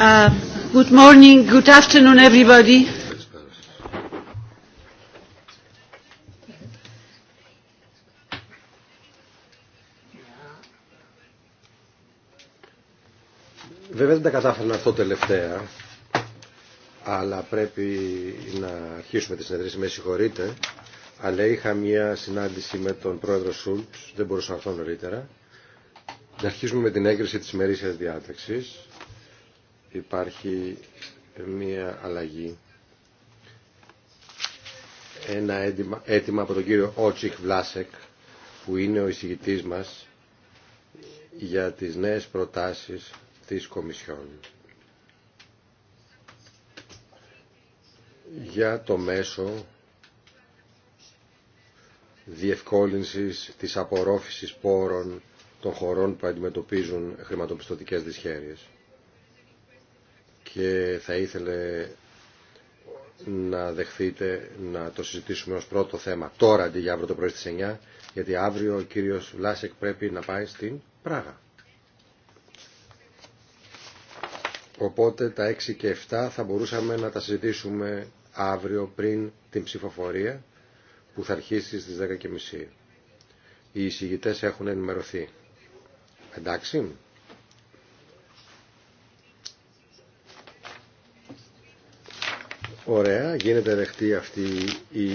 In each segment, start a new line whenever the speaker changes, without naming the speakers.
Uh, good morning, good afternoon everybody.
Βέβαια δεν τα κατάφερνα αυτό τελευταία, αλλά πρέπει να αρχίσουμε τη συνεδρίση, με συγχωρείτε. Αλλά είχα μια συνάντηση με τον πρόεδρο Σούλτ, δεν μπορούσα να έρθω νωρίτερα. Να αρχίσουμε με την έγκριση της μερίσιας διάταξης υπάρχει μία αλλαγή. Ένα αίτημα, από τον κύριο Ότσικ Βλάσεκ που είναι ο εισηγητής μας για τις νέες προτάσεις της Κομισιόν. για το μέσο διευκόλυνσης της απορρόφησης πόρων των χωρών που αντιμετωπίζουν χρηματοπιστωτικές δυσχέρειες και θα ήθελε να δεχθείτε να το συζητήσουμε ως πρώτο θέμα τώρα αντί για αύριο το πρωί στις 9 γιατί αύριο ο κύριος Βλάσεκ πρέπει να πάει στην Πράγα. Οπότε τα 6 και 7 θα μπορούσαμε να τα συζητήσουμε αύριο πριν την ψηφοφορία που θα αρχίσει στις 10.30. Οι εισηγητές έχουν ενημερωθεί. Εντάξει. Ωραία, γίνεται δεχτή αυτή η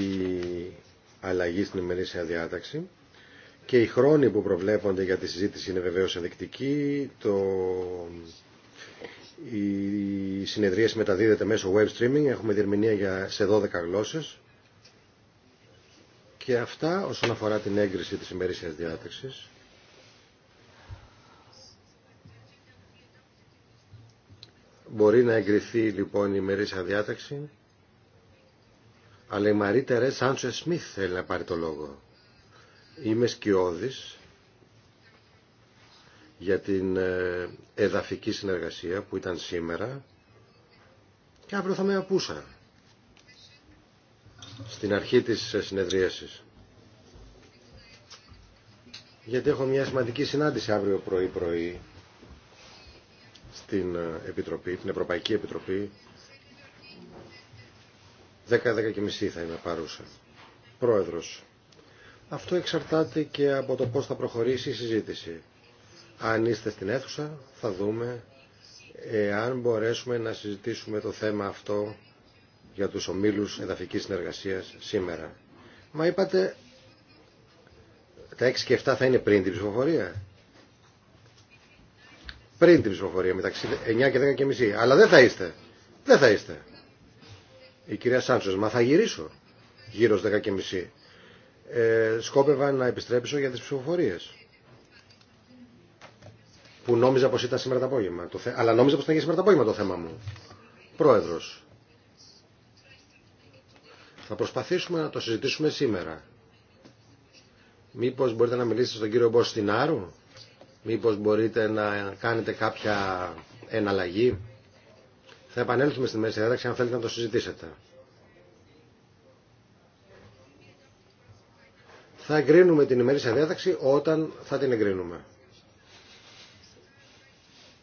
αλλαγή στην ημερήσια διάταξη και οι χρόνοι που προβλέπονται για τη συζήτηση είναι βεβαίως ενδεικτικοί. Το... Η συνεδρία μεταδίδεται μέσω web streaming, έχουμε διερμηνία για... σε 12 γλώσσες. Και αυτά όσον αφορά την έγκριση της ημερήσια διάταξης. Μπορεί να εγκριθεί λοιπόν η ημερήσια διάταξη αλλά η Μαρή Τερέ Σμιθ θέλει να πάρει το λόγο. Είμαι σκιώδης για την ε, εδαφική συνεργασία που ήταν σήμερα και αύριο θα με απούσα στην αρχή της ε, συνεδρίασης. Γιατί έχω μια σημαντική συνάντηση αύριο πρωί-πρωί στην ε, Επιτροπή, την Ευρωπαϊκή Επιτροπή 10-10.30 θα είμαι παρούσα. Πρόεδρος. Αυτό εξαρτάται και από το πώς θα προχωρήσει η συζήτηση. Αν είστε στην αίθουσα θα δούμε εάν μπορέσουμε να συζητήσουμε το θέμα αυτό για τους ομίλους εδαφικής συνεργασίας σήμερα. Μα είπατε τα 6 και 7 θα είναι πριν την ψηφοφορία. Πριν την ψηφοφορία μεταξύ 9 και 10 και μισή. Αλλά δεν θα είστε. Δεν θα είστε η κυρία Σάντσος, μα θα γυρίσω γύρω στις 10.30. Ε, σκόπευα να επιστρέψω για τις ψηφοφορίες που νόμιζα πως ήταν σήμερα το απόγευμα. Το Αλλά νόμιζα πως ήταν και σήμερα το απόγευμα το θέμα μου. Πρόεδρος. Θα προσπαθήσουμε να το συζητήσουμε σήμερα. Μήπως μπορείτε να μιλήσετε στον κύριο Μποστινάρου. Μήπως μπορείτε να κάνετε κάποια εναλλαγή. Θα επανέλθουμε στη μέση διάταξη αν θέλετε να το συζητήσετε. Θα εγκρίνουμε την ημερήσια διάταξη όταν θα την εγκρίνουμε.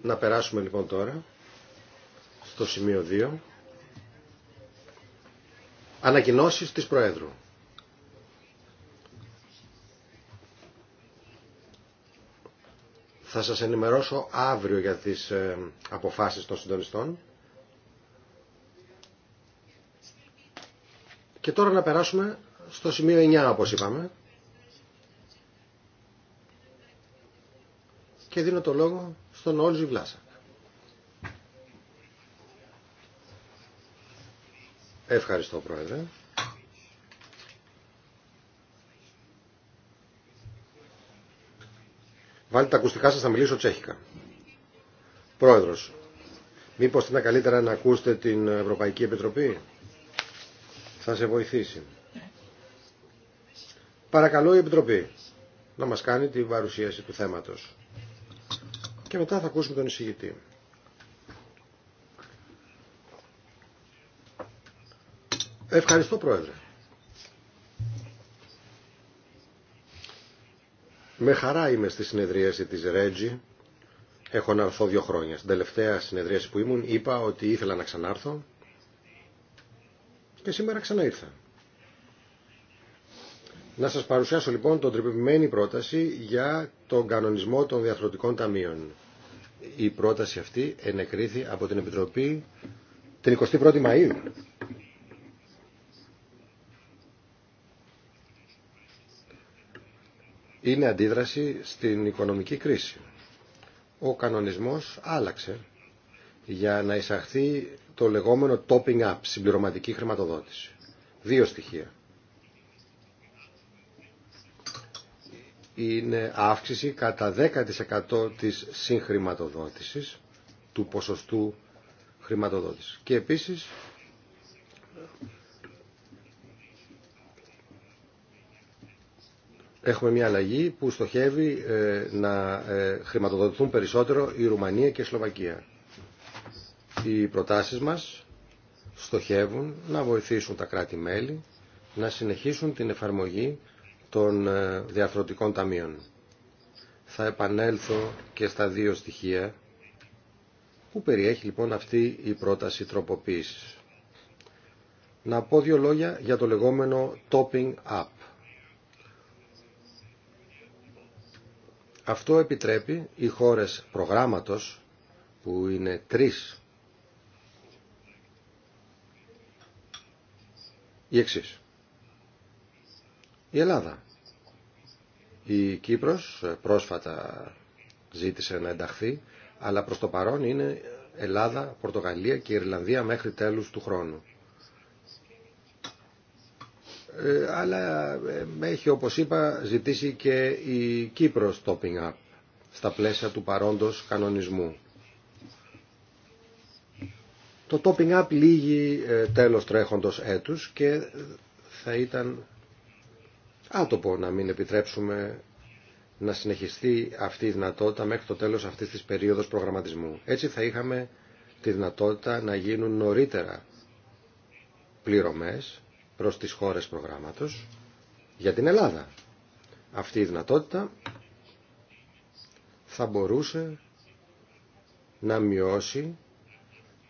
Να περάσουμε λοιπόν τώρα στο σημείο 2. Ανακοινώσεις της Προέδρου. Θα σας ενημερώσω αύριο για τις ε, αποφάσεις των συντονιστών. Και τώρα να περάσουμε στο σημείο 9 όπως είπαμε. Και δίνω το λόγο στον Όλζη Βλάσα. Ευχαριστώ Πρόεδρε. Βάλτε τα ακουστικά σας, θα μιλήσω τσέχικα. Πρόεδρος, μήπως είναι καλύτερα να ακούσετε την Ευρωπαϊκή Επιτροπή θα σε βοηθήσει. Παρακαλώ η Επιτροπή να μας κάνει την παρουσίαση του θέματος. Και μετά θα ακούσουμε τον εισηγητή. Ευχαριστώ Πρόεδρε. Με χαρά είμαι στη συνεδρίαση της Ρέτζη. Έχω να έρθω δύο χρόνια. Στην τελευταία συνεδρίαση που ήμουν είπα ότι ήθελα να ξανάρθω και σήμερα ξανά ήρθα. Να σας παρουσιάσω λοιπόν τον τρυπημένη πρόταση για τον κανονισμό των διαθροτικών ταμείων. Η πρόταση αυτή ενεκρίθη από την Επιτροπή την 21η Μαΐου. Είναι αντίδραση στην οικονομική κρίση. Ο κανονισμός άλλαξε για να εισαχθεί το λεγόμενο topping up, συμπληρωματική χρηματοδότηση. Δύο στοιχεία. Είναι αύξηση κατά 10% της συγχρηματοδότησης, του ποσοστού χρηματοδότησης. Και επίσης έχουμε μια αλλαγή που στοχεύει ε, να ε, χρηματοδοτηθούν περισσότερο η Ρουμανία και η Σλοβακία. Οι προτάσεις μας στοχεύουν να βοηθήσουν τα κράτη-μέλη να συνεχίσουν την εφαρμογή των ε, διαρθρωτικών ταμείων. Θα επανέλθω και στα δύο στοιχεία που περιέχει λοιπόν αυτή η πρόταση τροποποίησης. Να πω δύο λόγια για το λεγόμενο topping up. Αυτό επιτρέπει οι χώρες προγράμματος, που είναι τρεις η εξή. Η Ελλάδα. Η Κύπρος πρόσφατα ζήτησε να ενταχθεί, αλλά προς το παρόν είναι Ελλάδα, Πορτογαλία και Ιρλανδία μέχρι τέλους του χρόνου. Ε, αλλά ε, έχει όπως είπα ζητήσει και η Κύπρος topping up στα πλαίσια του παρόντος κανονισμού. Το topping up λύγει ε, τέλος τρέχοντος έτους και θα ήταν άτοπο να μην επιτρέψουμε να συνεχιστεί αυτή η δυνατότητα μέχρι το τέλος αυτής της περίοδος προγραμματισμού. Έτσι θα είχαμε τη δυνατότητα να γίνουν νωρίτερα πληρωμές προς τις χώρες προγράμματος για την Ελλάδα. Αυτή η δυνατότητα θα μπορούσε να μειώσει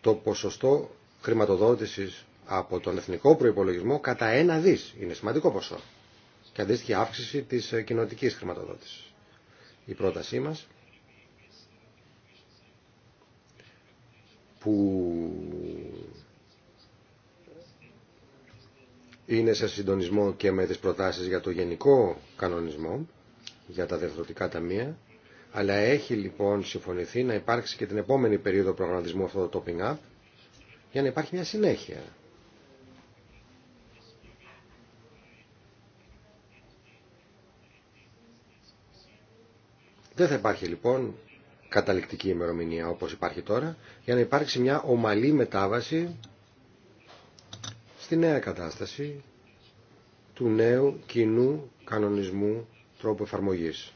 το ποσοστό χρηματοδότησης από τον εθνικό προϋπολογισμό κατά ένα δις. Είναι σημαντικό ποσό. Και αντίστοιχη αύξηση της ε, κοινοτική χρηματοδότησης. Η πρότασή μας που είναι σε συντονισμό και με τις προτάσεις για το γενικό κανονισμό για τα διευθυντικά ταμεία αλλά έχει λοιπόν συμφωνηθεί να υπάρξει και την επόμενη περίοδο προγραμματισμού αυτό το topping up για να υπάρχει μια συνέχεια. Δεν θα υπάρχει λοιπόν καταληκτική ημερομηνία όπως υπάρχει τώρα για να υπάρξει μια ομαλή μετάβαση στη νέα κατάσταση του νέου κοινού κανονισμού τρόπου εφαρμογής.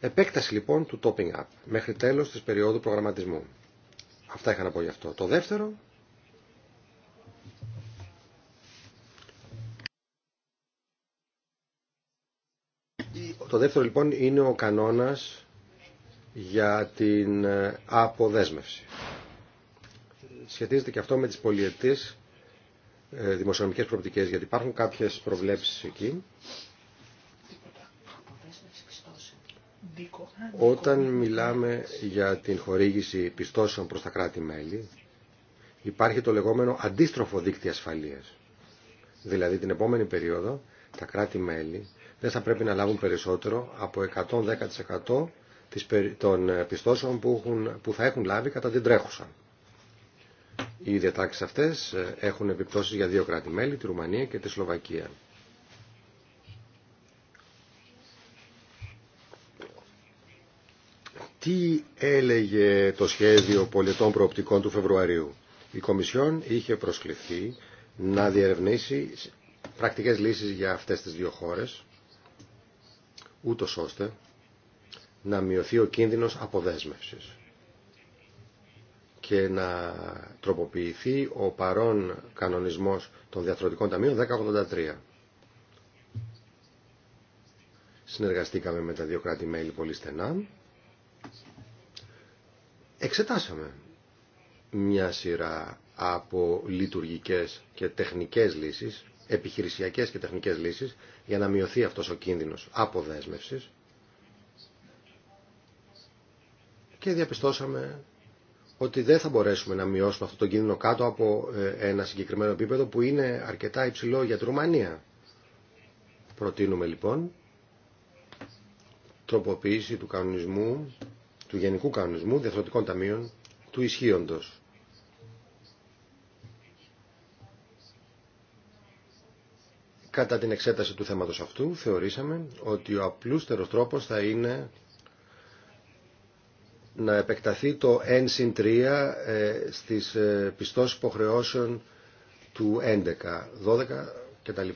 Επέκταση λοιπόν του topping up μέχρι τέλος της περίοδου προγραμματισμού. Αυτά είχα να πω γι' αυτό. Το δεύτερο Το δεύτερο λοιπόν είναι ο κανόνας για την ε, αποδέσμευση. Σχετίζεται και αυτό με τις πολιετές ε, δημοσιονομικές προοπτικές, γιατί υπάρχουν κάποιες προβλέψεις εκεί Όταν μιλάμε για την χορήγηση πιστώσεων προς τα κράτη-μέλη, υπάρχει το λεγόμενο αντίστροφο δίκτυο ασφαλείας. Δηλαδή την επόμενη περίοδο τα κράτη-μέλη δεν θα πρέπει να λάβουν περισσότερο από 110% των ε, πιστώσεων που, θα έχουν λάβει κατά την τρέχουσα. Οι διατάξεις αυτές ε, έχουν επιπτώσεις για δύο κράτη-μέλη, τη Ρουμανία και τη Σλοβακία. τι έλεγε το σχέδιο πολιτών προοπτικών του Φεβρουαρίου. Η Κομισιόν είχε προσκληθεί να διερευνήσει πρακτικές λύσεις για αυτές τις δύο χώρες, ούτω ώστε να μειωθεί ο κίνδυνος αποδέσμευσης και να τροποποιηθεί ο παρόν κανονισμός των διαθροτικών ταμείων 1083. Συνεργαστήκαμε με τα δύο κράτη-μέλη πολύ στενά εξετάσαμε μια σειρά από λειτουργικές και τεχνικές λύσεις, επιχειρησιακές και τεχνικές λύσεις, για να μειωθεί αυτός ο κίνδυνος αποδέσμευσης και διαπιστώσαμε ότι δεν θα μπορέσουμε να μειώσουμε αυτό το κίνδυνο κάτω από ε, ένα συγκεκριμένο επίπεδο που είναι αρκετά υψηλό για τη Ρουμανία. Προτείνουμε λοιπόν τροποποίηση του κανονισμού του Γενικού Κανονισμού Διαθροτικών Ταμείων του Ισχύοντος. Κατά την εξέταση του θέματος αυτού θεωρήσαμε ότι ο απλούστερος τρόπος θα είναι να επεκταθεί το 1 συν 3 ε, στις ε, πιστώσεις υποχρεώσεων του 11, 12 κτλ.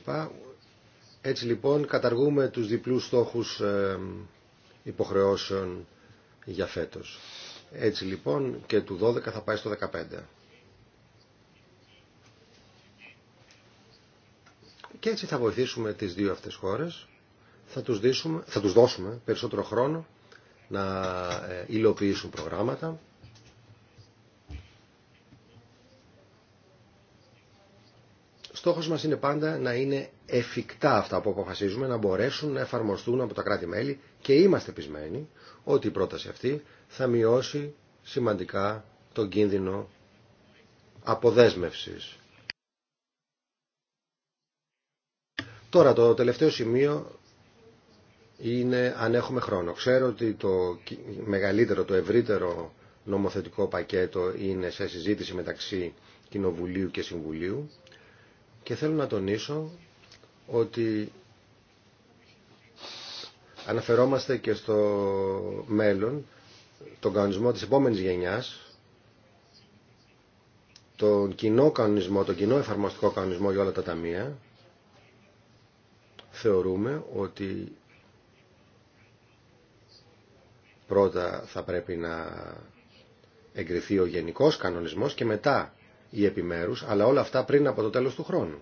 Έτσι λοιπόν καταργούμε τους διπλούς στόχους ε, υποχρεώσεων για φέτος. Έτσι λοιπόν και του 12 θα πάει στο 15. Και έτσι θα βοηθήσουμε τις δύο αυτές χώρες, θα τους, δίσουμε, θα τους δώσουμε περισσότερο χρόνο να ε, υλοποιήσουν προγράμματα Στόχος μας είναι πάντα να είναι εφικτά αυτά που αποφασίζουμε, να μπορέσουν να εφαρμοστούν από τα κράτη-μέλη και είμαστε πεισμένοι ότι η πρόταση αυτή θα μειώσει σημαντικά τον κίνδυνο αποδέσμευσης. Τώρα το τελευταίο σημείο είναι αν έχουμε χρόνο. Ξέρω ότι το μεγαλύτερο, το ευρύτερο νομοθετικό πακέτο είναι σε συζήτηση μεταξύ Κοινοβουλίου και Συμβουλίου και θέλω να τονίσω ότι αναφερόμαστε και στο μέλλον τον κανονισμό της επόμενης γενιάς τον κοινό κανονισμό, τον κοινό εφαρμοστικό κανονισμό για όλα τα ταμεία θεωρούμε ότι πρώτα θα πρέπει να εγκριθεί ο γενικός κανονισμός και μετά ή επιμέρους, αλλά όλα αυτά πριν από το τέλος του χρόνου.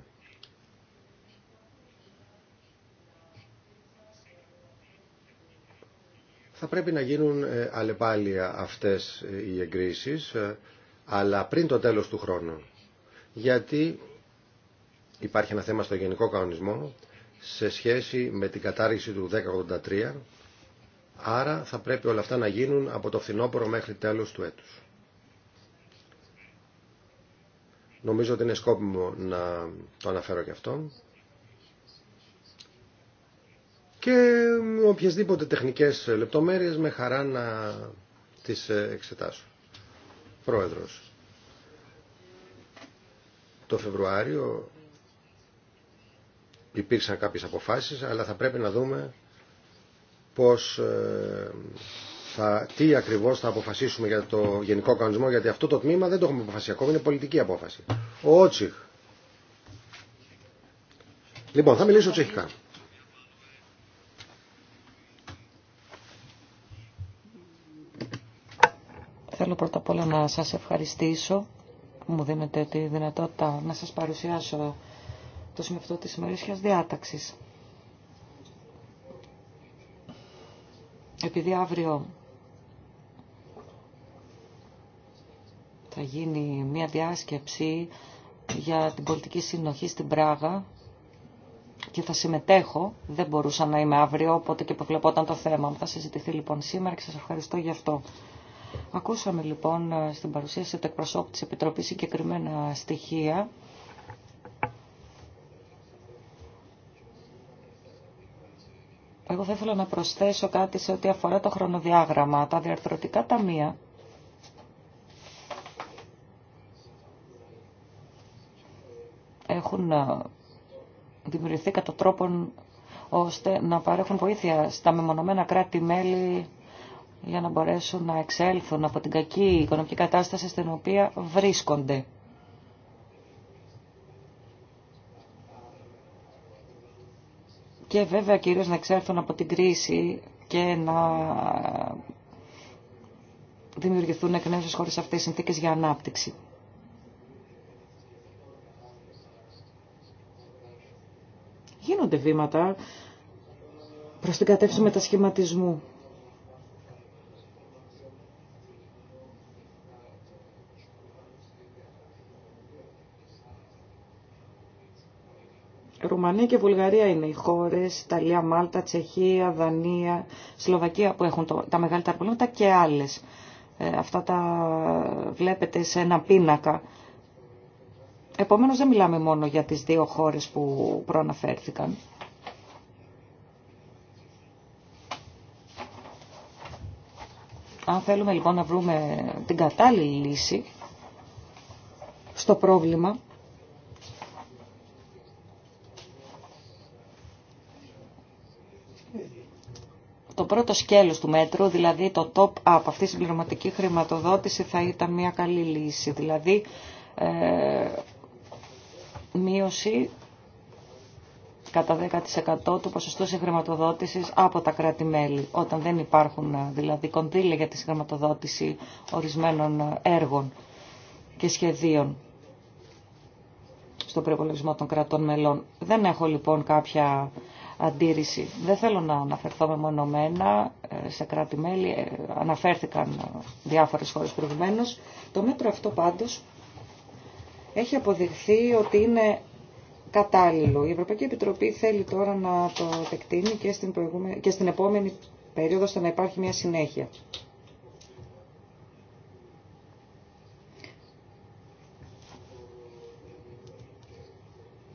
Θα πρέπει να γίνουν ε, αλλεπάλια αυτές ε, οι εγκρίσεις, ε, αλλά πριν το τέλος του χρόνου. Γιατί υπάρχει ένα θέμα στο γενικό κανονισμό σε σχέση με την κατάργηση του 1083, άρα θα πρέπει όλα αυτά να γίνουν από το φθινόπωρο μέχρι τέλος του έτους. Νομίζω ότι είναι σκόπιμο να το αναφέρω και αυτό. Και οποιασδήποτε τεχνικές λεπτομέρειες με χαρά να τις εξετάσω. Πρόεδρος. Το Φεβρουάριο υπήρξαν κάποιες αποφάσεις, αλλά θα πρέπει να δούμε πώς ε, τι ακριβώς θα αποφασίσουμε για το γενικό κανονισμό, γιατί αυτό το τμήμα δεν το έχουμε αποφασίσει ακόμα, είναι πολιτική απόφαση. Ο Ότσιχ. Λοιπόν, θα μιλήσω τσεχικά.
Θέλω πρώτα απ' όλα να σας ευχαριστήσω που μου δίνετε τη δυνατότητα να σας παρουσιάσω το σημευτό της της ημερήσιας διάταξης. Επειδή αύριο θα γίνει μια διάσκεψη για την πολιτική συνοχή στην Πράγα και θα συμμετέχω. Δεν μπορούσα να είμαι αύριο, οπότε και προβλεπόταν το θέμα. μου. Θα συζητηθεί λοιπόν σήμερα και σας ευχαριστώ γι' αυτό. Ακούσαμε λοιπόν ε, στην παρουσίαση του εκπροσώπου της Επιτροπής συγκεκριμένα στοιχεία. Εγώ θα ήθελα να προσθέσω κάτι σε ό,τι αφορά το χρονοδιάγραμμα. Τα διαρθρωτικά ταμεία έχουν ε, δημιουργηθεί κατά τρόπον ώστε να παρέχουν βοήθεια στα μεμονωμένα κράτη-μέλη για να μπορέσουν να εξέλθουν από την κακή οικονομική κατάσταση στην οποία βρίσκονται. Και βέβαια κυρίως να εξέλθουν από την κρίση και να δημιουργηθούν εκ νέου χωρίς αυτές οι συνθήκες για ανάπτυξη. γίνονται βήματα προς την κατεύθυνση μετασχηματισμού. Ρουμανία και Βουλγαρία είναι οι χώρε, Ιταλία, Μάλτα, Τσεχία, Δανία, Σλοβακία που έχουν τα μεγαλύτερα προβλήματα και άλλε. Ε, αυτά τα βλέπετε σε ένα πίνακα Επομένως δεν μιλάμε μόνο για τις δύο χώρες που προαναφέρθηκαν. Αν θέλουμε λοιπόν να βρούμε την κατάλληλη λύση στο πρόβλημα, το πρώτο σκέλος του μέτρου, δηλαδή το top-up, αυτή η συμπληρωματική χρηματοδότηση θα ήταν μια καλή λύση. Δηλαδή, ε, μείωση κατά 10% του ποσοστού συγχρηματοδότηση από τα κράτη-μέλη, όταν δεν υπάρχουν ε, δηλαδή κονδύλια για τη συγχρηματοδότηση ορισμένων ε, έργων και σχεδίων στον προπολογισμό των κρατών μελών. Δεν έχω λοιπόν κάποια αντίρρηση. Δεν θέλω να αναφερθώ μεμονωμένα ε, σε κράτη-μέλη. Αναφέρθηκαν διάφορες χώρες προηγουμένως. Το μέτρο αυτό πάντως έχει αποδειχθεί ότι είναι κατάλληλο. Η Ευρωπαϊκή Επιτροπή θέλει τώρα να το επεκτείνει και στην, και στην επόμενη περίοδο ώστε να υπάρχει μια συνέχεια.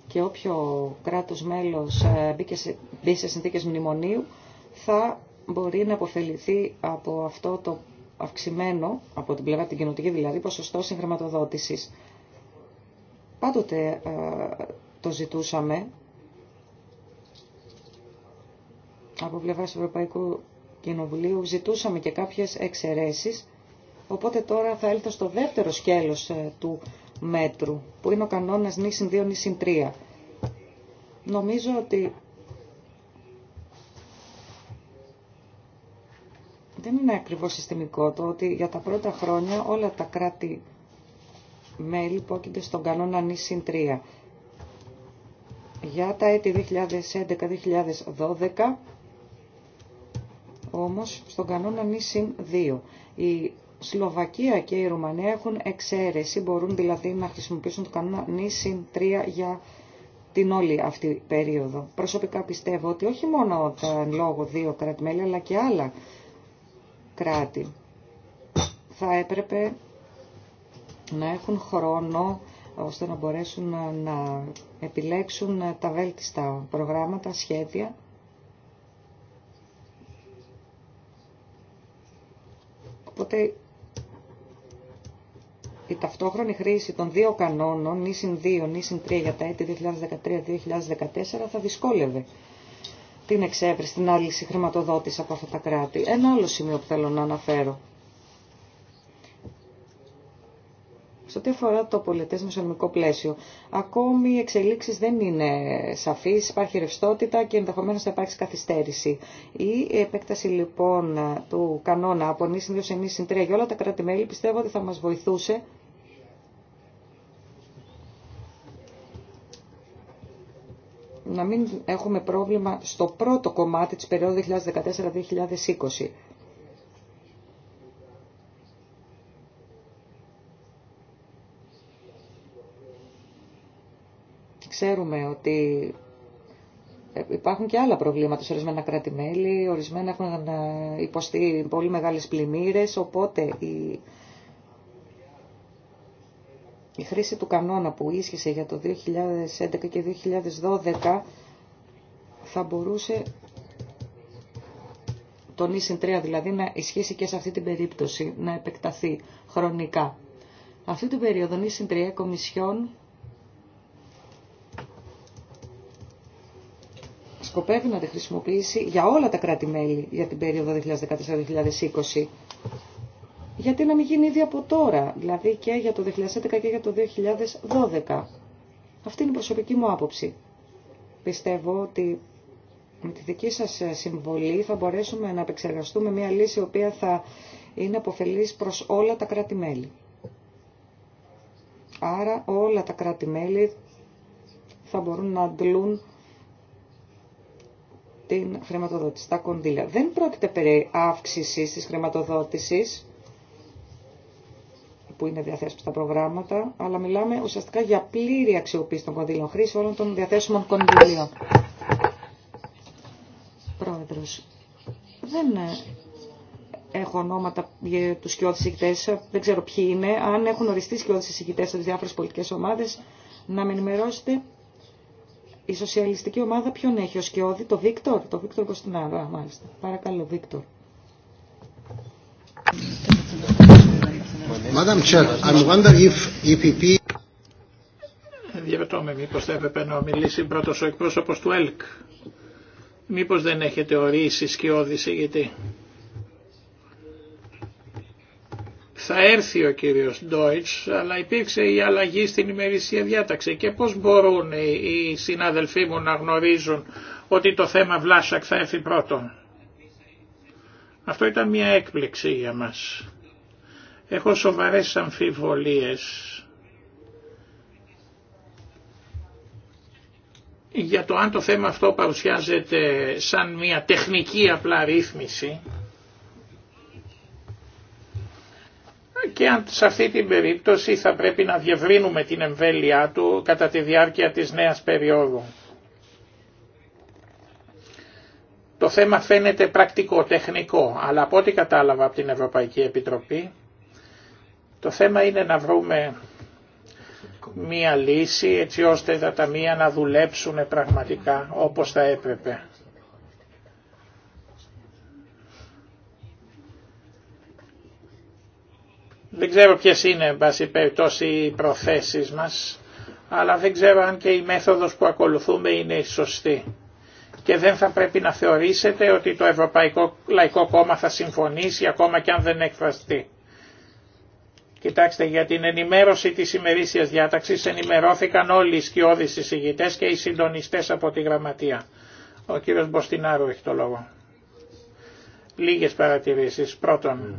Και όποιο κράτος μέλος ε, μπει σε συνθήκες μνημονίου θα μπορεί να αποφεληθεί από αυτό το αυξημένο, από την πλευρά την κοινωτική δηλαδή, ποσοστό συγχρηματοδότησης πάντοτε ε, το ζητούσαμε από πλευρά του Ευρωπαϊκού Κοινοβουλίου, ζητούσαμε και κάποιες εξαιρέσεις, οπότε τώρα θα έλθω στο δεύτερο σκέλος ε, του μέτρου, που είναι ο κανόνας νησιν 2 νησιν 3. Νομίζω ότι δεν είναι ακριβώς συστημικό το ότι για τα πρώτα χρόνια όλα τα κράτη μέλη υπόκεινται στον κανόνα νησιν 3. Για τα έτη 2011-2012 όμως στον κανόνα νησιν 2. Η Σλοβακία και η Ρουμανία έχουν εξαίρεση, μπορούν δηλαδή να χρησιμοποιήσουν το κανόνα νησιν 3 για την όλη αυτή περίοδο. Προσωπικά πιστεύω ότι όχι μόνο όταν λόγω δύο κράτη-μέλη αλλά και άλλα κράτη θα έπρεπε να έχουν χρόνο ώστε να μπορέσουν να επιλέξουν τα βέλτιστα προγράμματα, σχέδια. Οπότε η ταυτόχρονη χρήση των δύο κανόνων, νήσιν 2, νήσιν 3 για τα έτη 2013-2014 θα δυσκόλευε την εξέβριση, την άλυση χρηματοδότηση από αυτά τα κράτη. Ένα άλλο σημείο που θέλω να αναφέρω Σε ό,τι αφορά το πολιτές μεσονομικό πλαίσιο, ακόμη οι εξελίξεις δεν είναι σαφείς, υπάρχει ρευστότητα και ενδεχομένως θα υπάρξει καθυστέρηση. Η επέκταση λοιπόν του κανόνα από νη 2 σε νη 3 για όλα τα κράτη-μέλη πιστεύω ότι θα μας βοηθούσε να μην έχουμε πρόβλημα στο πρώτο κομμάτι της περίοδου 2014-2020. Ξέρουμε ότι υπάρχουν και άλλα προβλήματα σε ορισμένα κράτη-μέλη, ορισμένα έχουν ε, υποστεί πολύ μεγάλες πλημμύρες, οπότε η, χρήση του κανόνα που ίσχυσε για το 2011 και 2012 θα μπορούσε Το νησιν 3 δηλαδή να ισχύσει και σε αυτή την περίπτωση, να επεκταθεί χρονικά. Αυτή την περίοδο νησιν 3 Κομισιόν σκοπεύει να τη χρησιμοποιήσει για όλα τα κράτη-μέλη για την περίοδο 2014-2020. Γιατί να μην γίνει ήδη από τώρα, δηλαδή και για το 2011 και για το 2012. Αυτή είναι η προσωπική μου άποψη. Πιστεύω ότι με τη δική σας ε, συμβολή θα μπορέσουμε να επεξεργαστούμε μια λύση η οποία θα είναι αποφελής προς όλα τα κράτη-μέλη. Άρα όλα τα κράτη-μέλη θα μπορούν να αντλούν την χρηματοδότηση, τα κονδύλια. Δεν πρόκειται περί αύξησης της χρηματοδότησης που είναι διαθέσιμο στα προγράμματα, αλλά μιλάμε ουσιαστικά για πλήρη αξιοποίηση των κονδύλων χρήση όλων των διαθέσιμων κονδυλίων. Πρόεδρος, δεν έχω ονόματα για τους σκιώδεις συγκητές, δεν ξέρω ποιοι είναι. Αν έχουν οριστεί σκιώδεις συγκητές από τις διάφορες πολιτικές ομάδες, να με ενημερώσετε η σοσιαλιστική ομάδα ποιον έχει ο σκιώδη, το Βίκτορ, το Βίκτορ Κωστινάρο, μάλιστα. Παρακαλώ, Βίκτορ. Madam Chair, if EPP...
με μήπως θα έπρεπε να μιλήσει πρώτος ο εκπρόσωπος του ΕΛΚ. Μήπως δεν έχετε ορίσει σκιώδη γιατί... θα έρθει ο κύριος Ντόιτς, αλλά υπήρξε η αλλαγή στην ημερησία διάταξη και πώς μπορούν οι συνάδελφοί μου να γνωρίζουν ότι το θέμα Βλάσακ θα έρθει πρώτον. Αυτό ήταν μια έκπληξη για μας. Έχω σοβαρές αμφιβολίες για το αν το θέμα αυτό παρουσιάζεται σαν μια τεχνική απλά ρύθμιση και αν σε αυτή την περίπτωση θα πρέπει να διευρύνουμε την εμβέλειά του κατά τη διάρκεια της νέας περίοδου. Το θέμα φαίνεται πρακτικό, τεχνικό, αλλά από ό,τι κατάλαβα από την Ευρωπαϊκή Επιτροπή, το θέμα είναι να βρούμε μία λύση έτσι ώστε τα ταμεία να δουλέψουν πραγματικά όπως θα έπρεπε. Δεν ξέρω ποιες είναι, εν πάση περιπτώσει, οι προθέσεις μας, αλλά δεν ξέρω αν και η μέθοδος που ακολουθούμε είναι η σωστή. Και δεν θα πρέπει να θεωρήσετε ότι το Ευρωπαϊκό Λαϊκό Κόμμα θα συμφωνήσει ακόμα και αν δεν εκφραστεί. Κοιτάξτε, για την ενημέρωση της ημερήσιας διάταξης ενημερώθηκαν όλοι οι σκιώδεις εισηγητές και οι συντονιστές από τη γραμματεία. Ο κύριος Μποστινάρου έχει το λόγο. Λίγες παρατηρήσεις. Πρώτον, ναι.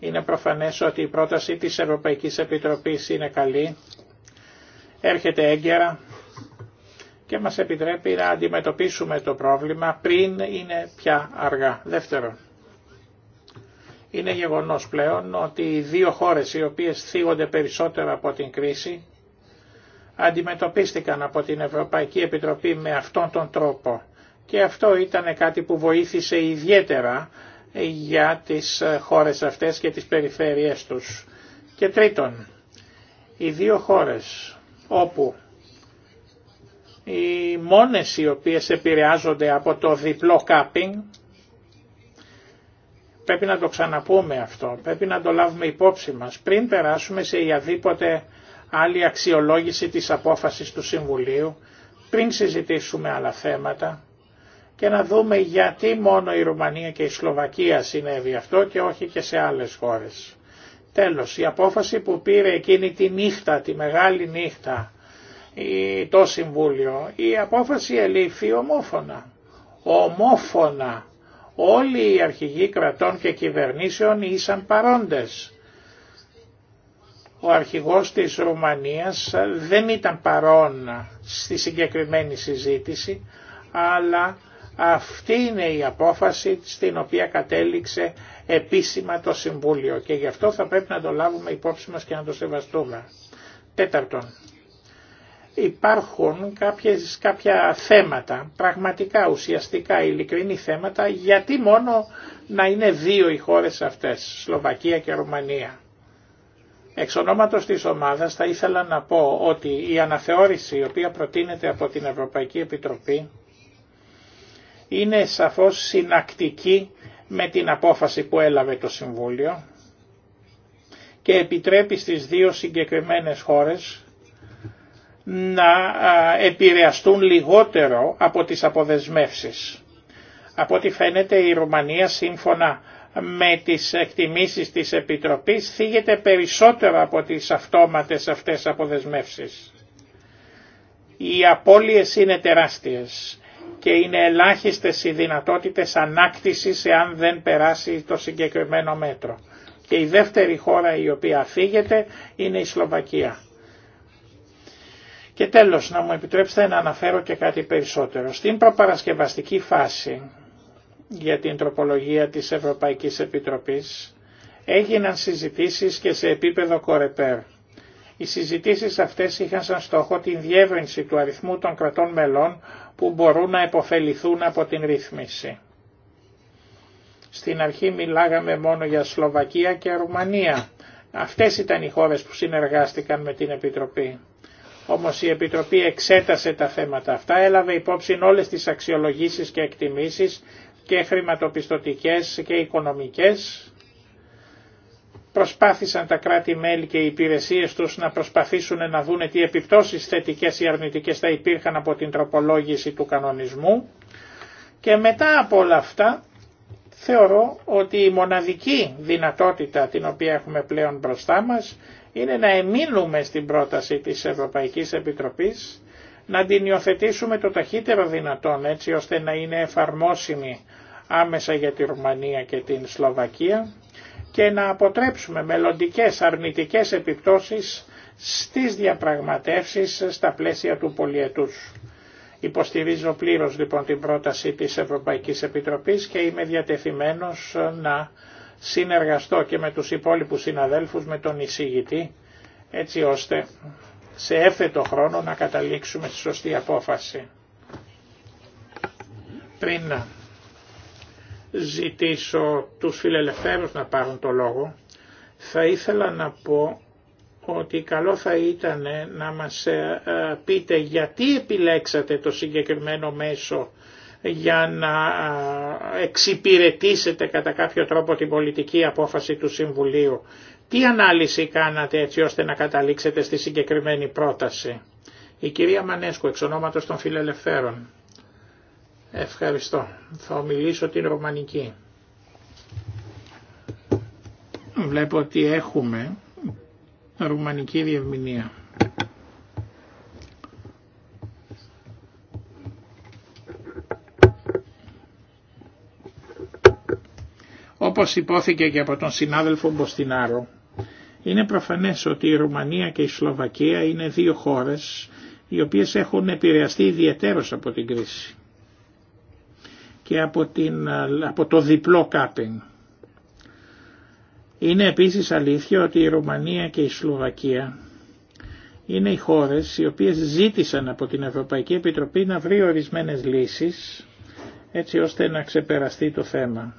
Είναι προφανές ότι η πρόταση της Ευρωπαϊκής Επιτροπής είναι καλή, έρχεται έγκαιρα και μας επιτρέπει να αντιμετωπίσουμε το πρόβλημα πριν είναι πια αργά. Δεύτερον, είναι γεγονός πλέον ότι οι δύο χώρες οι οποίες θίγονται περισσότερο από την κρίση αντιμετωπίστηκαν από την Ευρωπαϊκή Επιτροπή με αυτόν τον τρόπο και αυτό ήταν κάτι που βοήθησε ιδιαίτερα για τις ε, χώρες αυτές και τις περιφέρειές τους. Και τρίτον, οι δύο χώρες όπου οι μόνες οι οποίες επηρεάζονται από το διπλό κάπινγκ, πρέπει να το ξαναπούμε αυτό, πρέπει να το λάβουμε υπόψη μας πριν περάσουμε σε οποιαδήποτε άλλη αξιολόγηση της απόφασης του Συμβουλίου, πριν συζητήσουμε άλλα θέματα, και να δούμε γιατί μόνο η Ρουμανία και η Σλοβακία συνέβη αυτό και όχι και σε άλλες χώρες. Τέλος, η απόφαση που πήρε εκείνη τη νύχτα, τη μεγάλη νύχτα, το Συμβούλιο, η απόφαση ελήφθη ομόφωνα. Ομόφωνα. Όλοι οι αρχηγοί κρατών και κυβερνήσεων ήσαν παρόντες. Ο αρχηγός της Ρουμανίας δεν ήταν παρόν στη συγκεκριμένη συζήτηση, αλλά αυτή είναι η απόφαση στην οποία κατέληξε επίσημα το Συμβούλιο και γι' αυτό θα πρέπει να το λάβουμε υπόψη μας και να το σεβαστούμε. Τέταρτον, υπάρχουν κάποιες, κάποια θέματα, πραγματικά ουσιαστικά ειλικρινή θέματα, γιατί μόνο να είναι δύο οι χώρες αυτές, Σλοβακία και Ρουμανία. Εξ ονόματος της ομάδας θα ήθελα να πω ότι η αναθεώρηση η οποία προτείνεται από την Ευρωπαϊκή Επιτροπή είναι σαφώς συνακτική με την απόφαση που έλαβε το Συμβούλιο και επιτρέπει στις δύο συγκεκριμένες χώρες να επηρεαστούν λιγότερο από τις αποδεσμεύσεις. Από ό,τι φαίνεται η Ρουμανία σύμφωνα με τις εκτιμήσεις της Επιτροπής θίγεται περισσότερο από τις αυτόματες αυτές αποδεσμεύσεις. Οι απώλειες είναι τεράστιες και είναι ελάχιστες οι δυνατότητες ανάκτησης εάν δεν περάσει το συγκεκριμένο μέτρο. Και η δεύτερη χώρα η οποία φύγεται είναι η Σλοβακία. Και τέλος να μου επιτρέψετε να αναφέρω και κάτι περισσότερο. Στην προπαρασκευαστική φάση για την τροπολογία της Ευρωπαϊκής Επιτροπής έγιναν συζητήσεις και σε επίπεδο κορεπέρ. Οι συζητήσεις αυτές είχαν σαν στόχο την διεύρυνση του αριθμού των κρατών μελών που μπορούν να επωφεληθούν από την ρύθμιση. Στην αρχή μιλάγαμε μόνο για Σλοβακία και Ρουμανία. Αυτές ήταν οι χώρες που συνεργάστηκαν με την Επιτροπή. Όμως η Επιτροπή εξέτασε τα θέματα αυτά, έλαβε υπόψη όλες τις αξιολογήσεις και εκτιμήσεις και χρηματοπιστωτικές και οικονομικές προσπάθησαν τα κράτη-μέλη και οι υπηρεσίες τους να προσπαθήσουν να δούνε τι επιπτώσεις θετικές ή αρνητικές θα υπήρχαν από την τροπολόγηση του κανονισμού και μετά από όλα αυτά θεωρώ ότι η μοναδική δυνατότητα την οποία έχουμε πλέον μπροστά μας είναι να εμείνουμε στην πρόταση της Ευρωπαϊκής Επιτροπής να την υιοθετήσουμε το ταχύτερο δυνατόν έτσι ώστε να είναι εφαρμόσιμη άμεσα για τη Ρουμανία και την Σλοβακία και να αποτρέψουμε μελλοντικές αρνητικές επιπτώσεις στις διαπραγματεύσεις στα πλαίσια του πολιετούς. Υποστηρίζω πλήρως λοιπόν την πρόταση της Ευρωπαϊκής Επιτροπής και είμαι διατεθειμένος να συνεργαστώ και με τους υπόλοιπους συναδέλφους με τον εισηγητή έτσι ώστε σε έφετο χρόνο να καταλήξουμε στη σωστή απόφαση. Πριν ζητήσω τους φιλελευθέρους να πάρουν το λόγο, θα ήθελα να πω ότι καλό θα ήταν να μας ε, ε, πείτε γιατί επιλέξατε το συγκεκριμένο μέσο για να ε, εξυπηρετήσετε κατά κάποιο τρόπο την πολιτική απόφαση του Συμβουλίου. Τι ανάλυση κάνατε έτσι ώστε να καταλήξετε στη συγκεκριμένη πρόταση. Η κυρία Μανέσκου, εξ ονόματος των Φιλελευθέρων. Ευχαριστώ. Θα ομιλήσω την Ρωμανική. Βλέπω ότι έχουμε Ρουμανική διευμηνία. Όπως υπόθηκε και από τον συνάδελφο Μποστινάρο, είναι προφανές ότι η Ρουμανία και η Σλοβακία είναι δύο χώρες οι οποίες έχουν επηρεαστεί ιδιαίτερως από την κρίση και από, από το διπλό κάπινγκ. Είναι επίσης αλήθεια ότι η Ρουμανία και η Σλοβακία είναι οι χώρες οι οποίες ζήτησαν από την Ευρωπαϊκή Επιτροπή να βρει ορισμένες λύσεις έτσι ώστε να ξεπεραστεί το θέμα.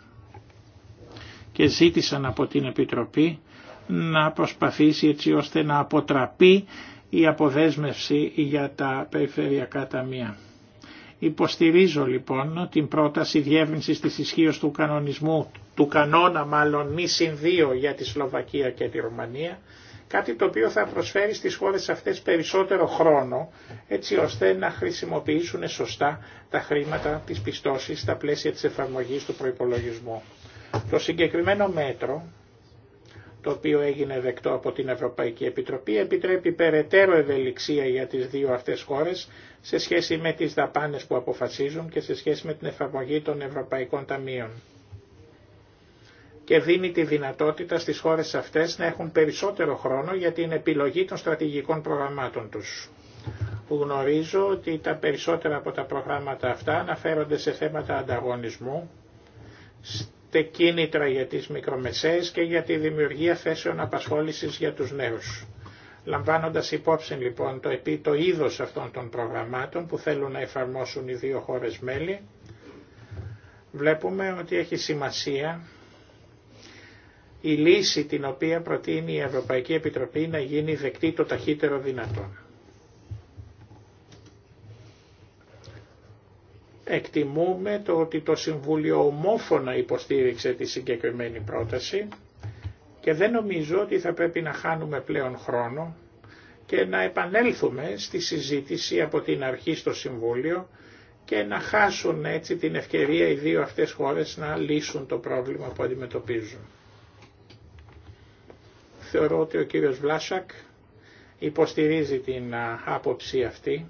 Και ζήτησαν από την Επιτροπή να προσπαθήσει έτσι ώστε να αποτραπεί η αποδέσμευση για τα περιφερειακά ταμεία. Υποστηρίζω λοιπόν την πρόταση διεύρυνσης της ισχύω του κανονισμού, του κανόνα μάλλον μη συνδύο για τη Σλοβακία και τη Ρουμανία, κάτι το οποίο θα προσφέρει στις χώρες αυτές περισσότερο χρόνο, έτσι ώστε να χρησιμοποιήσουν σωστά τα χρήματα της πιστώσης στα πλαίσια της εφαρμογής του προϋπολογισμού. Το συγκεκριμένο μέτρο το οποίο έγινε δεκτό από την Ευρωπαϊκή Επιτροπή, επιτρέπει περαιτέρω ευελιξία για τις δύο αυτές χώρες σε σχέση με τις δαπάνες που αποφασίζουν και σε σχέση με την εφαρμογή των Ευρωπαϊκών Ταμείων και δίνει τη δυνατότητα στις χώρες αυτές να έχουν περισσότερο χρόνο για την επιλογή των στρατηγικών προγραμμάτων τους. Γνωρίζω ότι τα περισσότερα από τα προγράμματα αυτά αναφέρονται σε θέματα ανταγωνισμού, ούτε κίνητρα για τις μικρομεσαίες και για τη δημιουργία θέσεων απασχόλησης για τους νέους. Λαμβάνοντας υπόψη λοιπόν το, επί, το είδος αυτών των προγραμμάτων που θέλουν να εφαρμόσουν οι δύο χώρες μέλη, βλέπουμε ότι έχει σημασία η λύση την οποία προτείνει η Ευρωπαϊκή Επιτροπή να γίνει δεκτή το ταχύτερο δυνατόν. εκτιμούμε το ότι το Συμβούλιο ομόφωνα υποστήριξε τη συγκεκριμένη πρόταση και δεν νομίζω ότι θα πρέπει να χάνουμε πλέον χρόνο και να επανέλθουμε στη συζήτηση από την αρχή στο Συμβούλιο και να χάσουν έτσι την ευκαιρία οι δύο αυτές χώρες να λύσουν το πρόβλημα που αντιμετωπίζουν. Θεωρώ ότι ο κύριος Βλάσακ υποστηρίζει την άποψη αυτή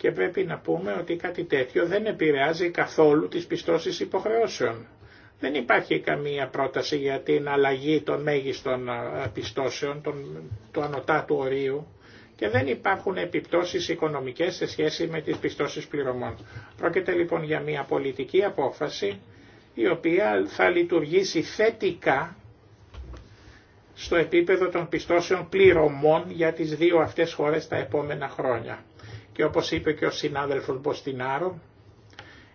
και πρέπει να πούμε ότι κάτι τέτοιο δεν επηρεάζει καθόλου τις πιστώσεις υποχρεώσεων. Δεν υπάρχει καμία πρόταση για την αλλαγή των μέγιστων πιστώσεων, των, του ανωτάτου ορίου και δεν υπάρχουν επιπτώσεις οικονομικές σε σχέση με τις πιστώσεις πληρωμών. Πρόκειται λοιπόν για μια πολιτική απόφαση η οποία θα λειτουργήσει θετικά στο επίπεδο των πιστώσεων πληρωμών για τις δύο αυτές χώρες τα επόμενα χρόνια και όπως είπε και ο συνάδελφος Μποστινάρο,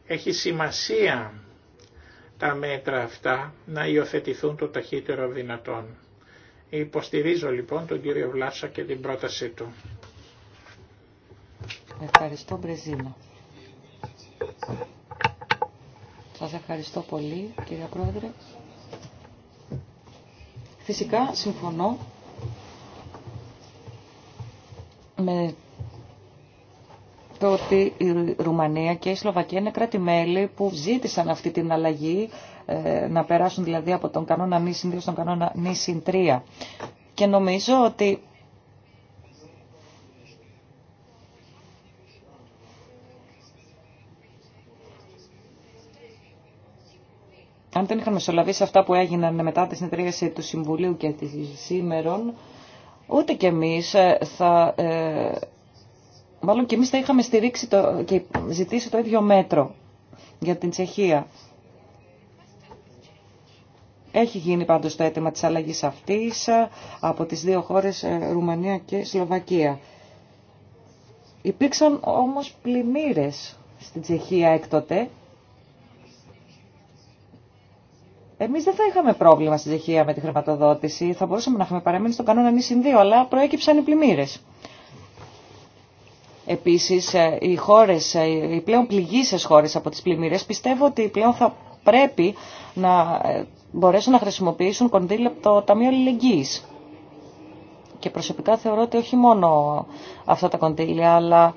έχει σημασία τα μέτρα αυτά να υιοθετηθούν το ταχύτερο δυνατόν. Υποστηρίζω λοιπόν τον κύριο Βλάσσα και την πρότασή του.
Ευχαριστώ Μπρεζίνα. Σας ευχαριστώ πολύ κύριε Πρόεδρε. Φυσικά συμφωνώ με το ότι η Ρουμανία και η Σλοβακία είναι κράτη-μέλη που ζήτησαν αυτή την αλλαγή, ε, να περάσουν δηλαδή από τον κανόνα νη συν στον κανόνα νη συν Και νομίζω ότι αν δεν είχαν μεσολαβήσει αυτά που έγιναν μετά τη συνεδρίαση του Συμβουλίου και τη σήμερα, ούτε κι εμείς ε, θα ε, μάλλον και εμείς θα είχαμε στηρίξει το, και ζητήσει το ίδιο μέτρο για την Τσεχία. Έχει γίνει πάντως το αίτημα της αλλαγής αυτής ε, από τις δύο χώρες ε, Ρουμανία και Σλοβακία. Υπήρξαν όμως πλημμύρες στην Τσεχία έκτοτε. Εμείς δεν θα είχαμε πρόβλημα στην Τσεχία με τη χρηματοδότηση. Θα μπορούσαμε να είχαμε παραμείνει στον κανόνα νησιν 2, αλλά προέκυψαν οι πλημμύρες. Επίσης, ε, οι χώρες, ε, οι πλέον πληγήσεις χώρες από τις πλημμύρες, πιστεύω ότι πλέον θα πρέπει να ε, μπορέσουν να χρησιμοποιήσουν κονδύλια από το Ταμείο Αλληλεγγύης. Και προσωπικά θεωρώ ότι όχι μόνο αυτά τα κονδύλια, αλλά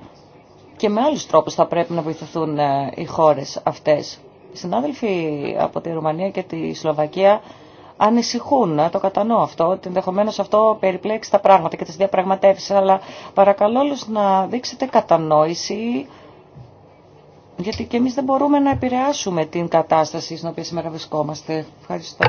και με άλλους τρόπους θα πρέπει να βοηθηθούν οι χώρες αυτές. συνάδελφοι από τη Ρουμανία και τη Σλοβακία ανησυχούν, ε, το κατανοώ αυτό, ότι ενδεχομένω αυτό περιπλέξει τα πράγματα και τι διαπραγματεύσει. αλλά παρακαλώ όλους να δείξετε κατανόηση, γιατί και εμείς δεν μπορούμε να επηρεάσουμε την κατάσταση στην οποία σήμερα βρισκόμαστε. Ευχαριστώ.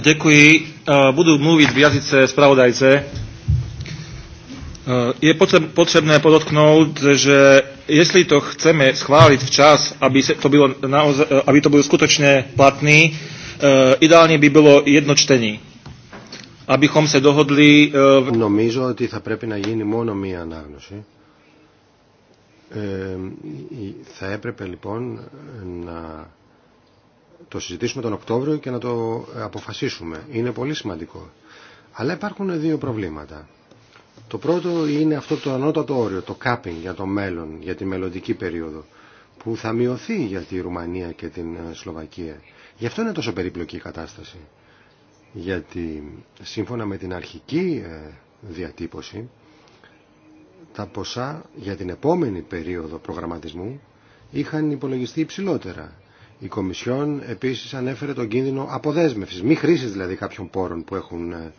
Ďakujem. Budú mluviť v jazyce spravodajce. Je potrebné podotknúť, že jestli to chceme schváliť včas, aby to bylo, naozaj, aby to bylo skutočne
platný, ideálne by bylo jedno čtení. Abychom se dohodli... Νομίζω ότι θα πρέπει να γίνει μόνο μία θα έπρεπε λοιπόν να το συζητήσουμε τον Οκτώβριο και να το ε, αποφασίσουμε. Είναι πολύ σημαντικό. Αλλά υπάρχουν δύο προβλήματα. Το πρώτο είναι αυτό το ανώτατο όριο, το κάπινγκ για το μέλλον, για τη μελλοντική περίοδο, που θα μειωθεί για τη Ρουμανία και την ε, Σλοβακία. Γι' αυτό είναι τόσο περίπλοκη η κατάσταση. Γιατί σύμφωνα με την αρχική ε, διατύπωση, τα ποσά για την επόμενη περίοδο προγραμματισμού είχαν υπολογιστεί υψηλότερα. Η Κομισιόν επίσης ανέφερε τον κίνδυνο αποδέσμευσης, μη χρήση δηλαδή κάποιων πόρων που έχουν ε,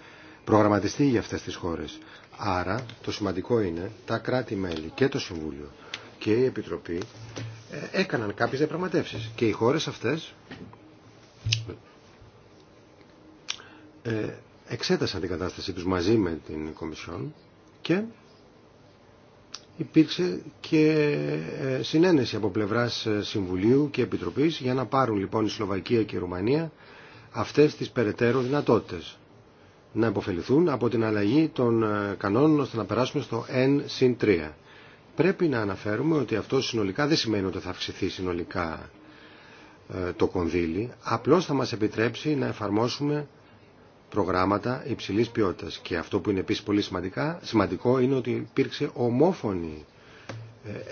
προγραμματιστεί για αυτές τις χώρες. Άρα το σημαντικό είναι τα κράτη-μέλη και το Συμβούλιο και η Επιτροπή ε, έκαναν κάποιες διαπραγματεύσεις και οι χώρες αυτές ε, εξέτασαν την κατάστασή τους μαζί με την Κομισιόν και υπήρξε και ε, συνένεση από πλευράς ε, Συμβουλίου και Επιτροπής για να πάρουν λοιπόν η Σλοβακία και η Ρουμανία αυτές τις περαιτέρω δυνατότητες να υποφεληθούν από την αλλαγή των ε, κανόνων ώστε να περάσουμε στο 1 3. Πρέπει να αναφέρουμε ότι αυτό συνολικά δεν σημαίνει ότι θα αυξηθεί συνολικά το κονδύλι, απλώς θα μας επιτρέψει να εφαρμόσουμε προγράμματα υψηλής ποιότητας. Και αυτό που είναι επίσης πολύ σημαντικά, σημαντικό είναι ότι υπήρξε ομόφωνη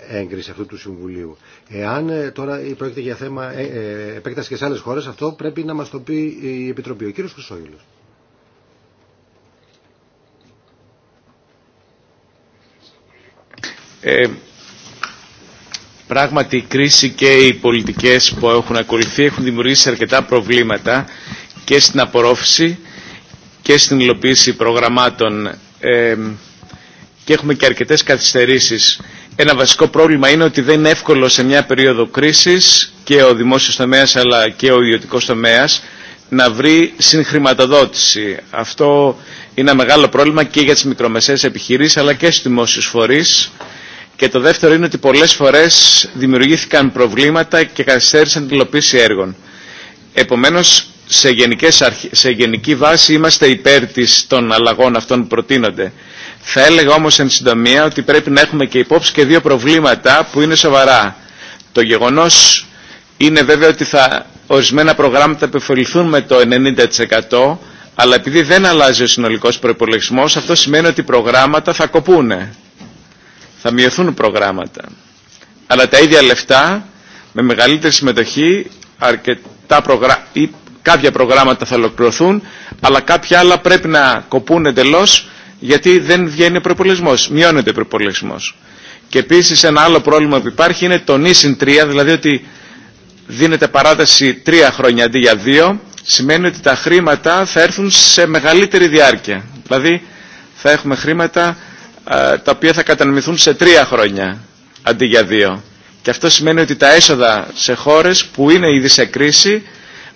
ε, έγκριση αυτού του Συμβουλίου. Εάν ε, τώρα πρόκειται για θέμα ε, επέκταση και σε άλλες χώρες, αυτό πρέπει να μας το πει η Επιτροπή. Ο κύριος Χρυσόγελος.
Ε, πράγματι η κρίση και οι πολιτικές που έχουν ακολουθεί έχουν δημιουργήσει αρκετά προβλήματα και στην απορρόφηση και στην υλοποίηση προγραμμάτων ε, και έχουμε και αρκετές καθυστερήσεις. Ένα βασικό πρόβλημα είναι ότι δεν είναι εύκολο σε μια περίοδο κρίσης και ο δημόσιος τομέας αλλά και ο ιδιωτικός τομέας να βρει συγχρηματοδότηση. Αυτό είναι ένα μεγάλο πρόβλημα και για τις μικρομεσαίες επιχειρήσεις αλλά και στους δημόσιους φορείς. Και το δεύτερο είναι ότι πολλές φορές δημιουργήθηκαν προβλήματα και καθυστέρησαν την υλοποίηση έργων. Επομένως, σε, γενικές σε γενική βάση είμαστε υπέρ της των αλλαγών αυτών που προτείνονται. Θα έλεγα όμως εν συντομία ότι πρέπει να έχουμε και υπόψη και δύο προβλήματα που είναι σοβαρά. Το γεγονός είναι βέβαια ότι θα ορισμένα προγράμματα επιφορηθούν με το 90% αλλά επειδή δεν αλλάζει ο συνολικός προϋπολογισμός αυτό σημαίνει ότι προγράμματα θα κοπούνε. Θα μειωθούν προγράμματα. Αλλά τα ίδια λεφτά με μεγαλύτερη συμμετοχή αρκετά προγράμματα κάποια προγράμματα θα ολοκληρωθούν, αλλά κάποια άλλα πρέπει να κοπούν εντελώ γιατί δεν βγαίνει ο προπολογισμό. Μειώνεται ο προπολογισμό. Και επίση ένα άλλο πρόβλημα που υπάρχει είναι το νήσιν 3, δηλαδή ότι δίνεται παράταση τρία χρόνια αντί για δύο, σημαίνει ότι τα χρήματα θα έρθουν σε μεγαλύτερη διάρκεια. Δηλαδή θα έχουμε χρήματα ε, τα οποία θα κατανοηθούν σε τρία χρόνια αντί για δύο. Και αυτό σημαίνει ότι τα έσοδα σε χώρες που είναι ήδη σε κρίση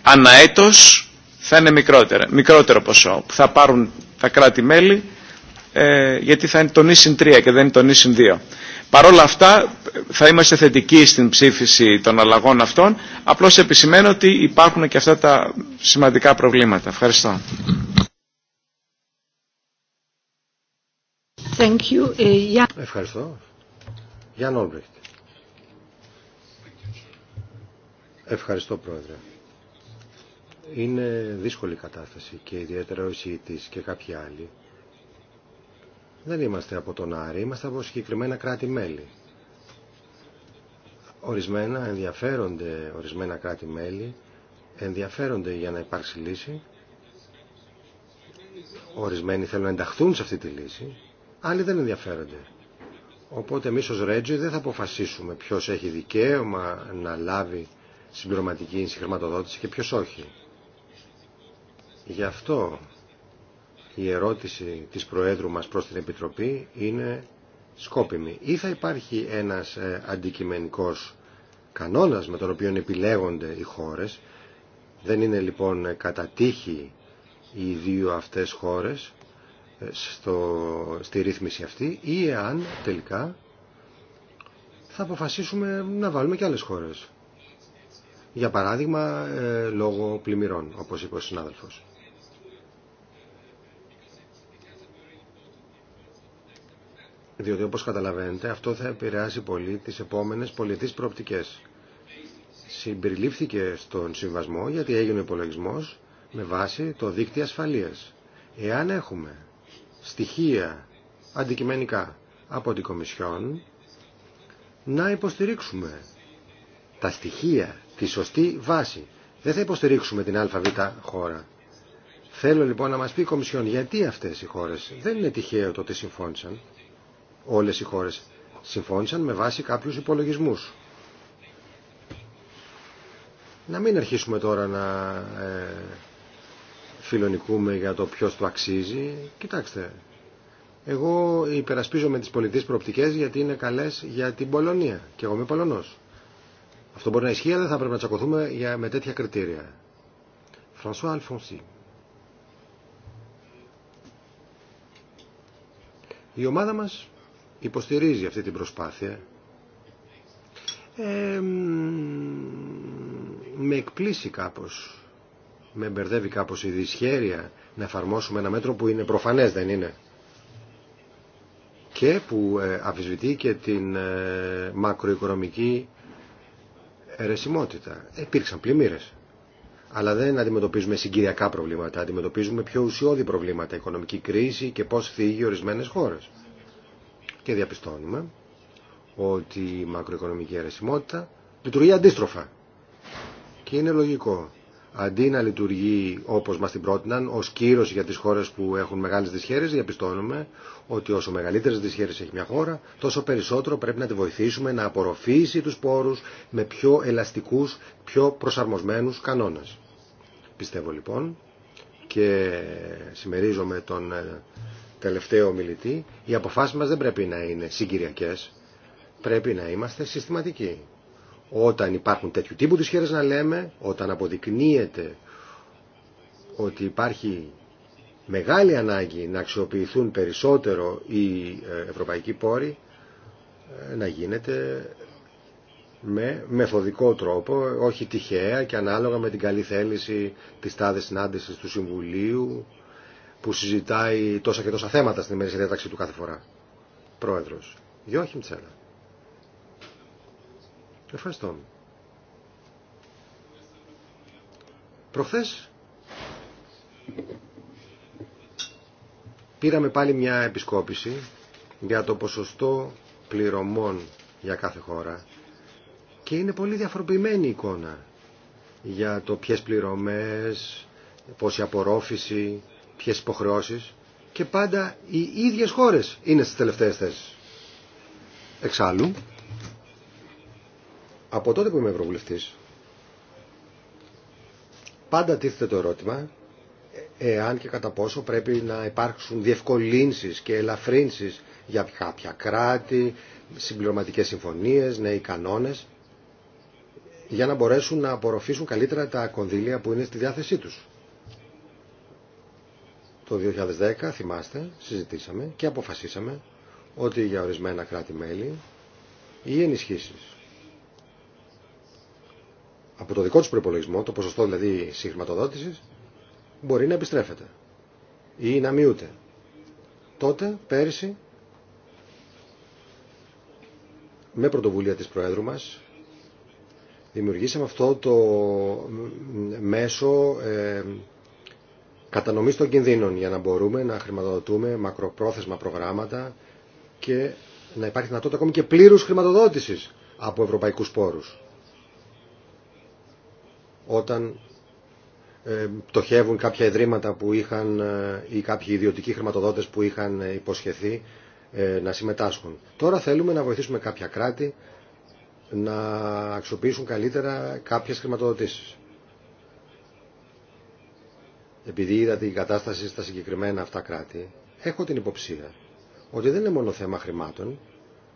αναέτος θα είναι μικρότερο, μικρότερο ποσό που θα πάρουν τα κράτη-μέλη ε, γιατί θα είναι το νησιν 3 και δεν είναι το νησιν 2. Παρ' όλα αυτά θα είμαστε θετικοί στην ψήφιση των αλλαγών αυτών, απλώς επισημαίνω ότι υπάρχουν και αυτά τα σημαντικά προβλήματα. Ευχαριστώ.
Thank you. Ε,
Ευχαριστώ. Ευχαριστώ, Πρόεδρε. Είναι δύσκολη κατάσταση και ιδιαίτερα ο και κάποιοι άλλοι. Δεν είμαστε από τον Άρη, είμαστε από συγκεκριμένα κράτη-μέλη. Ορισμένα ενδιαφέρονται, ορισμένα κράτη-μέλη ενδιαφέρονται για να υπάρξει λύση. Ορισμένοι θέλουν να ενταχθούν σε αυτή τη λύση, άλλοι δεν ενδιαφέρονται. Οπότε εμείς ως Ρέτζι δεν θα αποφασίσουμε ποιος έχει δικαίωμα να λάβει συμπληρωματική συγχρηματοδότηση και ποιος όχι. Γι' αυτό η ερώτηση της Προέδρου μας προς την Επιτροπή είναι σκόπιμη. Ή θα υπάρχει ένας ε, αντικειμενικός κανόνας με τον οποίο επιλέγονται οι χώρες. Δεν είναι λοιπόν κατά τύχη οι δύο αυτές χώρες ε, στο, στη ρύθμιση αυτή ή εάν τελικά θα αποφασίσουμε να βάλουμε και άλλες χώρες. Για παράδειγμα, ε, λόγω πλημμυρών, όπως είπε ο συνάδελφος. διότι όπως καταλαβαίνετε αυτό θα επηρεάσει πολύ τις επόμενες πολιτικές προοπτικές. Συμπεριλήφθηκε στον συμβασμό γιατί έγινε ο υπολογισμό με βάση το δίκτυο ασφαλείας. Εάν έχουμε στοιχεία αντικειμενικά από την Κομισιόν, να υποστηρίξουμε τα στοιχεία, τη σωστή βάση. Δεν θα υποστηρίξουμε την ΑΒ χώρα. Θέλω λοιπόν να μας πει η Κομισιόν γιατί αυτές οι χώρες δεν είναι τυχαίο το ότι συμφώνησαν όλες οι χώρες συμφώνησαν με βάση κάποιους υπολογισμούς. Να μην αρχίσουμε τώρα να ε, φιλονικούμε για το ποιος του αξίζει. Κοιτάξτε, εγώ υπερασπίζομαι τις πολιτικές προοπτικές γιατί είναι καλές για την Πολωνία και εγώ είμαι Πολωνός. Αυτό μπορεί να ισχύει, αλλά δεν θα πρέπει να τσακωθούμε για, με τέτοια κριτήρια. Φρανσουά Αλφονσί. Η ομάδα μας υποστηρίζει αυτή την προσπάθεια. με εκπλήσει κάπως, με μπερδεύει κάπως η δυσχέρεια να εφαρμόσουμε ένα μέτρο που είναι προφανές, δεν είναι. Και που ε, αφισβητεί και την ε, μακροοικονομική ερεσιμότητα. Υπήρξαν πλημμύρες. Αλλά δεν αντιμετωπίζουμε συγκυριακά προβλήματα, αντιμετωπίζουμε πιο ουσιώδη προβλήματα, οικονομική κρίση και πώς θίγει ορισμένες χώρες και διαπιστώνουμε ότι η μακροοικονομική αιρεσιμότητα λειτουργεί αντίστροφα. Και είναι λογικό. Αντί να λειτουργεί όπως μας την πρότειναν, ως κύρωση για τις χώρες που έχουν μεγάλες δυσχέρειες, διαπιστώνουμε ότι όσο μεγαλύτερες δυσχέρειες έχει μια χώρα, τόσο περισσότερο πρέπει να τη βοηθήσουμε να απορροφήσει τους πόρου με πιο ελαστικού, πιο προσαρμοσμένου κανόνε. Πιστεύω λοιπόν και συμμερίζομαι τον ε, τελευταίο ομιλητή, οι αποφάσεις μας δεν πρέπει να είναι συγκυριακές. Πρέπει να είμαστε συστηματικοί. Όταν υπάρχουν τέτοιου τύπου δυσχέρες να λέμε, όταν αποδεικνύεται ότι υπάρχει μεγάλη ανάγκη να αξιοποιηθούν περισσότερο οι ε, ευρωπαϊκοί πόροι, ε, να γίνεται με μεθοδικό τρόπο, όχι τυχαία και ανάλογα με την καλή θέληση της τάδε συνάντησης του Συμβουλίου, που συζητάει τόσα και τόσα θέματα στην ημερήσια διάταξη του κάθε φορά. Πρόεδρος. Γιώχη Μτσέλα. Ευχαριστώ. Προχθές πήραμε πάλι μια επισκόπηση για το ποσοστό πληρωμών για κάθε χώρα και είναι πολύ διαφοροποιημένη η εικόνα για το ποιες πληρωμές, πόση απορρόφηση, ποιες υποχρεώσεις και πάντα οι ίδιες χώρες είναι στις τελευταίες θέσεις. Εξάλλου, από τότε που είμαι ευρωβουλευτής, πάντα τίθεται το ερώτημα ε, εάν και κατά πόσο πρέπει να υπάρξουν διευκολύνσεις και ελαφρύνσεις για κάποια κράτη, συμπληρωματικές συμφωνίες, νέοι κανόνες, για να μπορέσουν να απορροφήσουν καλύτερα τα κονδύλια που είναι στη διάθεσή τους. Το 2010, θυμάστε, συζητήσαμε και αποφασίσαμε ότι για ορισμένα κράτη-μέλη οι ενισχύσεις από το δικό τους προπολογισμό, το ποσοστό δηλαδή συγχρηματοδότησης, μπορεί να επιστρέφεται ή να μειούται. Τότε, πέρσι, με πρωτοβουλία της Προέδρου μας, δημιουργήσαμε αυτό το μέσο ε, Κατανομή των κινδύνων για να μπορούμε να χρηματοδοτούμε μακροπρόθεσμα προγράμματα και να υπάρχει δυνατότητα ακόμη και πλήρους χρηματοδότησης από ευρωπαϊκούς πόρους. Όταν ε, πτωχεύουν κάποια ιδρύματα που είχαν ε, ή κάποιοι ιδιωτικοί χρηματοδότες που είχαν ε, υποσχεθεί ε, να συμμετάσχουν. Τώρα θέλουμε να βοηθήσουμε κάποια κράτη να αξιοποιήσουν καλύτερα κάποιες χρηματοδοτήσεις επειδή είδα την κατάσταση στα συγκεκριμένα αυτά κράτη, έχω την υποψία ότι δεν είναι μόνο θέμα χρημάτων,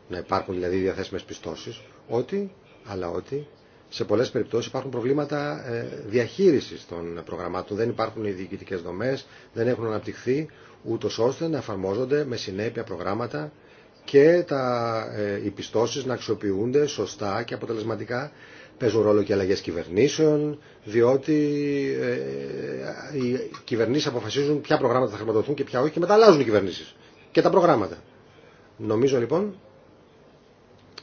να υπάρχουν δηλαδή διαθέσιμες πιστώσεις, ότι, αλλά ότι σε πολλές περιπτώσεις υπάρχουν προβλήματα ε, διαχείρισης των προγραμμάτων. Δεν υπάρχουν οι διοικητικές δομές, δεν έχουν αναπτυχθεί, ούτως ώστε να εφαρμόζονται με συνέπεια προγράμματα και τα, ε, οι πιστώσεις να αξιοποιούνται σωστά και αποτελεσματικά Παίζουν ρόλο και αλλαγέ κυβερνήσεων, διότι ε, οι κυβερνήσει αποφασίζουν ποια προγράμματα θα χρηματοδοτούν και ποια όχι και μετά οι κυβερνήσει και τα προγράμματα. Νομίζω λοιπόν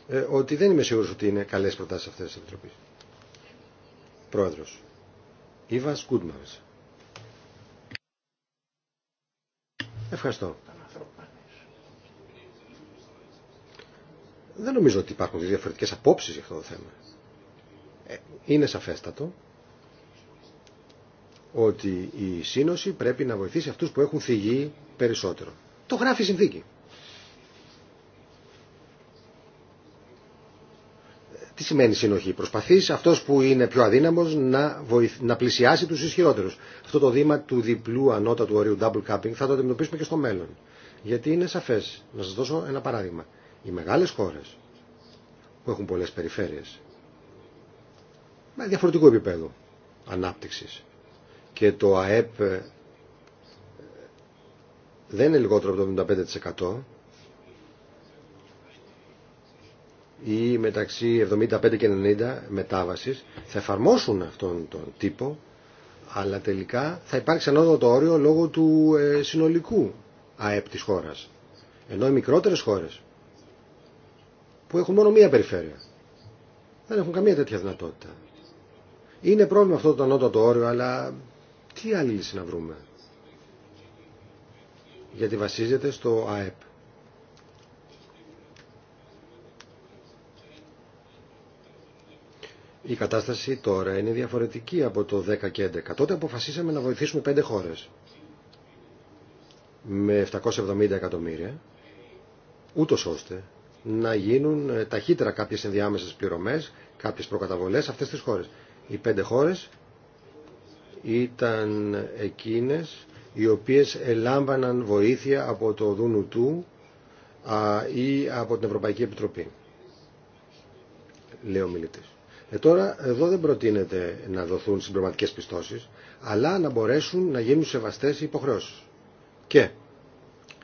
ε, ότι δεν είμαι σίγουρο ότι είναι καλέ προτάσει αυτέ τη Επιτροπή. Πρόεδρο. Ήβα Κούντμαρς Ευχαριστώ. Δεν νομίζω ότι υπάρχουν διαφορετικές απόψεις για αυτό το θέμα είναι σαφέστατο ότι η σύνοση πρέπει να βοηθήσει αυτούς που έχουν θυγεί περισσότερο. Το γράφει η συνθήκη. Τι σημαίνει συνοχή. Προσπαθείς αυτός που είναι πιο αδύναμος να, να πλησιάσει τους ισχυρότερους. Αυτό το δήμα του διπλού ανώτατου ορίου double capping θα το αντιμετωπίσουμε και στο μέλλον. Γιατί είναι σαφές. Να σας δώσω ένα παράδειγμα. Οι μεγάλες χώρες που έχουν πολλές περιφέρειες με διαφορετικό επίπεδο ανάπτυξης. Και το ΑΕΠ ε, δεν είναι λιγότερο από το 75% ή μεταξύ 75 και 90 μετάβασης θα εφαρμόσουν αυτόν τον τύπο αλλά τελικά θα υπάρξει το όριο λόγω του ε, συνολικού ΑΕΠ της χώρας. Ενώ οι μικρότερες χώρες που έχουν μόνο μία περιφέρεια δεν έχουν καμία τέτοια δυνατότητα. Είναι πρόβλημα αυτό το ανώτατο όριο, αλλά τι άλλη λύση να βρούμε. Γιατί βασίζεται στο ΑΕΠ. Η κατάσταση τώρα είναι διαφορετική από το 10 και Τότε αποφασίσαμε να βοηθήσουμε πέντε χώρες με 770 εκατομμύρια, ούτως ώστε να γίνουν ταχύτερα κάποιες ενδιάμεσες πληρωμές, κάποιες προκαταβολές αυτές τις χώρες οι πέντε χώρες ήταν εκείνες οι οποίες ελάμβαναν βοήθεια από το ΔΝΤ ή από την Ευρωπαϊκή Επιτροπή. Λέω μιλητής. Ε, τώρα εδώ δεν προτείνεται να δοθούν συμπληρωματικές πιστώσεις, αλλά να μπορέσουν να γίνουν σεβαστές οι υποχρεώσεις. Και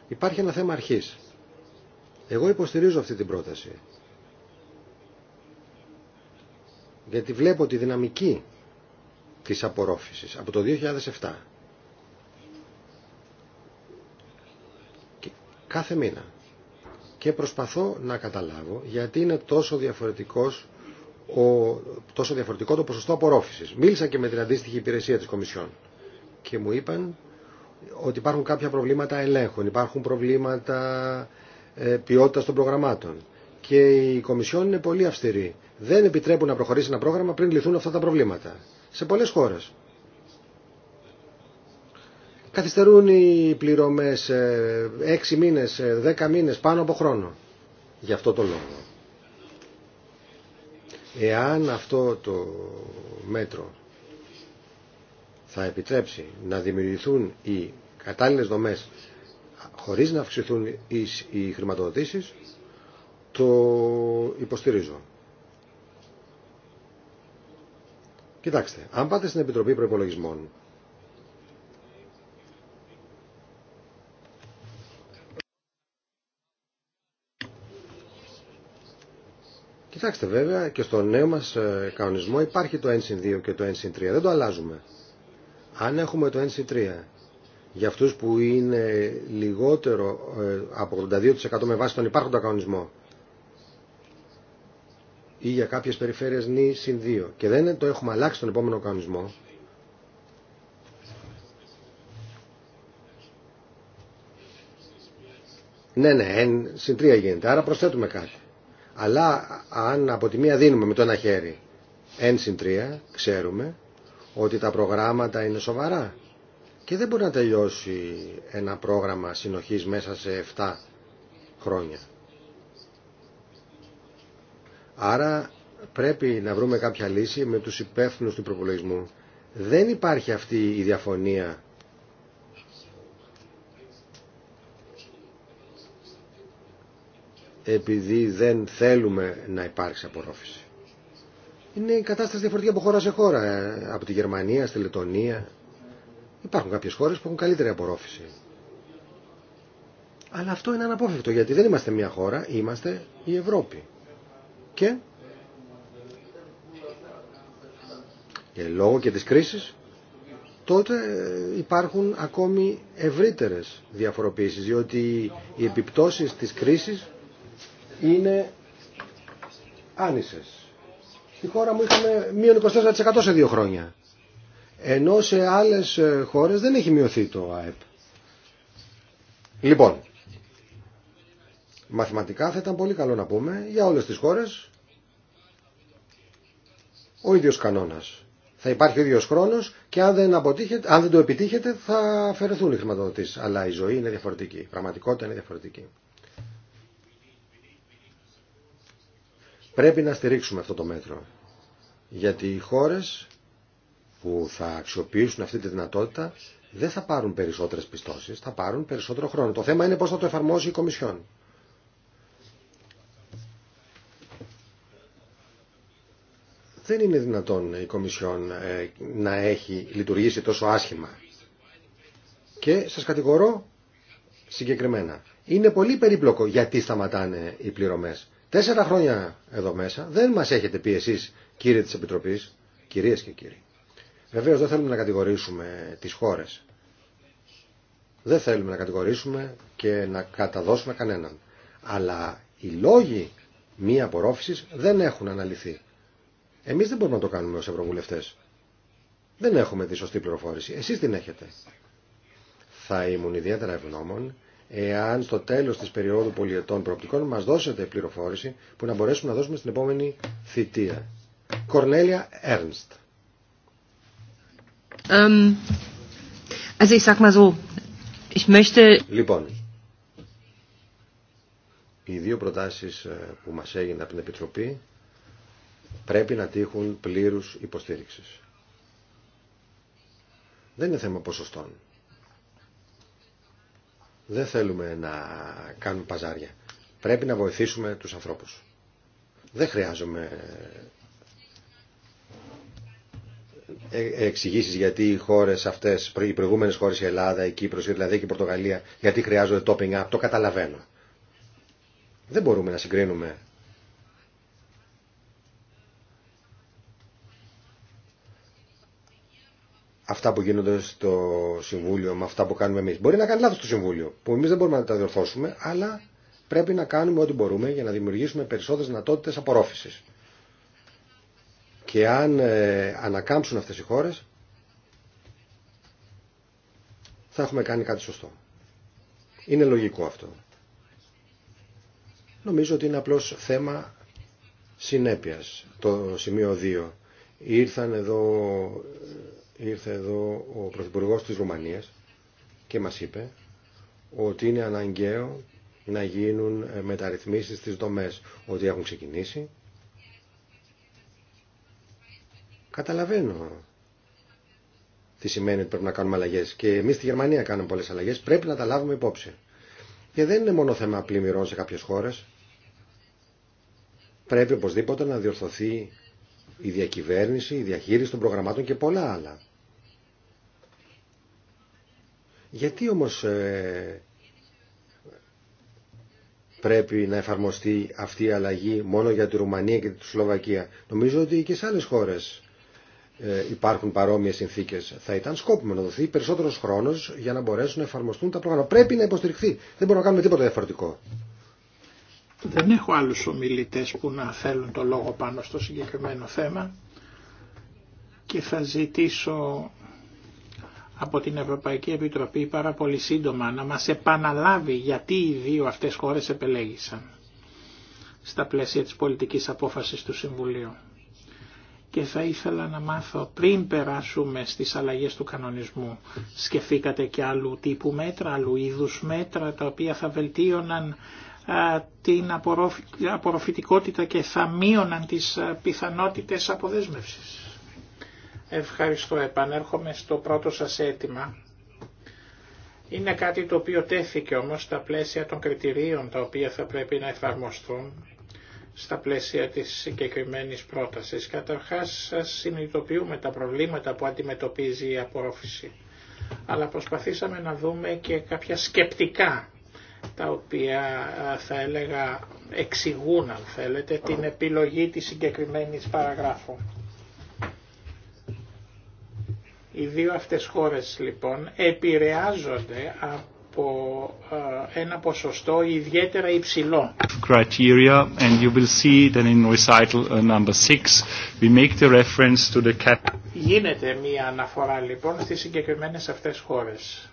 υπάρχει ένα θέμα αρχής. Εγώ υποστηρίζω αυτή την πρόταση, γιατί βλέπω τη δυναμική της απορρόφησης από το 2007 κάθε μήνα και προσπαθώ να καταλάβω γιατί είναι τόσο διαφορετικός ο, τόσο διαφορετικό το ποσοστό απορρόφησης. Μίλησα και με την αντίστοιχη υπηρεσία της Κομισιόν και μου είπαν ότι υπάρχουν κάποια προβλήματα ελέγχων, υπάρχουν προβλήματα ε, ποιότητας των προγραμμάτων και η Κομισιόν είναι πολύ αυστηρή. Δεν επιτρέπουν να προχωρήσει ένα πρόγραμμα πριν λυθούν αυτά τα προβλήματα. Σε πολλές χώρες. Καθυστερούν οι πληρωμές 6 ε, μήνες, 10 ε, μήνες, πάνω από χρόνο. Γι' αυτό το λόγο. Εάν αυτό το μέτρο θα επιτρέψει να δημιουργηθούν οι κατάλληλες δομές χωρίς να αυξηθούν οι χρηματοδοτήσεις, το υποστηρίζω. Κοιτάξτε, αν πάτε στην Επιτροπή Προπολογισμών Κοιτάξτε βέβαια και στο νέο μας ε, κανονισμό υπάρχει το NC2 και το NC3. Δεν το αλλάζουμε. Αν έχουμε το NC3 για αυτούς που είναι λιγότερο ε, από 82% με βάση τον υπάρχοντα κανονισμό ή για κάποιες περιφέρειες νη συν 2 και δεν το έχουμε αλλάξει τον επόμενο κανονισμό ναι ναι εν συν 3 γίνεται άρα προσθέτουμε κάτι αλλά αν από τη μία δίνουμε με το ένα χέρι εν συν 3 ξέρουμε ότι τα προγράμματα είναι σοβαρά και δεν μπορεί να τελειώσει ένα πρόγραμμα συνοχής μέσα σε 7 χρόνια Άρα πρέπει να βρούμε κάποια λύση με τους υπεύθυνους του προπολογισμού. Δεν υπάρχει αυτή η διαφωνία επειδή δεν θέλουμε να υπάρξει απορρόφηση. Είναι η κατάσταση διαφορετική από χώρα σε χώρα. Ε, από τη Γερμανία, στη Λετωνία. Υπάρχουν κάποιες χώρες που έχουν καλύτερη απορρόφηση. Αλλά αυτό είναι αναπόφευκτο γιατί δεν είμαστε μια χώρα, είμαστε η Ευρώπη. Και ε, λόγω και της κρίσης τότε ε, υπάρχουν ακόμη ευρύτερες διαφοροποίησεις διότι οι επιπτώσεις της κρίσης είναι άνισες. Στη χώρα μου είχαμε μείον 24% σε δύο χρόνια. Ενώ σε άλλες ε, χώρες δεν έχει μειωθεί το ΑΕΠ. Λοιπόν, Μαθηματικά θα ήταν πολύ καλό να πούμε για όλες τις χώρες ο ίδιος κανόνας. Θα υπάρχει ο ίδιος χρόνος και αν δεν, αν δεν το επιτύχετε θα αφαιρεθούν οι χρηματοδοτήσεις. Αλλά η ζωή είναι διαφορετική, η πραγματικότητα είναι διαφορετική. Πρέπει να στηρίξουμε αυτό το μέτρο. Γιατί οι χώρες που θα αξιοποιήσουν αυτή τη δυνατότητα δεν θα πάρουν περισσότερες πιστώσεις, θα πάρουν περισσότερο χρόνο. Το θέμα είναι πώς θα το εφαρμόσει η Κομισιόν. δεν είναι δυνατόν η Κομισιόν ε, να έχει λειτουργήσει τόσο άσχημα. Και σας κατηγορώ συγκεκριμένα. Είναι πολύ περίπλοκο γιατί σταματάνε οι πληρωμές. Τέσσερα χρόνια εδώ μέσα δεν μας έχετε πει εσείς κύριε της Επιτροπής, κυρίες και κύριοι. Βεβαίως δεν θέλουμε να κατηγορήσουμε τις χώρες. Δεν θέλουμε να κατηγορήσουμε και να καταδώσουμε κανέναν. Αλλά οι λόγοι μία απορρόφησης δεν έχουν αναλυθεί. Εμείς δεν μπορούμε να το κάνουμε ως ευρωβουλευτές. Δεν έχουμε τη σωστή πληροφόρηση. Εσείς την έχετε. Θα ήμουν ιδιαίτερα ευγνώμων εάν στο τέλος της περίοδου πολιετών προοπτικών μας δώσετε πληροφόρηση που να μπορέσουμε να δώσουμε στην επόμενη θητεία. Κορνέλια Έρνστ. Λοιπόν, οι δύο προτάσεις ε, που μας έγινε από την Επιτροπή πρέπει να τύχουν πλήρους υποστήριξης. Δεν είναι θέμα ποσοστών. Δεν θέλουμε να κάνουμε παζάρια. Πρέπει να βοηθήσουμε τους ανθρώπους. Δεν χρειάζομαι ε, εξηγήσει γιατί οι χώρε αυτέ, οι προηγούμενε χώρε, η Ελλάδα, η Κύπρος, η Ιρλανδία και η Πορτογαλία, γιατί χρειάζονται topping up, το καταλαβαίνω. Δεν μπορούμε να συγκρίνουμε αυτά που γίνονται στο Συμβούλιο με αυτά που κάνουμε εμείς. Μπορεί να κάνει λάθος το Συμβούλιο, που εμείς δεν μπορούμε να τα διορθώσουμε, αλλά πρέπει να κάνουμε ό,τι μπορούμε για να δημιουργήσουμε περισσότερε δυνατότητε απορρόφησης. Και αν ε, ανακάμψουν αυτές οι χώρες, θα έχουμε κάνει κάτι σωστό. Είναι λογικό αυτό. Νομίζω ότι είναι απλώς θέμα συνέπειας το σημείο 2. Ήρθαν εδώ ε, ήρθε εδώ ο Πρωθυπουργό της Ρουμανίας και μας είπε ότι είναι αναγκαίο να γίνουν ε, μεταρρυθμίσεις στις δομές, ότι έχουν ξεκινήσει. Καταλαβαίνω τι σημαίνει ότι πρέπει να κάνουμε αλλαγές και εμείς στη Γερμανία κάνουμε πολλές αλλαγές, πρέπει να τα λάβουμε υπόψη. Και δεν είναι μόνο θέμα πλημμυρών σε κάποιες χώρες. Πρέπει οπωσδήποτε να διορθωθεί η διακυβέρνηση, η διαχείριση των προγραμμάτων και πολλά άλλα. Γιατί όμως ε, πρέπει να εφαρμοστεί αυτή η αλλαγή μόνο για τη Ρουμανία και τη Σλοβακία. Νομίζω ότι και σε άλλες χώρες ε, υπάρχουν παρόμοιες συνθήκες. Θα ήταν σκόπιμο να δοθεί περισσότερος χρόνος για να μπορέσουν να εφαρμοστούν τα πρόγραμμα. Πρέπει να υποστηριχθεί. Δεν μπορούμε να κάνουμε τίποτα διαφορετικό.
Δεν έχω άλλους ομιλητές που να θέλουν το λόγο πάνω στο συγκεκριμένο θέμα και θα ζητήσω από την Ευρωπαϊκή Επιτροπή πάρα πολύ σύντομα να μας επαναλάβει γιατί οι δύο αυτές χώρες επελέγησαν στα πλαίσια της πολιτικής απόφασης του Συμβουλίου. Και θα ήθελα να μάθω πριν περάσουμε στις αλλαγές του κανονισμού, σκεφτήκατε και άλλου τύπου μέτρα, άλλου είδους μέτρα τα οποία θα βελτίωναν την απορροφητικότητα και θα μείωναν τις πιθανότητες αποδέσμευσης. Ευχαριστώ. Επανέρχομαι στο πρώτο σας αίτημα. Είναι κάτι το οποίο τέθηκε όμως στα πλαίσια των κριτηρίων τα οποία θα πρέπει να εφαρμοστούν στα πλαίσια της συγκεκριμένη πρότασης. Καταρχάς συνειδητοποιούμε τα προβλήματα που αντιμετωπίζει η απορρόφηση. Αλλά προσπαθήσαμε να δούμε και κάποια σκεπτικά τα οποία θα έλεγα εξηγούν αν θέλετε την επιλογή της συγκεκριμένης παραγράφου. Οι δύο αυτές χώρες λοιπόν επηρεάζονται από ε, ένα ποσοστό ιδιαίτερα υψηλό. Criteria and you will see that in recital uh, number 6 we make the reference to the Γίνεται μια αναφορά λοιπόν στις συγκεκριμένες αυτές χώρες.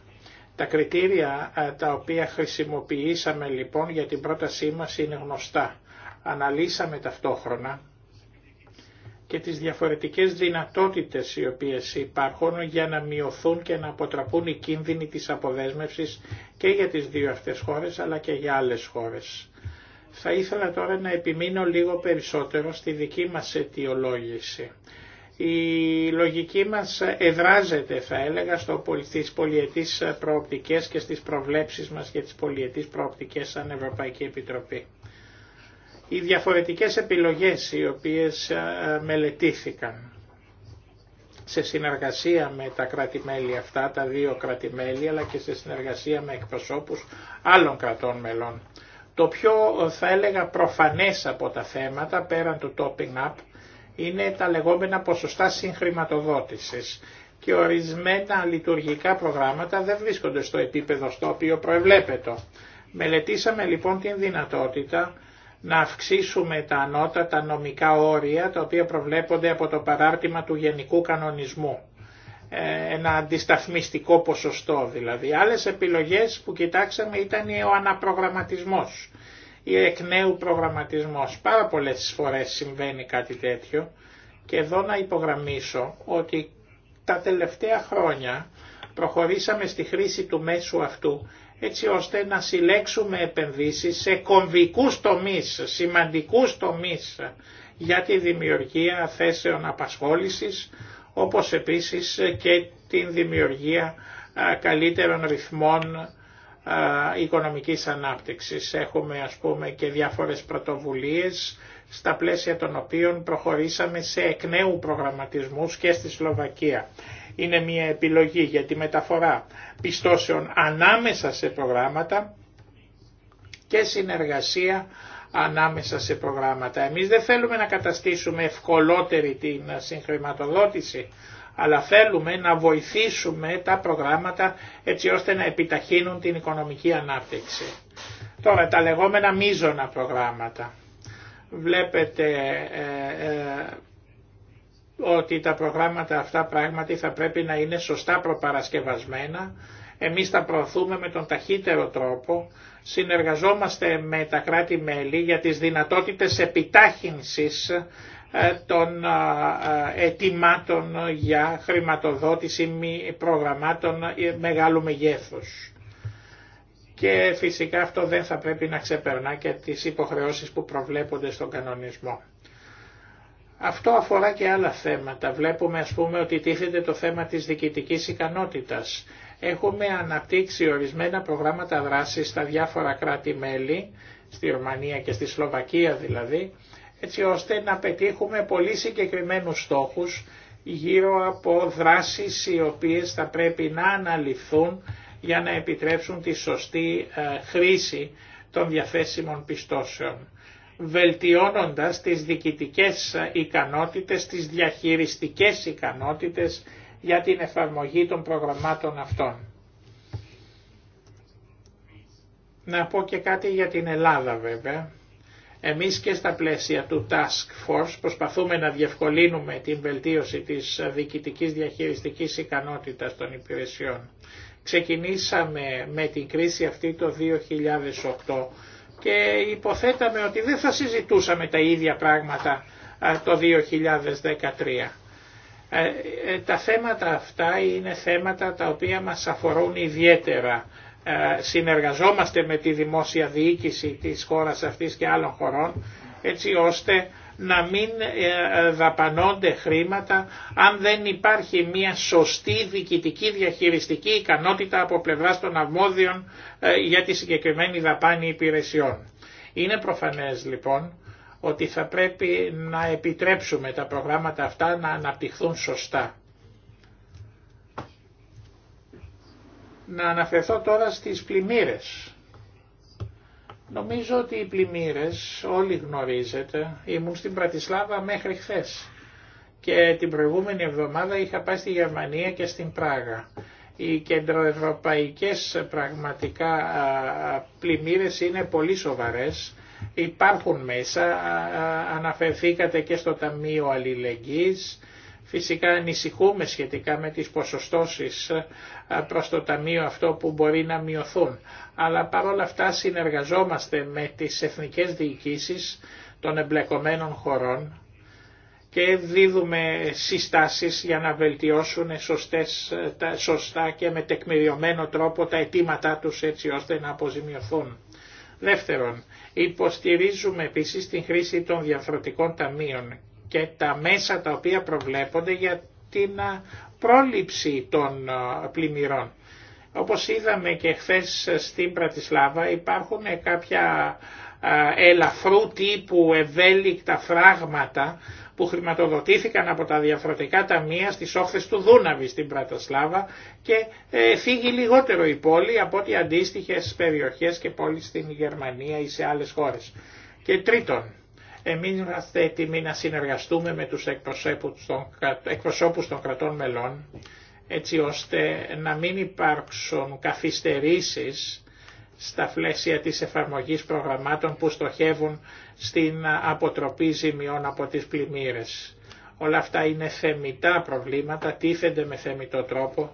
Τα κριτήρια ε, τα οποία χρησιμοποιήσαμε λοιπόν για την πρότασή μας είναι γνωστά. Αναλύσαμε ταυτόχρονα και τις διαφορετικές δυνατότητες οι οποίες υπάρχουν για να μειωθούν και να αποτραπούν οι κίνδυνοι της αποδέσμευσης και για τις δύο αυτές χώρες αλλά και για άλλες χώρες. Θα ήθελα τώρα να επιμείνω λίγο περισσότερο στη δική μας αιτιολόγηση. Η λογική μας εδράζεται θα έλεγα στο, στις πολιετής προοπτικές και στις προβλέψεις μας για τις πολιετής προοπτικές σαν Ευρωπαϊκή Επιτροπή οι διαφορετικές επιλογές οι οποίες ε, μελετήθηκαν σε συνεργασία με τα κράτη-μέλη αυτά, τα δύο κράτη-μέλη, αλλά και σε συνεργασία με εκπροσώπους άλλων κρατών μελών. Το πιο ε, θα έλεγα προφανές από τα θέματα πέραν του topping up είναι τα λεγόμενα ποσοστά συγχρηματοδότησης και ορισμένα λειτουργικά προγράμματα δεν βρίσκονται στο επίπεδο στο οποίο προεβλέπετο. Μελετήσαμε λοιπόν την δυνατότητα να αυξήσουμε τα ανώτατα νομικά όρια τα οποία προβλέπονται από το παράρτημα του Γενικού Κανονισμού. Ε, ένα αντισταθμιστικό ποσοστό δηλαδή. Άλλες επιλογές που κοιτάξαμε ήταν ο αναπρογραμματισμός ή εκ νέου προγραμματισμός. Πάρα πολλές φορές συμβαίνει κάτι τέτοιο και εδώ να υπογραμμίσω ότι τα τελευταία χρόνια προχωρήσαμε στη χρήση του μέσου αυτού έτσι ώστε να συλλέξουμε επενδύσεις σε κομβικούς τομείς, σημαντικούς τομείς για τη δημιουργία θέσεων απασχόλησης, όπως επίσης και την δημιουργία καλύτερων ρυθμών οικονομικής ανάπτυξης. Έχουμε ας πούμε και διάφορες πρωτοβουλίες στα πλαίσια των οποίων προχωρήσαμε σε εκ νέου προγραμματισμούς και στη Σλοβακία είναι μια επιλογή για τη μεταφορά πιστώσεων ανάμεσα σε προγράμματα και συνεργασία ανάμεσα σε προγράμματα. Εμείς δεν θέλουμε να καταστήσουμε ευκολότερη την συγχρηματοδότηση, αλλά θέλουμε να βοηθήσουμε τα προγράμματα έτσι ώστε να επιταχύνουν την οικονομική ανάπτυξη. Τώρα τα λεγόμενα μείζωνα προγράμματα. Βλέπετε ε, ε, ότι τα προγράμματα αυτά πράγματι θα πρέπει να είναι σωστά προπαρασκευασμένα. Εμείς τα προωθούμε με τον ταχύτερο τρόπο, συνεργαζόμαστε με τα κράτη-μέλη για τις δυνατότητες επιτάχυνσης ε, των ε, ε, ετοιμάτων για χρηματοδότηση προγραμμάτων μεγάλου μεγέθους. Και φυσικά αυτό δεν θα πρέπει να ξεπερνά και τις υποχρεώσεις που προβλέπονται στον κανονισμό. Αυτό αφορά και άλλα θέματα. Βλέπουμε ας πούμε ότι τίθεται το θέμα της διοικητικής ικανότητας. Έχουμε αναπτύξει ορισμένα προγράμματα δράσης στα διάφορα κράτη-μέλη, στη Ρωμανία και στη Σλοβακία δηλαδή, έτσι ώστε να πετύχουμε πολύ συγκεκριμένους στόχους γύρω από δράσεις οι οποίες θα πρέπει να αναλυθούν για να επιτρέψουν τη σωστή ε, χρήση των διαθέσιμων πιστώσεων βελτιώνοντας τις διοικητικές ικανότητες, τις διαχειριστικές ικανότητες για την εφαρμογή των προγραμμάτων αυτών. Να πω και κάτι για την Ελλάδα βέβαια. Εμείς και στα πλαίσια του Task Force προσπαθούμε να διευκολύνουμε την βελτίωση της διοικητικής διαχειριστικής ικανότητας των υπηρεσιών. Ξεκινήσαμε με την κρίση αυτή το 2008 και υποθέταμε ότι δεν θα συζητούσαμε τα ίδια πράγματα το 2013. Ε, ε, τα θέματα αυτά είναι θέματα τα οποία μας αφορούν ιδιαίτερα. Ε, συνεργαζόμαστε με τη δημόσια διοίκηση της χώρας αυτής και άλλων χωρών έτσι ώστε να μην ε, ε, δαπανώνται χρήματα αν δεν υπάρχει μια σωστή διοικητική διαχειριστική ικανότητα από πλευράς των αρμόδιων ε, για τη συγκεκριμένη δαπάνη υπηρεσιών. Είναι προφανές λοιπόν ότι θα πρέπει να επιτρέψουμε τα προγράμματα αυτά να αναπτυχθούν σωστά. Να αναφερθώ τώρα στις πλημμύρες. Νομίζω ότι οι πλημμύρες, όλοι γνωρίζετε, ήμουν στην Πρατισλάβα μέχρι χθε. Και την προηγούμενη εβδομάδα είχα πάει στη Γερμανία και στην Πράγα. Οι κεντροευρωπαϊκές πραγματικά πλημμύρες είναι πολύ σοβαρές. Υπάρχουν μέσα, αναφερθήκατε και στο Ταμείο Αλληλεγγύης, Φυσικά ανησυχούμε σχετικά με τις ποσοστώσεις ε, προς το ταμείο αυτό που μπορεί να μειωθούν. Αλλά παρόλα αυτά συνεργαζόμαστε με τις εθνικές διοικήσεις των εμπλεκομένων χωρών και δίδουμε συστάσεις για να βελτιώσουν ε, σωστά και με τεκμηριωμένο τρόπο τα αιτήματά τους έτσι ώστε να αποζημιωθούν. Δεύτερον, υποστηρίζουμε επίσης την χρήση των διαφορετικών ταμείων και τα μέσα τα οποία προβλέπονται για την πρόληψη των πλημμυρών. Όπως είδαμε και χθε στην Πρατισλάβα υπάρχουν κάποια ελαφρού τύπου ευέλικτα φράγματα που χρηματοδοτήθηκαν από τα διαφορετικά ταμεία στις όχθες του Δούναβη στην Πρατασλάβα και ε, φύγει λιγότερο η πόλη από ό,τι αντίστοιχες περιοχές και πόλεις στην Γερμανία ή σε άλλες χώρες. Και τρίτον, εμείς είμαστε έτοιμοι να συνεργαστούμε με τους εκπροσώπους των κρατών μελών έτσι ώστε να μην υπάρξουν καθυστερήσεις στα πλαίσια της εφαρμογής προγραμμάτων που στοχεύουν στην αποτροπή ζημιών από τις πλημμύρες. Όλα αυτά είναι θεμητά προβλήματα, τίθενται με θεμητό τρόπο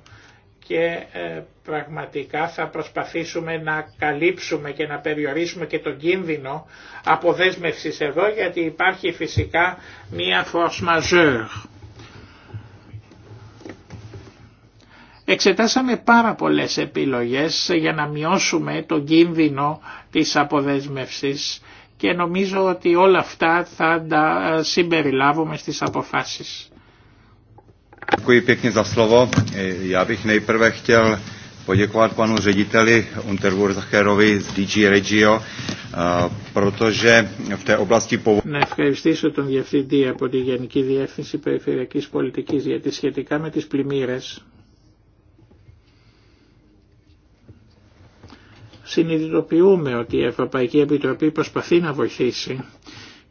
και ε, πραγματικά θα προσπαθήσουμε να καλύψουμε και να περιορίσουμε και τον κίνδυνο αποδέσμευσης εδώ γιατί υπάρχει φυσικά μία force majeure. Εξετάσαμε πάρα πολλές επιλογές για να μειώσουμε τον κίνδυνο της αποδέσμευσης και νομίζω ότι όλα αυτά θα τα συμπεριλάβουμε στις αποφάσεις.
Να ευχαριστήσω τον
Διευθυντή από τη Γενική Διεύθυνση Περιφερειακής Πολιτικής, γιατί σχετικά με τις πλημμύρες συνειδητοποιούμε ότι η Ευρωπαϊκή Επιτροπή προσπαθεί να βοηθήσει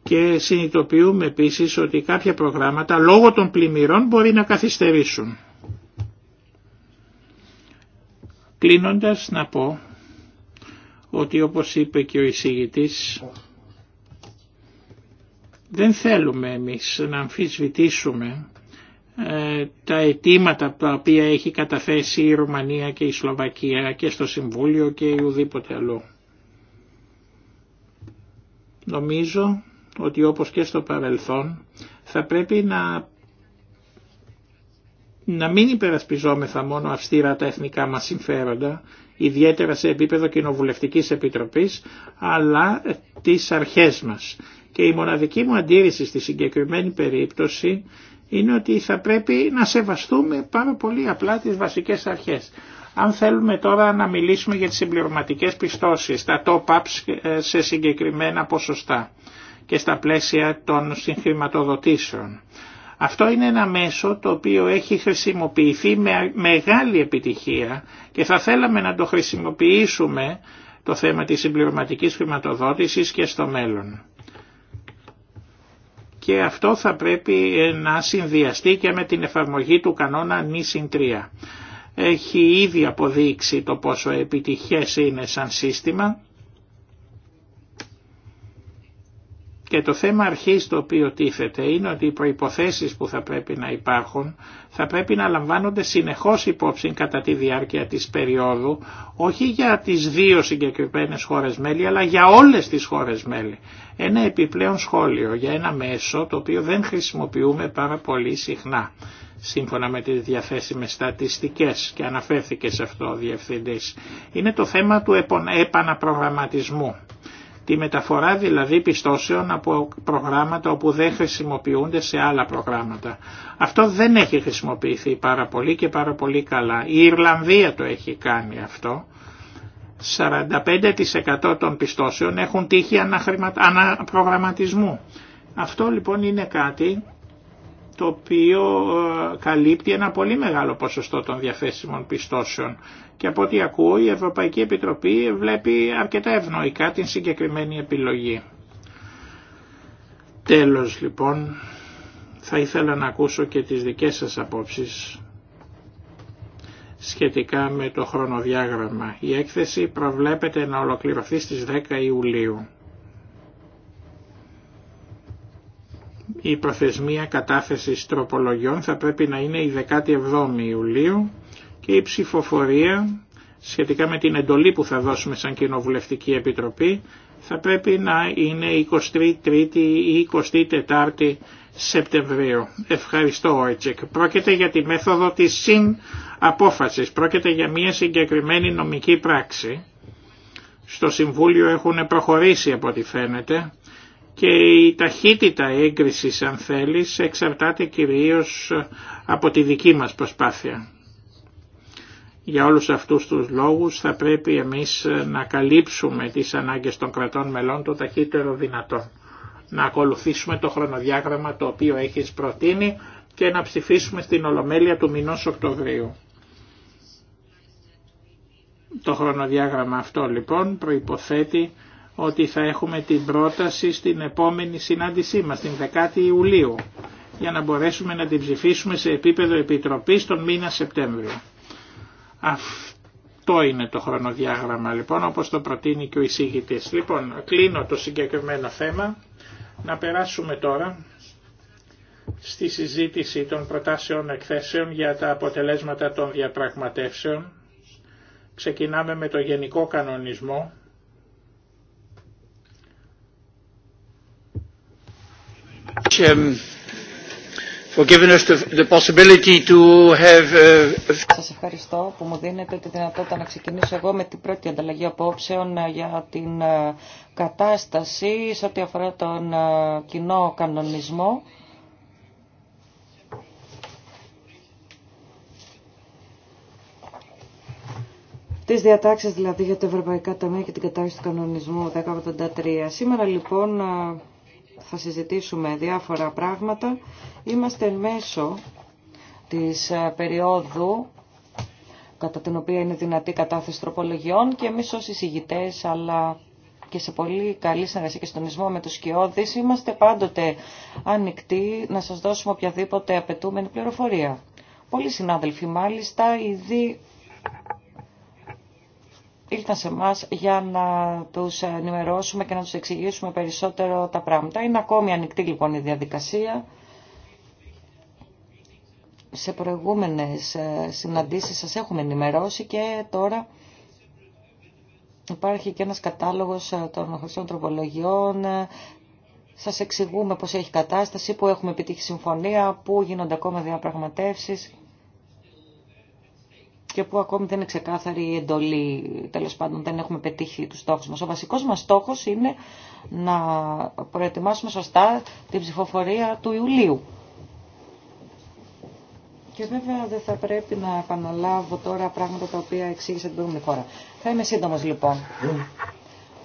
και συνειδητοποιούμε επίσης ότι κάποια προγράμματα λόγω των πλημμυρών μπορεί να καθυστερήσουν. Κλείνοντας να πω ότι όπως είπε και ο εισηγητής δεν θέλουμε εμείς να αμφισβητήσουμε ε, τα αιτήματα τα οποία έχει καταθέσει η Ρουμανία και η Σλοβακία και στο Συμβούλιο και ουδήποτε αλλού. Νομίζω ότι όπως και στο παρελθόν θα πρέπει να, να μην υπερασπιζόμεθα μόνο αυστήρα τα εθνικά μας συμφέροντα, ιδιαίτερα σε επίπεδο Κοινοβουλευτικής Επιτροπής, αλλά τις αρχές μας. Και η μοναδική μου αντίρρηση στη συγκεκριμένη περίπτωση είναι ότι θα πρέπει να σεβαστούμε πάρα πολύ απλά τις βασικές αρχές. Αν θέλουμε τώρα να μιλήσουμε για τις συμπληρωματικές πιστώσεις, τα top-ups ε, σε συγκεκριμένα ποσοστά και στα πλαίσια των συγχρηματοδοτήσεων. Αυτό είναι ένα μέσο το οποίο έχει χρησιμοποιηθεί με μεγάλη επιτυχία και θα θέλαμε να το χρησιμοποιήσουμε το θέμα της συμπληρωματικής χρηματοδότησης και στο μέλλον. Και αυτό θα πρέπει ε, να συνδυαστεί και με την εφαρμογή του κανόνα νη 3. Έχει ήδη αποδείξει το πόσο επιτυχές είναι σαν σύστημα Και το θέμα αρχής το οποίο τίθεται είναι ότι οι προϋποθέσεις που θα πρέπει να υπάρχουν θα πρέπει να λαμβάνονται συνεχώς υπόψη κατά τη διάρκεια της περίοδου όχι για τις δύο συγκεκριμένες χώρες μέλη αλλά για όλες τις χώρες μέλη. Ένα επιπλέον σχόλιο για ένα μέσο το οποίο δεν χρησιμοποιούμε πάρα πολύ συχνά σύμφωνα με τις διαθέσιμες στατιστικές και αναφέρθηκε σε αυτό ο Διευθυντής. Είναι το θέμα του επαναπρογραμματισμού Τη μεταφορά δηλαδή πιστώσεων από προγράμματα όπου δεν χρησιμοποιούνται σε άλλα προγράμματα. Αυτό δεν έχει χρησιμοποιηθεί πάρα πολύ και πάρα πολύ καλά. Η Ιρλανδία το έχει κάνει αυτό. 45% των πιστώσεων έχουν τύχει αναπρογραμματισμού. Αυτό λοιπόν είναι κάτι το οποίο ε, καλύπτει ένα πολύ μεγάλο ποσοστό των διαθέσιμων πιστώσεων και από ό,τι ακούω η Ευρωπαϊκή Επιτροπή βλέπει αρκετά ευνοϊκά την συγκεκριμένη επιλογή. Τέλος λοιπόν, θα ήθελα να ακούσω και τις δικές σας απόψεις σχετικά με το χρονοδιάγραμμα. Η έκθεση προβλέπεται να ολοκληρωθεί στις 10 Ιουλίου. Η προθεσμία κατάθεσης τροπολογιών θα πρέπει να είναι η 17 Ιουλίου και η ψηφοφορία σχετικά με την εντολή που θα δώσουμε σαν Κοινοβουλευτική Επιτροπή θα πρέπει να είναι 23η ή 24η Σεπτεμβρίου. Ευχαριστώ Οιτσικ. Πρόκειται για τη μέθοδο της συναπόφασης. Πρόκειται για μια συγκεκριμένη νομική πράξη. Στο Συμβούλιο έχουν προχωρήσει από ό,τι φαίνεται και η ταχύτητα έγκρισης αν θέλεις εξαρτάται κυρίως από τη δική μας προσπάθεια. Για όλους αυτούς τους λόγους θα πρέπει εμείς ε, να καλύψουμε τις ανάγκες των κρατών μελών το ταχύτερο δυνατόν. Να ακολουθήσουμε το χρονοδιάγραμμα το οποίο έχεις προτείνει και να ψηφίσουμε στην Ολομέλεια του μηνός Οκτωβρίου. Το χρονοδιάγραμμα αυτό λοιπόν προϋποθέτει ότι θα έχουμε την πρόταση στην επόμενη συνάντησή μας, την 10η Ιουλίου, για να μπορέσουμε να την ψηφίσουμε σε επίπεδο Επιτροπής τον μήνα Σεπτέμβριο. Αυτό είναι το χρονοδιάγραμμα λοιπόν όπως το προτείνει και ο εισήγητης. Λοιπόν κλείνω το συγκεκριμένο θέμα. Να περάσουμε τώρα στη συζήτηση των προτάσεων εκθέσεων για τα αποτελέσματα των διαπραγματεύσεων. Ξεκινάμε με το γενικό κανονισμό. Uh,
Σας ευχαριστώ που μου δίνετε τη δυνατότητα να ξεκινήσω εγώ με την πρώτη ανταλλαγή απόψεων ε, για την ε, κατάσταση σε ό,τι αφορά τον ε, κοινό κανονισμό. Τις διατάξεις δηλαδή για τα Ευρωπαϊκά Ταμεία και την κατάσταση του κανονισμού 1083. Σήμερα λοιπόν θα συζητήσουμε διάφορα πράγματα. Είμαστε εν μέσω της ε, περίοδου κατά την οποία είναι δυνατή κατάθεση τροπολογιών και εμείς ως εισηγητές αλλά και σε πολύ καλή συνεργασία και συντονισμό με τους σκιώδεις είμαστε πάντοτε ανοιχτοί να σας δώσουμε οποιαδήποτε απαιτούμενη πληροφορία. Πολλοί συνάδελφοι μάλιστα ήδη ήλθαν σε εμά για να τους ενημερώσουμε και να τους εξηγήσουμε περισσότερο τα πράγματα. Είναι ακόμη ανοιχτή λοιπόν η διαδικασία. Σε προηγούμενες ε, συναντήσεις σας έχουμε ενημερώσει και τώρα υπάρχει και ένας κατάλογος ε, των χρηστών τροπολογιών. Ε, σας εξηγούμε πώς έχει κατάσταση, πού έχουμε επιτύχει συμφωνία, πού γίνονται ακόμα διαπραγματεύσεις και που ακόμη δεν είναι ξεκάθαρη η εντολή, τέλο πάντων δεν έχουμε πετύχει του στόχους μας. Ο βασικός μας στόχος είναι να προετοιμάσουμε σωστά την ψηφοφορία του Ιουλίου. Και βέβαια δεν θα πρέπει να επαναλάβω τώρα πράγματα τα οποία εξήγησα την προηγούμενη φορά. Θα είμαι σύντομος λοιπόν.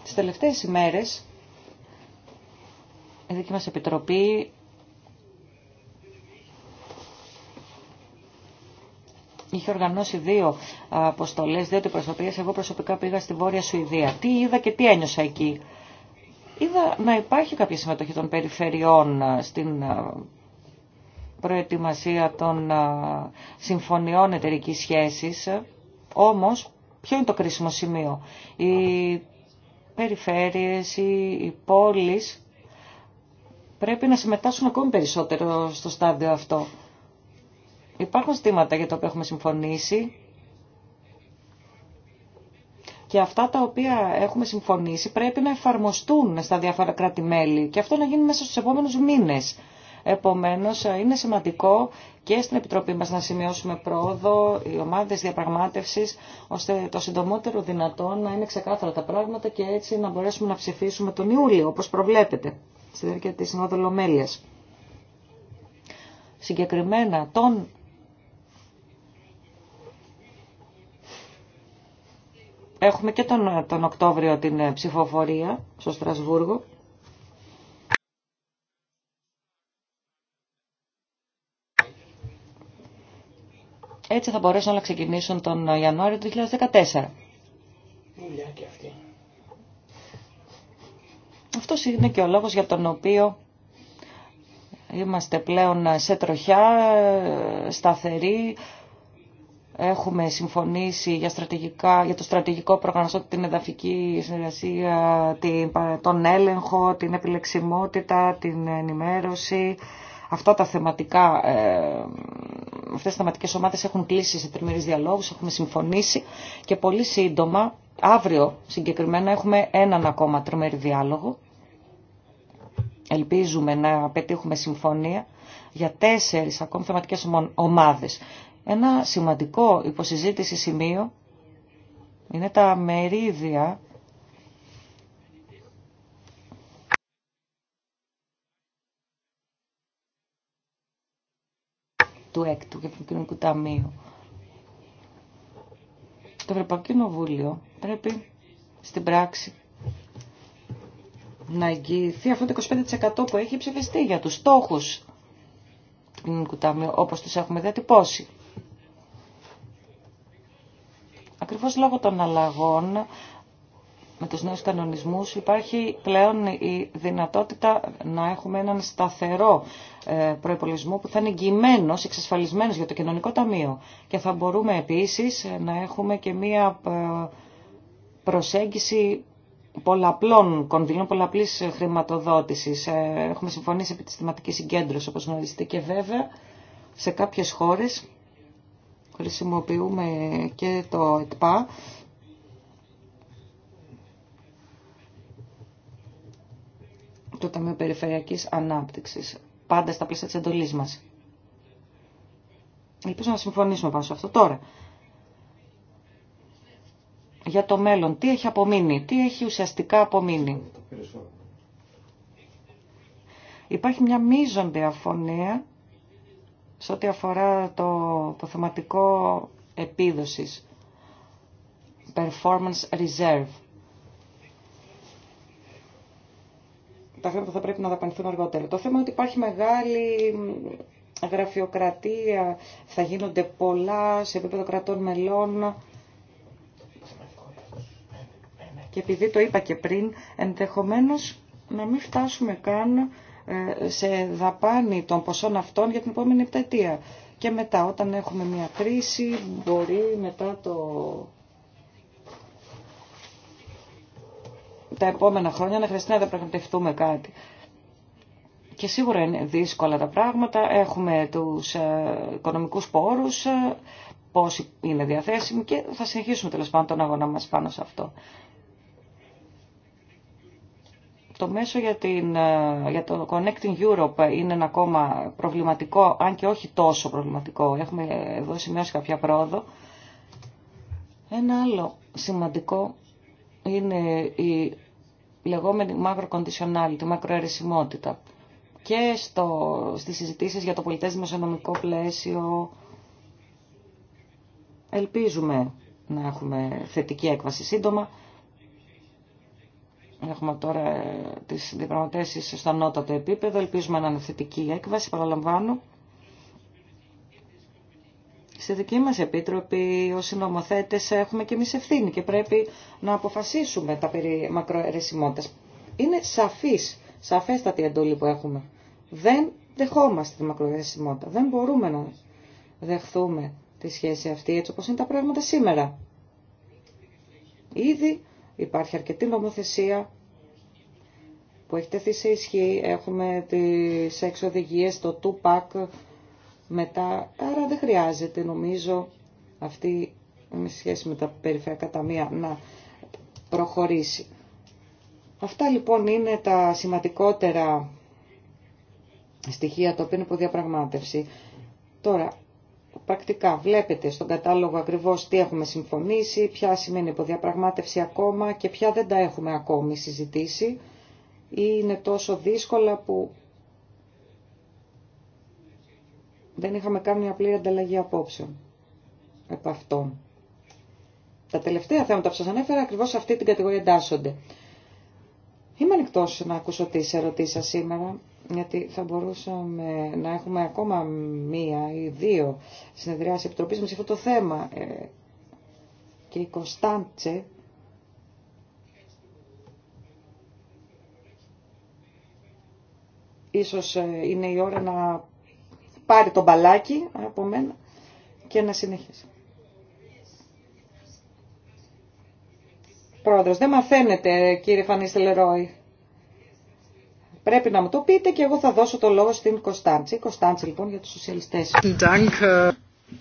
Τις τελευταίες ημέρες η δική μας επιτροπή είχε οργανώσει δύο αποστολέ, δύο αντιπροσωπείε. Εγώ προσωπικά πήγα στη Βόρεια Σουηδία. Τι είδα και τι ένιωσα εκεί. Είδα να υπάρχει κάποια συμμετοχή των περιφερειών ε, στην ε, προετοιμασία των ε, συμφωνιών εταιρική σχέση. Όμως, ποιο είναι το κρίσιμο σημείο. Οι περιφέρειες, οι πόλεις πρέπει να συμμετάσχουν ακόμη περισσότερο στο στάδιο αυτό. Υπάρχουν ζητήματα για τα οποία έχουμε συμφωνήσει και αυτά τα οποία έχουμε συμφωνήσει πρέπει να εφαρμοστούν στα διάφορα κράτη-μέλη και αυτό να γίνει μέσα στους επόμενους μήνες. Επομένως, είναι σημαντικό και στην Επιτροπή μας να σημειώσουμε πρόοδο, οι ομάδες διαπραγμάτευσης, ώστε το συντομότερο δυνατόν να είναι ξεκάθαρα τα πράγματα και έτσι να μπορέσουμε να ψηφίσουμε τον Ιούλιο, όπως προβλέπετε, στη διάρκεια της Συνόδου Συγκεκριμένα, τον Έχουμε και τον, τον Οκτώβριο την ε, ψηφοφορία στο Στρασβούργο. Έτσι θα μπορέσουν να ξεκινήσουν τον Ιανουάριο του 2014. Αυτό είναι και ο λόγος για τον οποίο είμαστε πλέον σε τροχιά, ε, σταθεροί, Έχουμε συμφωνήσει για, στρατηγικά, για το στρατηγικό προγραμματισμό, την εδαφική συνεργασία, τον έλεγχο, την επιλεξιμότητα, την ενημέρωση. Αυτά τα θεματικά, ε, αυτές οι θεματικές ομάδες έχουν κλείσει σε τριμερείς διαλόγους, έχουμε συμφωνήσει και πολύ σύντομα, αύριο συγκεκριμένα, έχουμε έναν ακόμα τριμερή διάλογο. Ελπίζουμε να πετύχουμε συμφωνία για τέσσερις ακόμα θεματικές ομάδες. Ένα σημαντικό υποσυζήτηση σημείο είναι τα μερίδια του έκτου και του κοινωνικού ταμείου. Το Ευρωπαϊκό Κοινοβούλιο πρέπει στην πράξη να εγγυηθεί αυτό το 25% που έχει ψηφιστεί για τους στόχους του κοινωνικού ταμείου όπως τους έχουμε διατυπώσει. Ακριβώς λόγω των αλλαγών με τους νέους κανονισμούς υπάρχει πλέον η δυνατότητα να έχουμε έναν σταθερό ε, προϋπολογισμό που θα είναι εγγυημένος, εξασφαλισμένος για το κοινωνικό ταμείο. Και θα μπορούμε επίσης να έχουμε και μία ε, προσέγγιση πολλαπλών κονδυλίων, πολλαπλής χρηματοδότησης. Ε, έχουμε συμφωνήσει επί της θεματικής συγκέντρωσης, όπως γνωρίζετε, και βέβαια σε κάποιες χώρες χρησιμοποιούμε και το ΕΤΠΑ το Ταμείο Περιφερειακής Ανάπτυξης, πάντα στα πλαίσια της εντολής μας. Ελπίζω να συμφωνήσουμε πάνω σε αυτό τώρα. Για το μέλλον, τι έχει απομείνει, τι έχει ουσιαστικά απομείνει. Υπάρχει μια μείζον διαφωνία σε ό,τι αφορά το, το θεματικό επίδοσης, performance reserve. Τα θέματα θα πρέπει να δαπανηθούν αργότερα. Το θέμα είναι ότι υπάρχει μεγάλη γραφειοκρατία, θα γίνονται πολλά σε επίπεδο κρατών μελών. Και επειδή το είπα και πριν, ενδεχομένως να μην φτάσουμε καν ε, σε δαπάνη των ποσών αυτών για την επόμενη επταετία. Και μετά όταν έχουμε μια κρίση μπορεί μετά το... τα επόμενα χρόνια να χρειαστεί να διαπραγματευτούμε κάτι. Και σίγουρα είναι δύσκολα τα πράγματα. Έχουμε τους ε, οικονομικούς πόρους, ε, πόσοι είναι διαθέσιμοι και θα συνεχίσουμε τελο πάντων τον αγώνα μας πάνω σε αυτό. Το μέσο για, την, ε, για το Connecting Europe είναι ένα ακόμα προβληματικό, αν και όχι τόσο προβληματικό. Έχουμε εδώ σημειώσει κάποια πρόοδο. Ένα άλλο σημαντικό είναι η λεγόμενη macro-conditionality, μακροαιρεσιμότητα. Και στο, στις συζητήσεις για το πολιτές δημοσιονομικό πλαίσιο ελπίζουμε να έχουμε θετική έκβαση σύντομα. Έχουμε τώρα ε, τις διαπραγματεύσει στο ανώτατο επίπεδο. Ελπίζουμε να είναι θετική έκβαση, παραλαμβάνω. Στη δική μα Επίτροπη, ως συνομοθέτε, έχουμε και εμεί ευθύνη και πρέπει να αποφασίσουμε τα περί μακροαιρεσιμότητα. Είναι σαφής, σαφέστατη η εντολή που έχουμε. Δεν δεχόμαστε τη μακροαιρεσιμότητα. Δεν μπορούμε να δεχθούμε τη σχέση αυτή έτσι όπως είναι τα πράγματα σήμερα. Ήδη Υπάρχει αρκετή νομοθεσία που έχει τεθεί σε ισχύ. Έχουμε τις έξι το 2 μετά. Άρα δεν χρειάζεται νομίζω αυτή με σχέση με τα περιφερειακά ταμεία να προχωρήσει. Αυτά λοιπόν είναι τα σημαντικότερα στοιχεία τα οποία είναι υποδιαπραγμάτευση. Τώρα, πρακτικά βλέπετε στον κατάλογο ακριβώς τι έχουμε συμφωνήσει, ποια σημαίνει υποδιαπραγμάτευση ακόμα και ποια δεν τα έχουμε ακόμη συζητήσει ή είναι τόσο δύσκολα που δεν είχαμε κάνει μια πλήρη ανταλλαγή απόψεων επ' αυτό. Τα τελευταία θέματα που σας ανέφερα ακριβώς σε αυτή την κατηγορία εντάσσονται. Είμαι ανοιχτός να ακούσω τι ερωτήσεις σας σήμερα γιατί θα μπορούσαμε να έχουμε ακόμα μία ή δύο συνεδριάσεις επιτροπής με σε αυτό το θέμα. Ε, και η Κωνσταντσε ίσως ε, είναι η ώρα να πάρει το μπαλάκι από μένα και να συνεχίσει. Πρόεδρος, δεν μαθαίνετε κύριε Φανίστελ Ρόι. Πρέπει να μου το πείτε και εγώ θα δώσω το λόγο στην Κωνσταντζή. Κωνσταντζή λοιπόν για τους σοσιαλιστές.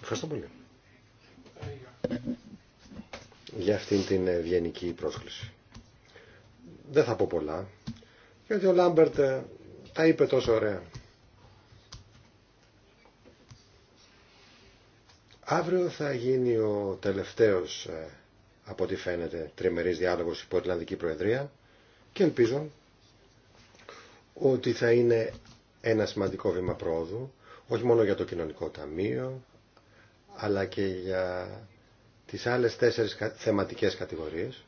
Ευχαριστώ πολύ για αυτήν την ε, ευγενική πρόσκληση. Δεν θα πω πολλά, γιατί ο Λάμπερτ ε, τα είπε τόσο ωραία. Αύριο θα γίνει ο τελευταίος, ε, από ό,τι φαίνεται, τριμερής διάλογος υπό Ιρλανδική Προεδρία και ελπίζω ότι θα είναι ένα σημαντικό βήμα πρόοδου, όχι μόνο για το κοινωνικό ταμείο, αλλά και για τις άλλες τέσσερις θεματικές κατηγορίες.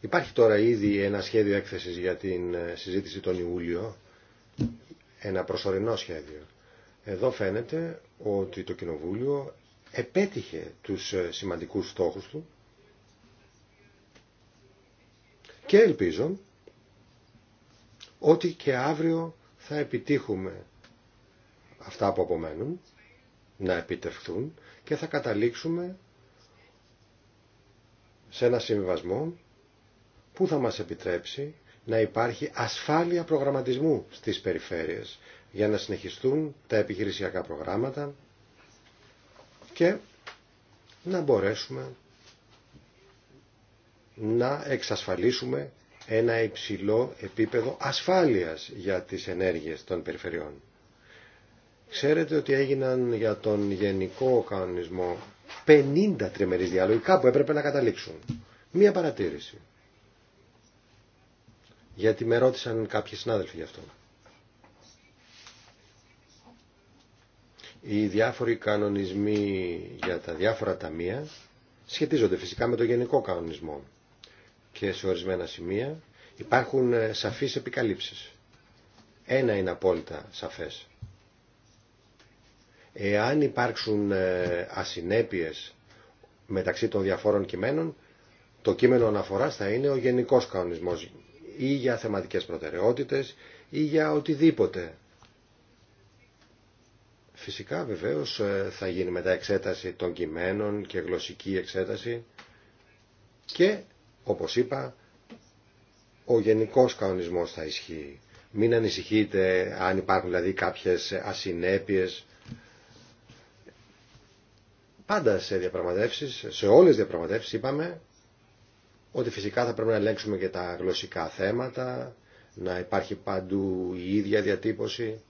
Υπάρχει τώρα ήδη ένα σχέδιο έκθεσης για την ε, συζήτηση τον Ιούλιο, ένα προσωρινό σχέδιο. Εδώ φαίνεται ότι το Κοινοβούλιο επέτυχε τους ε, σημαντικούς στόχους του και ελπίζω ότι και αύριο θα επιτύχουμε αυτά που απομένουν να επιτευχθούν και θα καταλήξουμε σε ένα συμβιβασμό που θα μας επιτρέψει να υπάρχει ασφάλεια προγραμματισμού στις περιφέρειες για να συνεχιστούν τα επιχειρησιακά προγράμματα και να μπορέσουμε να εξασφαλίσουμε ένα υψηλό επίπεδο ασφάλειας για τις ενέργειες των περιφερειών. Ξέρετε ότι έγιναν για τον γενικό κανονισμό 50 τριμερείς διάλογοι, κάπου έπρεπε να καταλήξουν. Μία παρατήρηση. Γιατί με ρώτησαν κάποιοι συνάδελφοι γι' αυτό. Οι διάφοροι κανονισμοί για τα διάφορα ταμεία σχετίζονται φυσικά με το γενικό κανονισμό και σε ορισμένα σημεία υπάρχουν ε, σαφείς επικαλύψεις. Ένα είναι απόλυτα σαφές. Εάν υπάρξουν ε, ασυνέπειες μεταξύ των διαφόρων κειμένων, το κείμενο αναφοράς θα είναι ο γενικός κανονισμός ή για θεματικές προτεραιότητες ή για οτιδήποτε Φυσικά βεβαίως ε, θα γίνει μετά εξέταση των κειμένων και γλωσσική εξέταση και όπως είπα ο γενικός κανονισμός θα ισχύει. Μην ανησυχείτε αν υπάρχουν δηλαδή κάποιες ασυνέπειες. Πάντα σε διαπραγματεύσεις, σε όλες τις διαπραγματεύσεις είπαμε ότι φυσικά θα πρέπει να ελέγξουμε και τα γλωσσικά θέματα, να υπάρχει παντού η ίδια διατύπωση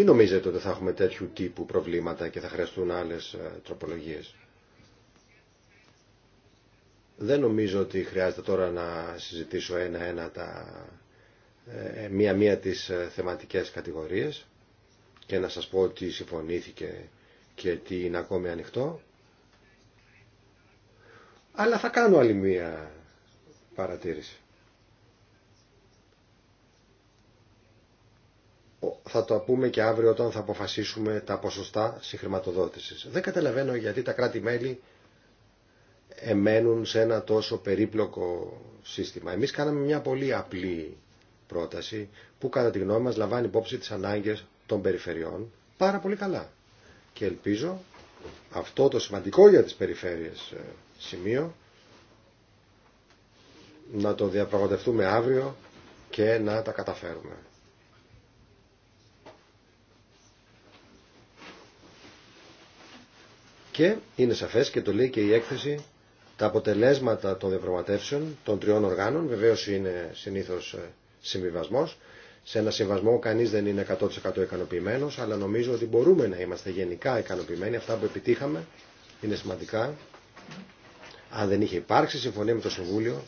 Μην νομίζετε ότι θα έχουμε τέτοιου τύπου προβλήματα και θα χρειαστούν άλλες ε, τροπολογίες. Δεν νομίζω ότι χρειάζεται τώρα να συζητήσω ένα-ένα τα ε, ε, μία-μία τις θεματικές κατηγορίες και να σας πω τι συμφωνήθηκε και τι είναι ακόμη ανοιχτό. Αλλά θα κάνω άλλη μία παρατήρηση. θα το πούμε και αύριο όταν θα αποφασίσουμε τα ποσοστά συγχρηματοδότησης. Δεν καταλαβαίνω γιατί τα κράτη-μέλη εμένουν σε ένα τόσο περίπλοκο σύστημα. Εμείς κάναμε μια πολύ απλή πρόταση που κατά τη γνώμη μας λαμβάνει υπόψη τις ανάγκες των περιφερειών πάρα πολύ καλά. Και ελπίζω αυτό το σημαντικό για τις περιφέρειες ε, σημείο να το διαπραγματευτούμε αύριο και να τα καταφέρουμε. Και είναι σαφέ και το λέει και η έκθεση τα αποτελέσματα των διαπραγματεύσεων των τριών οργάνων, βεβαίω είναι συνήθω ε, συμβιβασμό. Σε ένα συμβασμό κανεί δεν είναι 100% ικανοποιημένο, αλλά νομίζω ότι μπορούμε να είμαστε γενικά ικανοποιημένοι. Αυτά που επιτύχαμε είναι σημαντικά. Αν δεν είχε υπάρξει συμφωνία με το Συμβούλιο,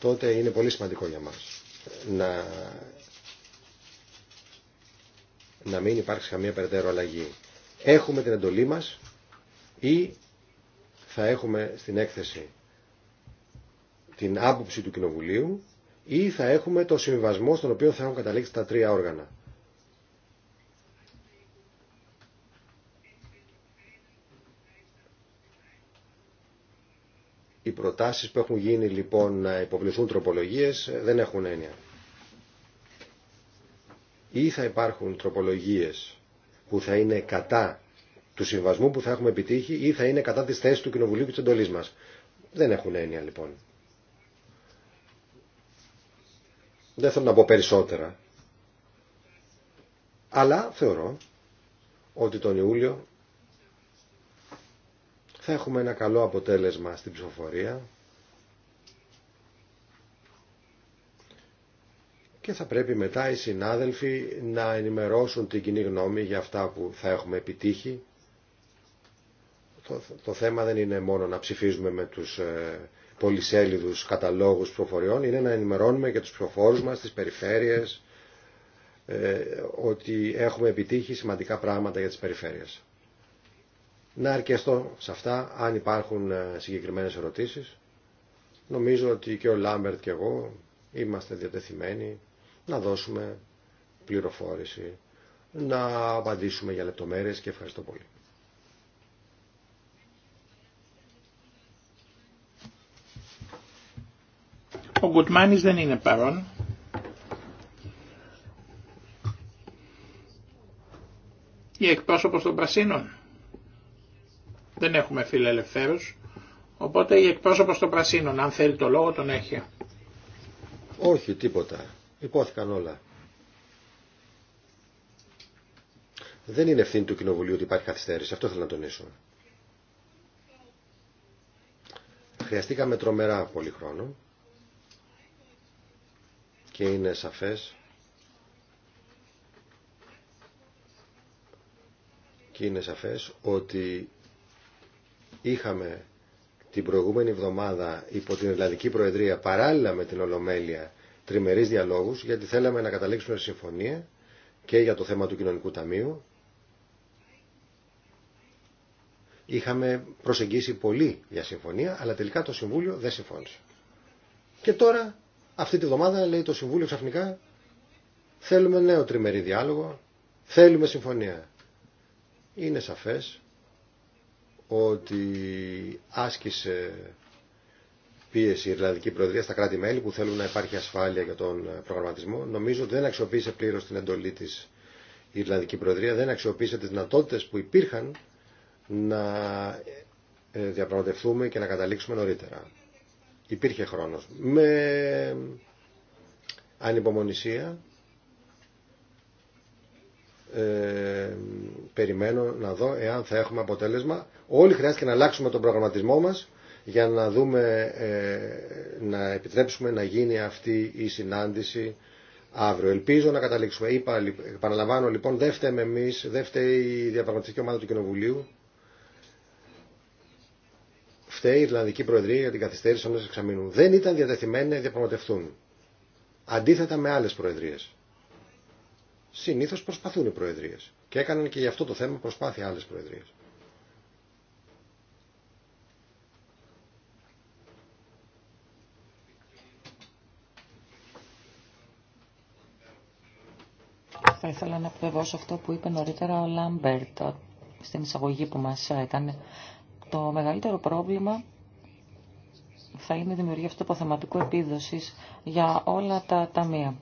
τότε είναι πολύ σημαντικό για μα να, να μην υπάρξει καμία περαιτέρω αλλαγή. Έχουμε την εντολή μας ή θα έχουμε στην έκθεση την άποψη του Κοινοβουλίου ή θα έχουμε το συμβιβασμό στον οποίο θα έχουν καταλήξει τα τρία όργανα. Οι προτάσεις που έχουν γίνει λοιπόν να υποβληθούν τροπολογίες ε, δεν έχουν έννοια. Ή θα υπάρχουν τροπολογίες που θα είναι κατά του συμβασμού που θα έχουμε επιτύχει ή θα είναι κατά τη θέση του Κοινοβουλίου και τη εντολή μα. Δεν έχουν έννοια λοιπόν. Δεν θέλω να πω περισσότερα. Αλλά θεωρώ ότι τον Ιούλιο θα έχουμε ένα καλό αποτέλεσμα στην ψηφοφορία και θα πρέπει μετά οι συνάδελφοι να ενημερώσουν την κοινή γνώμη για αυτά που θα έχουμε επιτύχει το, θέμα δεν είναι μόνο να ψηφίζουμε με τους ε, πολυσέλιδους καταλόγους προφοριών, είναι να ενημερώνουμε και τους προφόρους μας, τις περιφέρειες, ε, ότι έχουμε επιτύχει σημαντικά πράγματα για τις περιφέρειες. Να αρκεστώ σε αυτά, αν υπάρχουν ε, συγκεκριμένες ερωτήσεις. Νομίζω ότι και ο Λάμπερτ και εγώ είμαστε διατεθειμένοι να δώσουμε πληροφόρηση, να απαντήσουμε για λεπτομέρειες και ευχαριστώ πολύ.
Ο Γκουτμάνης δεν είναι παρόν. Η εκπρόσωπος των Πρασίνων. Δεν έχουμε φιλελευθέρους. Οπότε η εκπρόσωπος των Πρασίνων, αν θέλει το λόγο, τον έχει.
Όχι, τίποτα. Υπόθηκαν όλα. Δεν είναι ευθύνη του Κοινοβουλίου ότι υπάρχει καθυστέρηση. Αυτό θέλω να τονίσω. Χρειαστήκαμε τρομερά πολύ χρόνο και είναι σαφές και είναι σαφές ότι είχαμε την προηγούμενη εβδομάδα υπό την Ελλαδική Προεδρία παράλληλα με την Ολομέλεια τριμερείς διαλόγους γιατί θέλαμε να καταλήξουμε συμφωνία και για το θέμα του Κοινωνικού Ταμείου. Είχαμε προσεγγίσει πολύ για συμφωνία αλλά τελικά το Συμβούλιο δεν συμφώνησε. Και τώρα αυτή τη βδομάδα λέει το Συμβούλιο ξαφνικά θέλουμε νέο τριμερή διάλογο, θέλουμε συμφωνία. Είναι σαφές ότι άσκησε πίεση η Ιρλανδική Προεδρία στα κράτη-μέλη που θέλουν να υπάρχει ασφάλεια για τον προγραμματισμό. Νομίζω ότι δεν αξιοποίησε πλήρως την εντολή της η Ιρλανδική Προεδρία, δεν αξιοποίησε τις δυνατότητες που υπήρχαν να ε, διαπραγματευτούμε και να καταλήξουμε νωρίτερα υπήρχε χρόνος. Με ανυπομονησία ε, περιμένω να δω εάν θα έχουμε αποτέλεσμα. Όλοι χρειάζεται να αλλάξουμε τον προγραμματισμό μας για να δούμε, ε, να επιτρέψουμε να γίνει αυτή η συνάντηση αύριο. Ελπίζω να καταλήξουμε. Είπα, επαναλαμβάνω λοιπόν, δεν φταίμε εμεί, δεν φταίει η διαπραγματευτική ομάδα του Κοινοβουλίου φταίει η Ιρλανδική Προεδρία για την καθυστέρηση ενό εξαμήνου. Δεν ήταν διατεθειμένοι να διαπραγματευτούν. Αντίθετα με άλλε Προεδρίε. Συνήθω προσπαθούν οι Προεδρίε. Και έκαναν και γι' αυτό το θέμα προσπάθεια άλλε Προεδρίε.
Θα ήθελα να επιβεβαιώσω αυτό που είπε νωρίτερα ο Λάμπερτ στην εισαγωγή που μας έκανε το μεγαλύτερο πρόβλημα θα είναι η δημιουργία αυτού του αποθεματικού επίδοσης για όλα τα ταμεία.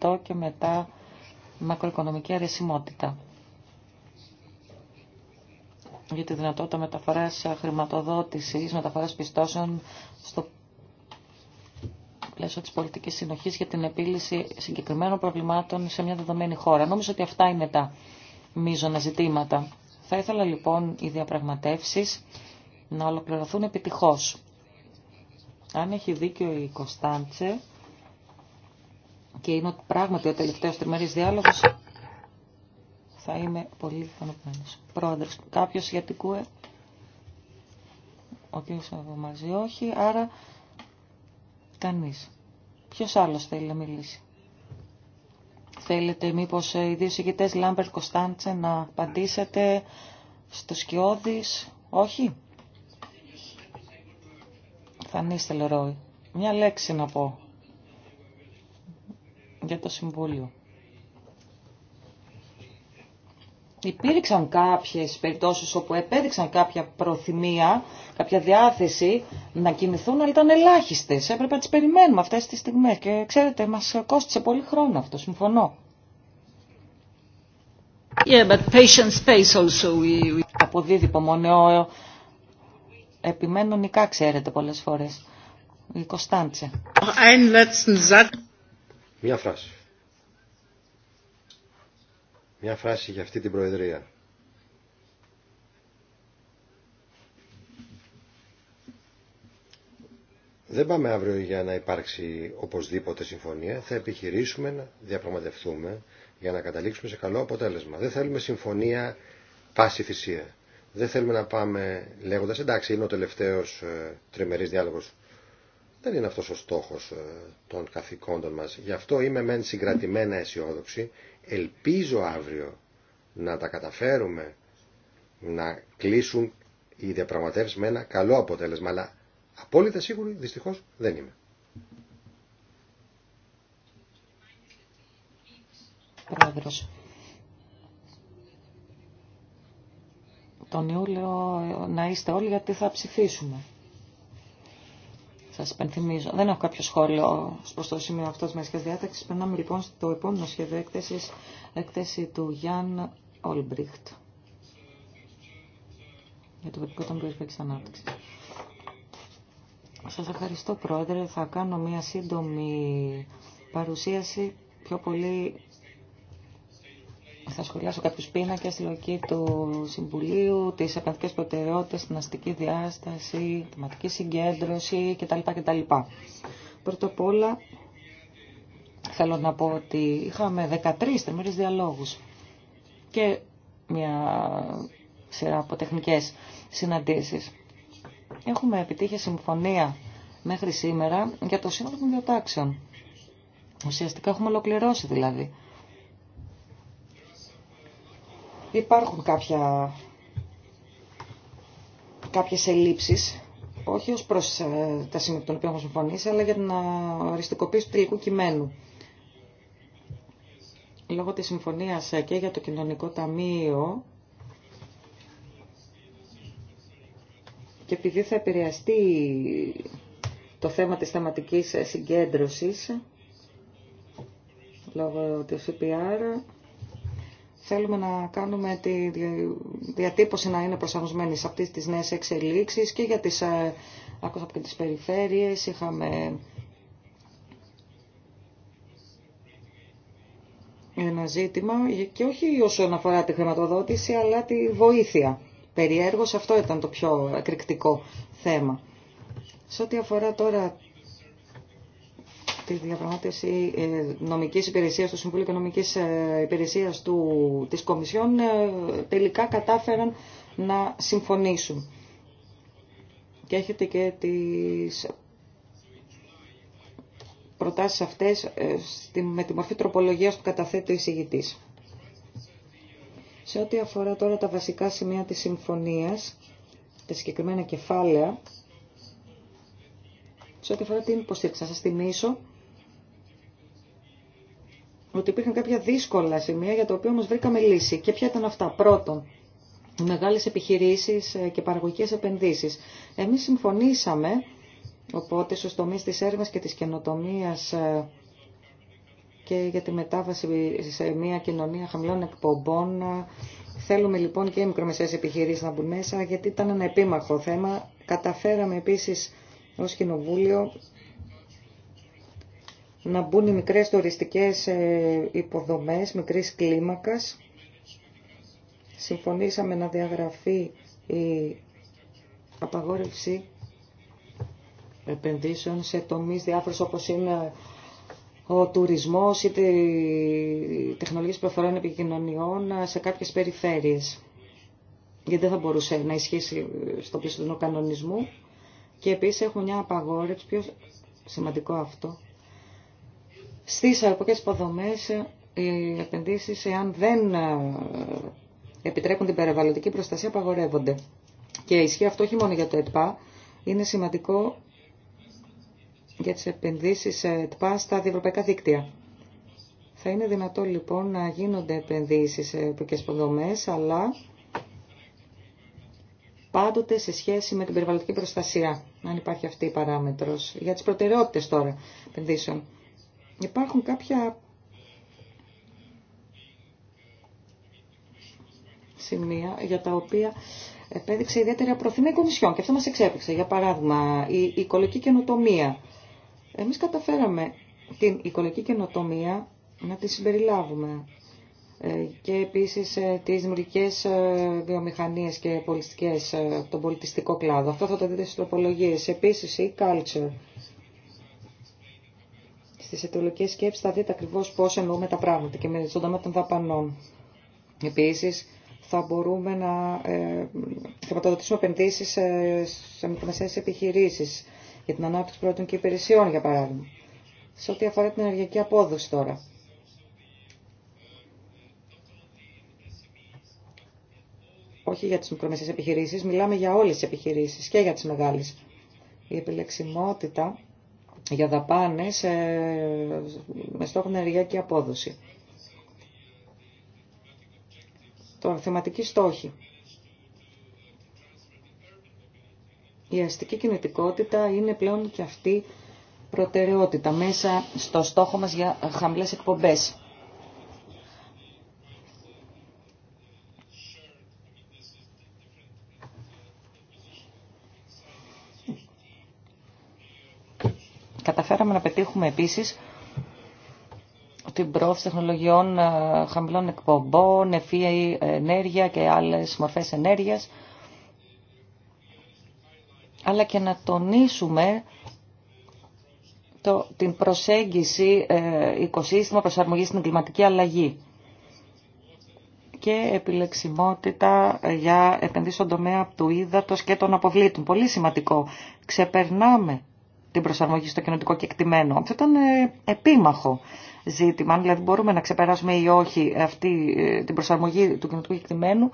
7% και μετά μακροοικονομική αρεσιμότητα για τη δυνατότητα μεταφοράς χρηματοδότησης, μεταφοράς πιστώσεων στο πλαίσιο της πολιτικής συνοχής για την επίλυση συγκεκριμένων προβλημάτων σε μια δεδομένη χώρα. Νομίζω ότι αυτά είναι τα μείζωνα ζητήματα θα ήθελα λοιπόν οι διαπραγματεύσεις να ολοκληρωθούν επιτυχώς. Αν έχει δίκιο η Κωνσταντσε και είναι πράγματι ο τελευταίος τριμερής διάλογος, θα είμαι πολύ ικανοποιημένος. Πρόεδρος, κάποιος την ο κύριος μαζί όχι, άρα κανείς. Ποιος άλλος θέλει να μιλήσει. Θέλετε μήπως ε, οι δύο συγκητές Λάμπερ Κωνσταντσε να απαντήσετε στο Σκιώδης. Όχι. Θα Λερόι. Μια λέξη να πω για το Συμβούλιο. υπήρξαν κάποιες περιπτώσεις όπου επέδειξαν κάποια προθυμία, κάποια διάθεση να κινηθούν, αλλά ήταν ελάχιστες. Έπρεπε να τις περιμένουμε αυτές τις στιγμές και ξέρετε, μας κόστησε πολύ χρόνο αυτό, συμφωνώ. Yeah, but patient space also. We... Αποδίδει υπομονεό. Επιμένω νικά, ξέρετε, πολλές φορές. Η Κωνσταντσε.
Μια φράση. Μια φράση για αυτή την Προεδρία. Δεν πάμε αύριο για να υπάρξει οπωσδήποτε συμφωνία. Θα επιχειρήσουμε να διαπραγματευτούμε για να καταλήξουμε σε καλό αποτέλεσμα. Δεν θέλουμε συμφωνία πάση θυσία. Δεν θέλουμε να πάμε λέγοντας εντάξει είναι ο τελευταίος ε, τριμερής διάλογος. Δεν είναι αυτός ο στόχος ε, των καθηκόντων μας. Γι' αυτό είμαι μεν συγκρατημένα αισιόδοξη Ελπίζω αύριο να τα καταφέρουμε να κλείσουν οι διαπραγματεύσει με ένα καλό αποτέλεσμα, αλλά απόλυτα σίγουροι δυστυχώς δεν είμαι.
Πρόεδρος. Τον Ιούλιο να είστε όλοι γιατί θα ψηφίσουμε. Σα υπενθυμίζω. Δεν έχω κάποιο σχόλιο προ το σημείο αυτό τη μεσικής διάταξη. Περνάμε λοιπόν στο επόμενο σχέδιο έκθεση, έκθεση του Γιάνν Ολμπριχτ. Για το Βελγικό των Ευρωπαϊκή Ανάπτυξη. Σας ευχαριστώ Πρόεδρε. Θα κάνω μια σύντομη παρουσίαση πιο πολύ θα σχολιάσω κάποιου πίνακε στη λογική του Συμβουλίου, τι επαγγελματικέ προτεραιότητε, την αστική διάσταση, θεματική συγκέντρωση κτλ. κτλ. Πρώτα απ' όλα θέλω να πω ότι είχαμε 13 τριμήρες διαλόγου και μια σειρά από τεχνικές συναντήσεις. Έχουμε επιτύχει συμφωνία μέχρι σήμερα για το σύνολο των διατάξεων. Ουσιαστικά έχουμε ολοκληρώσει δηλαδή Υπάρχουν κάποια, κάποιες ελλείψεις, όχι ως προς ε, τα σημεία των οποίων έχουμε συμφωνήσει, αλλά για την αριστικοποίηση ε, του τελικού κειμένου. Λόγω της συμφωνίας ε, και για το κοινωνικό ταμείο και επειδή θα επηρεαστεί το θέμα της θεματικής συγκέντρωσης λόγω του CPR, Θέλουμε να κάνουμε τη διατύπωση να είναι προσαρμοσμένη σε αυτές τις νέες εξελίξεις και για τις, ε, και τις περιφέρειες, είχαμε ένα ζήτημα και όχι όσον αφορά τη χρηματοδότηση αλλά τη βοήθεια. Περιέργως αυτό ήταν το πιο εκρηκτικό θέμα. Σε ό,τι αφορά τώρα τη διαπραγμάτευση ε, νομικής υπηρεσίας του Συμβουλίου Οικονομικής ε, Υπηρεσίας του, της Κομισιόν ε, τελικά κατάφεραν να συμφωνήσουν. Και έχετε και τις προτάσεις αυτές με τη μορφή τροπολογίας που καταθέτει ο εισηγητής. Σε ό,τι αφορά τώρα τα βασικά σημεία της συμφωνίας, τα συγκεκριμένα κεφάλαια, σε ό,τι αφορά την υποστήριξη. Θα σας θυμίσω ότι υπήρχαν κάποια δύσκολα σημεία για τα οποία όμως βρήκαμε λύση. Και ποια ήταν αυτά. Πρώτον, μεγάλες επιχειρήσεις ε, και παραγωγικές επενδύσεις. Εμείς συμφωνήσαμε, οπότε στους τομείς της έρευνας και της καινοτομίας ε, και για τη μετάβαση σε μια κοινωνία χαμηλών εκπομπών. Ε, θέλουμε λοιπόν και οι μικρομεσαίες επιχειρήσεις να μπουν μέσα, γιατί ήταν ένα επίμαχο θέμα. Καταφέραμε επίσης ως Κοινοβούλιο να μπουν οι μικρές τουριστικές ε, υποδομές μικρής κλίμακας. Συμφωνήσαμε να διαγραφεί η απαγόρευση επενδύσεων σε τομείς διάφορους όπως είναι ο τουρισμός ή τη τεχνολογία προφορών επικοινωνιών ε, σε κάποιες περιφέρειες. Γιατί δεν θα μπορούσε να ισχύσει ε, στο πλαίσιο του κανονισμού. Και επίσης έχουμε μια απαγόρευση, πιο σημαντικό αυτό, στις αεροπορικές υποδομές οι επενδύσεις, εάν δεν ε, επιτρέπουν την περιβαλλοντική προστασία, απαγορεύονται. Και ισχύει αυτό όχι μόνο για το ΕΤΠΑ, είναι σημαντικό για τις επενδύσεις ΕΤΠΑ στα διευρωπαϊκά δίκτυα. Θα είναι δυνατό λοιπόν να γίνονται επενδύσεις σε ευρωπαϊκές υποδομές, αλλά πάντοτε σε σχέση με την περιβαλλοντική προστασία, αν υπάρχει αυτή η παράμετρος. Για τις προτεραιότητες τώρα επενδύσεων. Υπάρχουν κάποια σημεία για τα οποία επέδειξε ιδιαίτερα προθυμία ναι, Κομισιόν. και αυτό μας εξέπληξε. Για παράδειγμα, η οικολογική καινοτομία. Εμείς καταφέραμε την οικολογική καινοτομία να τη συμπεριλάβουμε ε, και επίσης ε, τις δημιουργικές ε, βιομηχανίες και πολιτιστικές, τον πολιτιστικό κλάδο. Αυτό θα το δείτε στις τροπολογίες. Επίσης η culture στι αιτιολογικέ σκέψει θα δείτε ακριβώ πώ εννοούμε τα πράγματα και με ζωντανά των δαπανών. Επίση, θα μπορούμε να ε, χρηματοδοτήσουμε επενδύσει ε, σε μικρομεσαίε επιχειρήσει για την ανάπτυξη πρώτων και υπηρεσιών, για παράδειγμα. Σε ό,τι αφορά την ενεργειακή απόδοση τώρα. Όχι για τι μικρομεσαίε επιχειρήσει, μιλάμε για όλε τι επιχειρήσει και για τι μεγάλε Η επιλεξιμότητα για δαπάνες ε, με στόχο ενεργειακή απόδοση. Το θεματική στόχη. Η αστική κινητικότητα είναι πλέον και αυτή προτεραιότητα μέσα στο στόχο μας για χαμηλές εκπομπές. καταφέραμε να πετύχουμε επίσης την πρόθεση τεχνολογιών ε, χαμηλών εκπομπών, ή ενέργεια και άλλες μορφές ενέργειας, αλλά και να τονίσουμε το, την προσέγγιση ε, οικοσύστημα προσαρμογής στην κλιματική αλλαγή και επιλεξιμότητα ε, για επενδύσεις στον τομέα του ύδατος και των αποβλήτων. Πολύ σημαντικό. Ξεπερνάμε την προσαρμογή στο κοινωτικό κεκτημένο. Αυτό ήταν ε, επίμαχο ζήτημα, αν δηλαδή μπορούμε να ξεπεράσουμε ή όχι αυτή ε, την προσαρμογή του κοινωτικού κεκτημένου,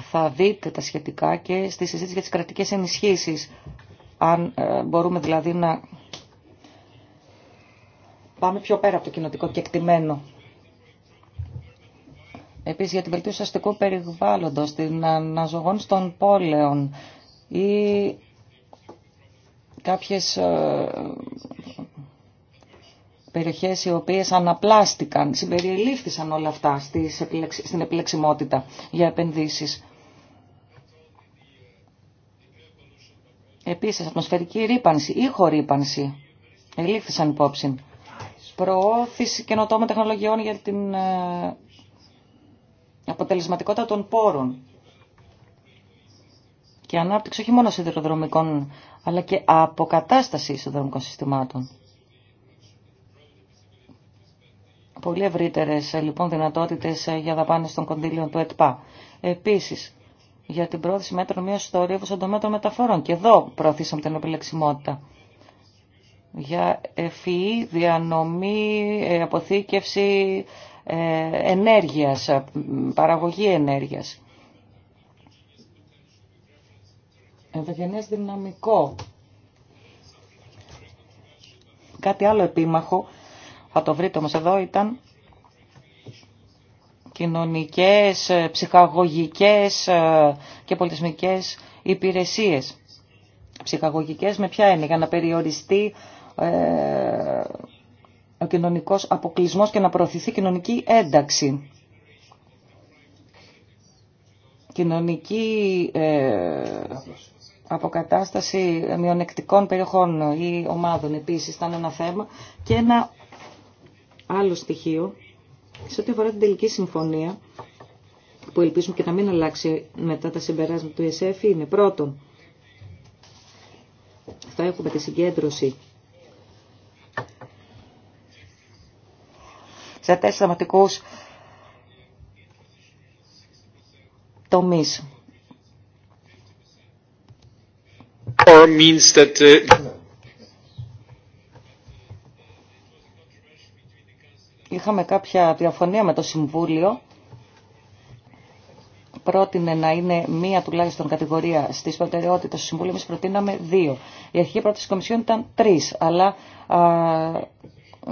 θα δείτε τα σχετικά και στη συζήτηση για τις κρατικές ενισχύσεις, αν ε, μπορούμε δηλαδή να πάμε πιο πέρα από το κοινωτικό κεκτημένο. Επίσης για την βελτίωση αστικού περιβάλλοντος, την αναζωγόνηση των πόλεων ή κάποιες ε, περιοχές οι οποίες αναπλάστηκαν, συμπεριελήφθησαν όλα αυτά στην επιλεξιμότητα για επενδύσεις. Επίσης, ατμοσφαιρική ρήπανση, ρήπανση, ελήφθησαν υπόψη. Προώθηση καινοτόμων τεχνολογιών για την ε, αποτελεσματικότητα των πόρων και ανάπτυξη όχι μόνο σιδηροδρομικών αλλά και αποκατάσταση σιδηροδρομικών συστημάτων. Πολύ ευρύτερε ε, λοιπόν δυνατότητε ε, για δαπάνε των κονδύλιων του ΕΤΠΑ. Επίση, για την πρόθεση μέτρων μείωση του ορίου στον των μεταφορών. Και εδώ προωθήσαμε την επιλεξιμότητα. Για ευφυή, e, διανομή, ε, αποθήκευση ενέργειας, παραγωγή ενέργειας. ενδογενές δυναμικό. Κάτι άλλο επίμαχο, θα το βρείτε όμως εδώ, ήταν κοινωνικές, ε, ψυχαγωγικές ε, και πολιτισμικές υπηρεσίες. Ψυχαγωγικές με ποια είναι, για να περιοριστεί ε, ο κοινωνικός αποκλεισμός και να προωθηθεί κοινωνική ένταξη. Κοινωνική αποκατάσταση μειονεκτικών περιοχών ή ομάδων επίσης ήταν ένα θέμα και ένα άλλο στοιχείο σε ό,τι αφορά την τελική συμφωνία που ελπίζουμε και να μην αλλάξει μετά τα συμπεράσματα του ΕΣΕΦ είναι πρώτον θα έχουμε τη συγκέντρωση σε τέσσερα τομείς
means that uh,
Είχαμε κάποια διαφωνία με το Συμβούλιο. Πρότεινε να είναι μία τουλάχιστον κατηγορία στις προτεραιότητες του Συμβούλου. Εμείς προτείναμε δύο. Η αρχική πρόταση της Κομισιόν ήταν τρεις, αλλά α,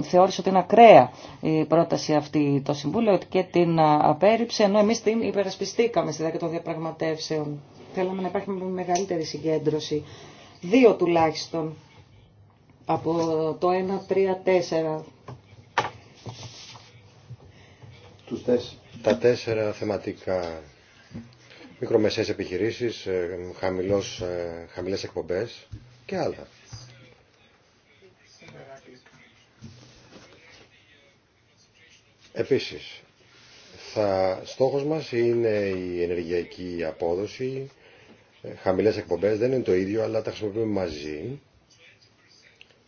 θεώρησε ότι είναι ακραία η πρόταση αυτή το Συμβούλιο και την απέρριψε, ενώ εμείς την υπερασπιστήκαμε στη διάρκεια των διαπραγματεύσεων θέλαμε να υπάρχει μεγαλύτερη συγκέντρωση. Δύο τουλάχιστον από το 1, 3, 4.
Τους τέσσερα. Τα τέσσερα θεματικά μικρομεσαίες επιχειρήσεις, ε, χαμηλός, ε, χαμηλές εκπομπές και άλλα. Επίσης, θα, στόχος μας είναι η ενεργειακή απόδοση, ε, χαμηλές εκπομπές δεν είναι το ίδιο, αλλά τα χρησιμοποιούμε μαζί.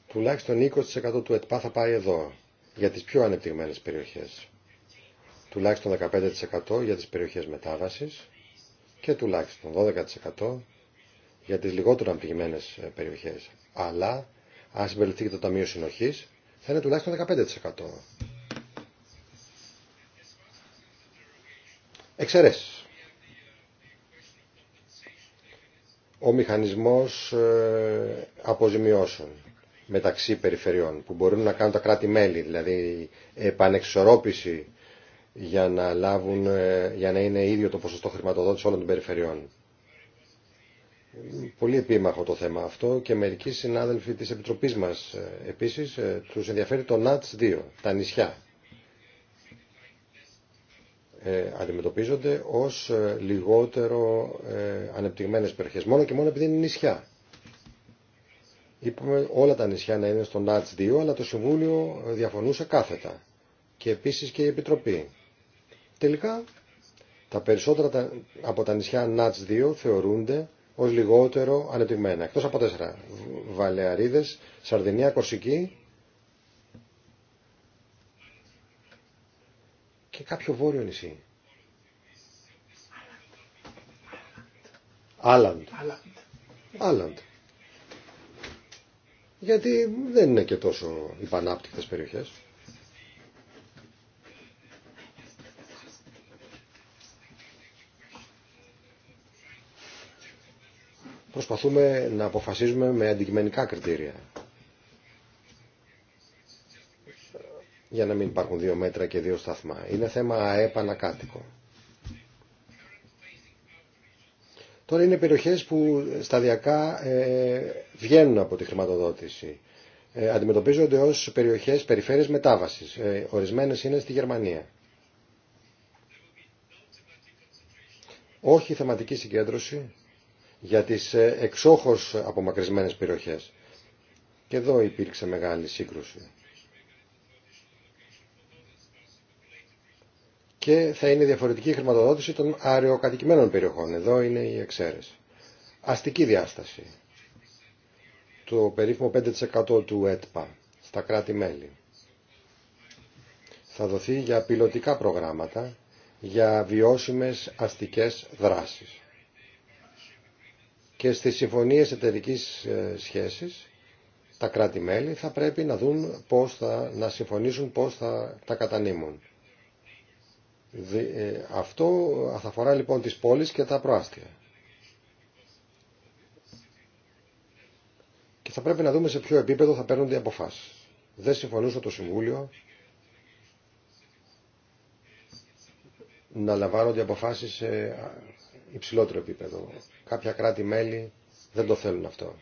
Τουλάχιστον 20% του ΕΤΠΑ θα πάει εδώ, για τις πιο ανεπτυγμένες περιοχές. Τουλάχιστον 15% για τις περιοχές μετάβασης και τουλάχιστον 12% για τις λιγότερο ανεπτυγμένες ε, περιοχές. Αλλά, αν συμπεριληφθεί και το Ταμείο Συνοχής, θα είναι τουλάχιστον 15%. Εξαιρέσεις. ο μηχανισμός ε, αποζημιώσεων μεταξύ περιφερειών που μπορούν να κάνουν τα κράτη-μέλη, δηλαδή επανεξορρόπηση για να, λάβουν, ε, για να είναι ίδιο το ποσοστό χρηματοδότηση όλων των περιφερειών. Πολύ επίμαχο το θέμα αυτό και μερικοί συνάδελφοι της Επιτροπής μας ε, επίσης τους ενδιαφέρει το ΝΑΤΣ 2, τα νησιά. Ε, αντιμετωπίζονται ως ε, λιγότερο ε, ανεπτυγμένες περιοχές. Μόνο και μόνο επειδή είναι νησιά. Είπαμε όλα τα νησιά να είναι στο ΝΑΤΣ 2, αλλά το Συμβούλιο διαφωνούσε κάθετα. Και επίσης και η Επιτροπή. Τελικά, τα περισσότερα από τα νησιά ΝΑΤΣ 2 θεωρούνται ως λιγότερο ανεπτυγμένα. Εκτός από τέσσερα. Βαλεαρίδες, Σαρδινία, Κορσική και κάποιο βόρειο νησί. Άλαντ. Άλλαντ. Γιατί δεν είναι και τόσο υπανάπτυκτες περιοχές. Προσπαθούμε να αποφασίζουμε με αντικειμενικά κριτήρια. για να μην υπάρχουν δύο μέτρα και δύο σταθμά. Είναι θέμα επανακάτικο. Τώρα είναι περιοχές που σταδιακά ε, βγαίνουν από τη χρηματοδότηση. Ε, αντιμετωπίζονται ως περιοχές περιφέρειες μετάβασης. Ε, ορισμένες είναι στη Γερμανία. Όχι θεματική συγκέντρωση για τις ε, εξόχως απομακρυσμένες περιοχές. Και εδώ υπήρξε μεγάλη σύγκρουση. και θα είναι διαφορετική η χρηματοδότηση των αεροκατοικημένων περιοχών. Εδώ είναι η εξαίρεση. Αστική διάσταση. Το περίφημο 5% του ΕΤΠΑ στα κράτη-μέλη. Θα δοθεί για πιλωτικά προγράμματα για βιώσιμες αστικές δράσεις. Και στις συμφωνίες εταιρική ε, σχέσης τα κράτη-μέλη θα πρέπει να δουν πώς θα, να συμφωνήσουν πώς θα τα κατανείμουν. Ε, αυτό θα αφορά λοιπόν τις πόλεις και τα προάστια. Και θα πρέπει να δούμε σε ποιο επίπεδο θα παίρνονται οι αποφάσεις. Δεν συμφωνούσε το Συμβούλιο να λαμβάνονται αποφάσεις σε υψηλότερο επίπεδο. Κάποια κράτη-μέλη δεν το θέλουν αυτό.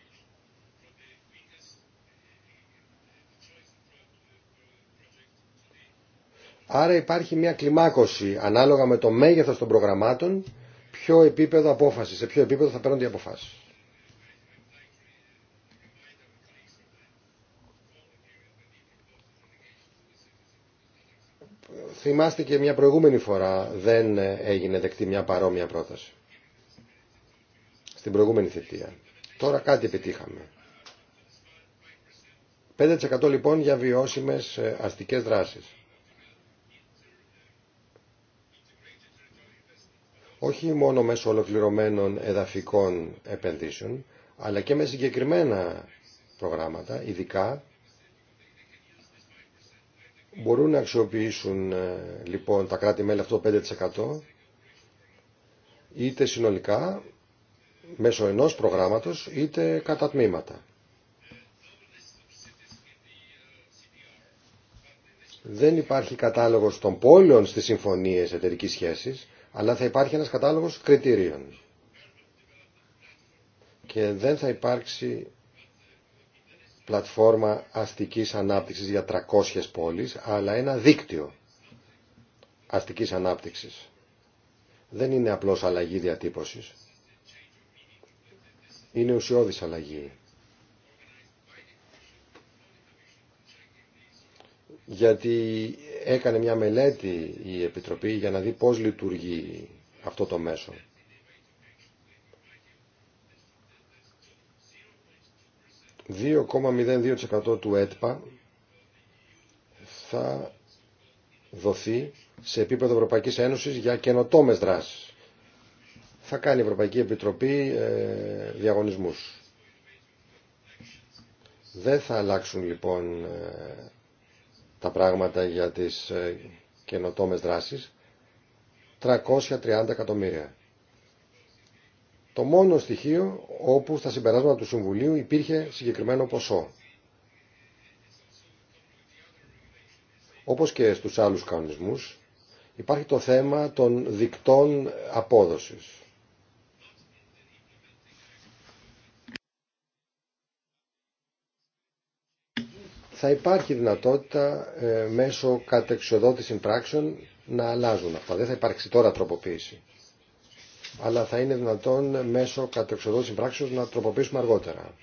Άρα υπάρχει μια κλιμάκωση ανάλογα με το μέγεθος των προγραμμάτων, ποιο επίπεδο απόφαση, σε ποιο επίπεδο θα παίρνονται οι αποφάσεις. Θυμάστε και μια προηγούμενη φορά δεν έγινε δεκτή μια παρόμοια πρόταση. Στην προηγούμενη θητεία. Τώρα κάτι επιτύχαμε. 5% λοιπόν για βιώσιμες ε, αστικές δράσεις. όχι μόνο μέσω ολοκληρωμένων εδαφικών επενδύσεων, αλλά και με συγκεκριμένα προγράμματα, ειδικά, μπορούν να αξιοποιήσουν ε, λοιπόν τα κράτη-μέλη αυτό το 5% είτε συνολικά μέσω ενός προγράμματος είτε κατά τμήματα. Δεν υπάρχει κατάλογος των πόλεων στις συμφωνίες εταιρικής σχέσης, αλλά θα υπάρχει ένας κατάλογος κριτηρίων. Και δεν θα υπάρξει πλατφόρμα αστικής ανάπτυξης για 300 πόλεις, αλλά ένα δίκτυο αστικής ανάπτυξης. Δεν είναι απλώς αλλαγή διατύπωσης. Είναι ουσιώδης αλλαγή. γιατί έκανε μια μελέτη η Επιτροπή για να δει πώς λειτουργεί αυτό το μέσο. ...2,02% του ΕΤΠΑ θα δοθεί σε επίπεδο Ευρωπαϊκής Ένωσης για καινοτόμες δράσεις. Θα κάνει η Ευρωπαϊκή Επιτροπή ε, διαγωνισμούς. Δεν θα αλλάξουν λοιπόν ε, τα πράγματα για τις ε, καινοτόμες δράσεις 330 εκατομμύρια. Το μόνο στοιχείο όπου στα συμπεράσματα του Συμβουλίου υπήρχε συγκεκριμένο ποσό. Όπως και στους άλλους κανονισμούς, υπάρχει το θέμα των δικτών απόδοσης. θα υπάρχει δυνατότητα ε, μέσω κατεξοδότηση πράξεων να αλλάζουν αυτά. Δεν θα υπάρξει τώρα τροποποίηση. Αλλά θα είναι δυνατόν ε, μέσω κατεξοδότηση πράξεων να τροποποιήσουμε αργότερα.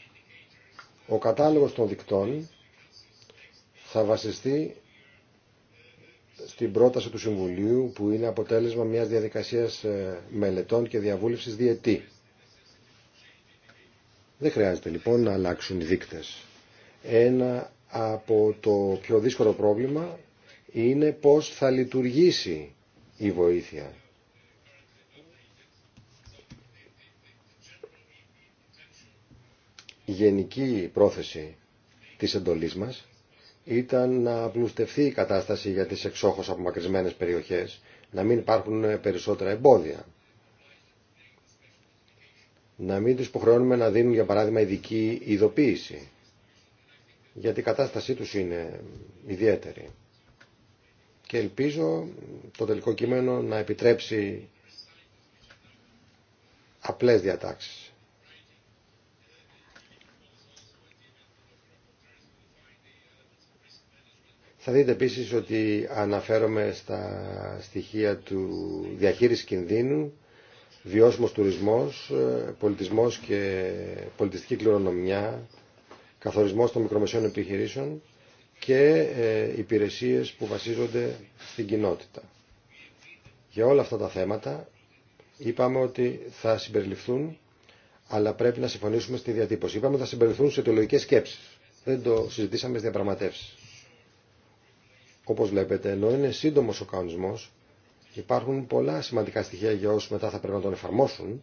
Ο κατάλογος των δικτών θα βασιστεί στην πρόταση του Συμβουλίου που είναι αποτέλεσμα μιας διαδικασίας ε, μελετών και διαβούλευσης διετή. Δεν χρειάζεται λοιπόν να αλλάξουν οι δείκτες. Ένα από το πιο δύσκολο πρόβλημα είναι πώς θα λειτουργήσει η βοήθεια. Η γενική πρόθεση της εντολής μας ήταν να απλουστευτεί η κατάσταση για τις εξόχως απομακρυσμένες περιοχές, να μην υπάρχουν περισσότερα εμπόδια. Να μην τους υποχρεώνουμε να δίνουν, για παράδειγμα, ειδική ειδοποίηση γιατί η κατάστασή τους είναι ιδιαίτερη. Και ελπίζω το τελικό κείμενο να επιτρέψει απλές διατάξεις. Θα δείτε επίσης ότι αναφέρομαι στα στοιχεία του διαχείρισης κινδύνου, βιώσιμος τουρισμός, ε, πολιτισμός και πολιτιστική κληρονομιά, καθορισμός των μικρομεσαίων επιχειρήσεων και ε, υπηρεσίες που βασίζονται στην κοινότητα. Για όλα αυτά τα θέματα είπαμε ότι θα συμπεριληφθούν, αλλά πρέπει να συμφωνήσουμε στη διατύπωση. Είπαμε ότι θα συμπεριληφθούν σε αιτιολογικές σκέψεις. Δεν το συζητήσαμε στις διαπραγματεύσεις. Όπως βλέπετε, ενώ είναι σύντομος ο κανονισμός, υπάρχουν πολλά σημαντικά στοιχεία για όσους μετά θα πρέπει να τον εφαρμόσουν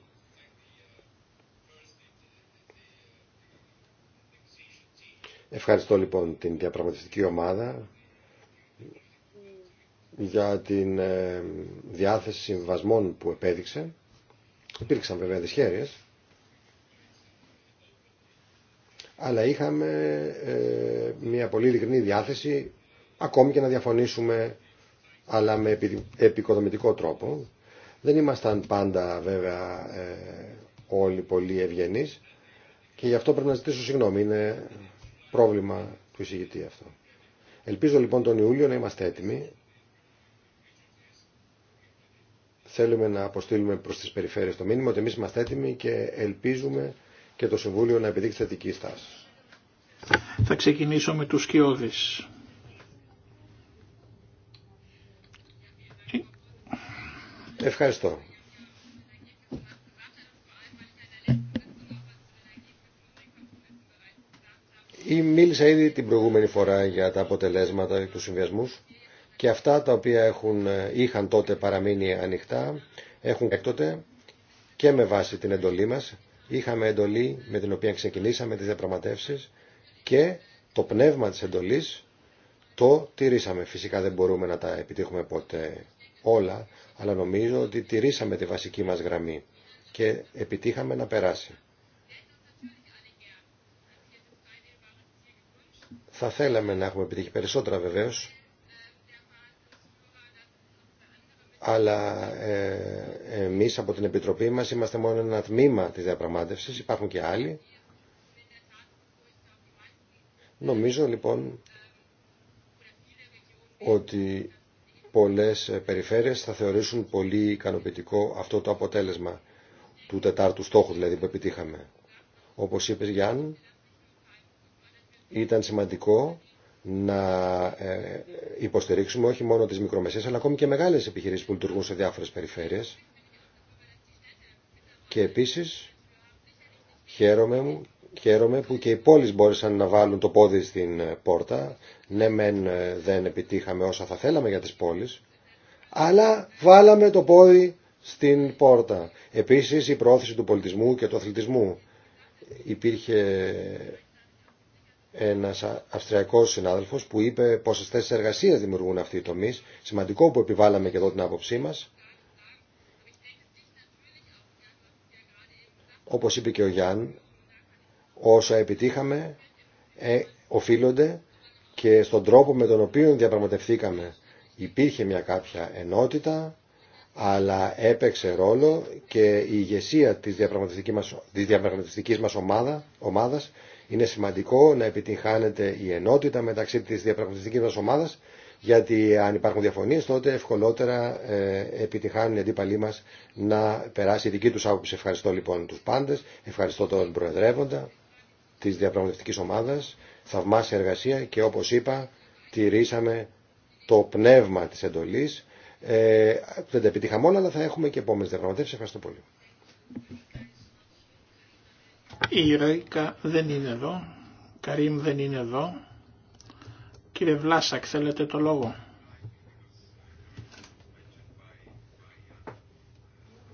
Ευχαριστώ λοιπόν την διαπραγματευτική ομάδα για την ε, διάθεση συμβασμών που επέδειξε. Υπήρξαν βέβαια δυσχέρειες, αλλά είχαμε ε, μια πολύ ειλικρινή διάθεση ακόμη και να διαφωνήσουμε αλλά με επικοδομητικό τρόπο. Δεν ήμασταν πάντα βέβαια ε, όλοι πολύ ευγενείς και γι' αυτό πρέπει να ζητήσω συγγνώμη. Είναι πρόβλημα του εισηγητή αυτό. Ελπίζω λοιπόν τον Ιούλιο να είμαστε έτοιμοι. Θέλουμε να αποστείλουμε προς τις περιφέρειες το μήνυμα ότι εμείς είμαστε έτοιμοι και ελπίζουμε και το Συμβούλιο να επιδείξει θετική στάση.
Θα ξεκινήσω με τους σκιώδεις.
Ευχαριστώ. Ή μίλησα ήδη την προηγούμενη φορά για τα αποτελέσματα και τους και αυτά τα οποία έχουν, ε, είχαν τότε παραμείνει ανοιχτά έχουν έκτοτε και με βάση την εντολή μας είχαμε εντολή με την οποία ξεκινήσαμε τις διαπραγματεύσει και το πνεύμα της εντολής το τηρήσαμε. Φυσικά δεν μπορούμε να τα επιτύχουμε ποτέ όλα, αλλά νομίζω ότι τηρήσαμε τη βασική μας γραμμή και επιτύχαμε να περάσει. Θα θέλαμε να έχουμε επιτύχει περισσότερα βεβαίως, αλλά ε, εμείς από την Επιτροπή μας είμαστε μόνο ένα τμήμα της διαπραγμάτευσης, υπάρχουν και άλλοι. Νομίζω λοιπόν ότι πολλές περιφέρειες θα θεωρήσουν πολύ ικανοποιητικό αυτό το αποτέλεσμα του τετάρτου στόχου δηλαδή που επιτύχαμε. Όπως είπε Γιάννη, ήταν σημαντικό να ε, υποστηρίξουμε όχι μόνο τις μικρομεσαίες αλλά ακόμη και μεγάλες επιχειρήσεις που λειτουργούν σε διάφορες περιφέρειες και επίσης χαίρομαι, χαίρομαι που και οι πόλεις μπόρεσαν να βάλουν το πόδι στην ε, πόρτα ναι ε, δεν επιτύχαμε όσα θα θέλαμε για τις πόλεις αλλά βάλαμε το πόδι στην πόρτα επίσης η προώθηση του πολιτισμού και του αθλητισμού υπήρχε ένας Αυστριακός συνάδελφος που είπε πόσες θέσεις εργασίας δημιουργούν αυτοί οι τομείς. Σημαντικό που επιβάλαμε και εδώ την άποψή μας. Όπως είπε και ο Γιάνν, όσα επιτύχαμε ε, οφείλονται και στον τρόπο με τον οποίο διαπραγματευθήκαμε. Υπήρχε μια κάποια ενότητα, αλλά έπαιξε ρόλο και η ηγεσία της διαπραγματευτικής μας, της διαπραγματευτικής μας ομάδα, ομάδας είναι σημαντικό να επιτυγχάνεται η ενότητα μεταξύ της διαπραγματευτικής μας ομάδας γιατί αν υπάρχουν διαφωνίες τότε ευκολότερα ε, επιτυχάνουν οι αντίπαλοι μας να περάσει η δική τους άποψη. Ευχαριστώ λοιπόν τους πάντες, ευχαριστώ τον Προεδρεύοντα της διαπραγματευτικής ομάδας, θαυμάσια εργασία και όπως είπα τηρήσαμε το πνεύμα της εντολής. Ε, δεν τα επιτύχαμε όλα αλλά θα έχουμε και επόμενες διαπραγματεύσεις. Ευχαριστώ πολύ.
Η Ρέικα δεν είναι εδώ. Καρίμ δεν είναι εδώ. Κύριε Βλάσακ, θέλετε το λόγο.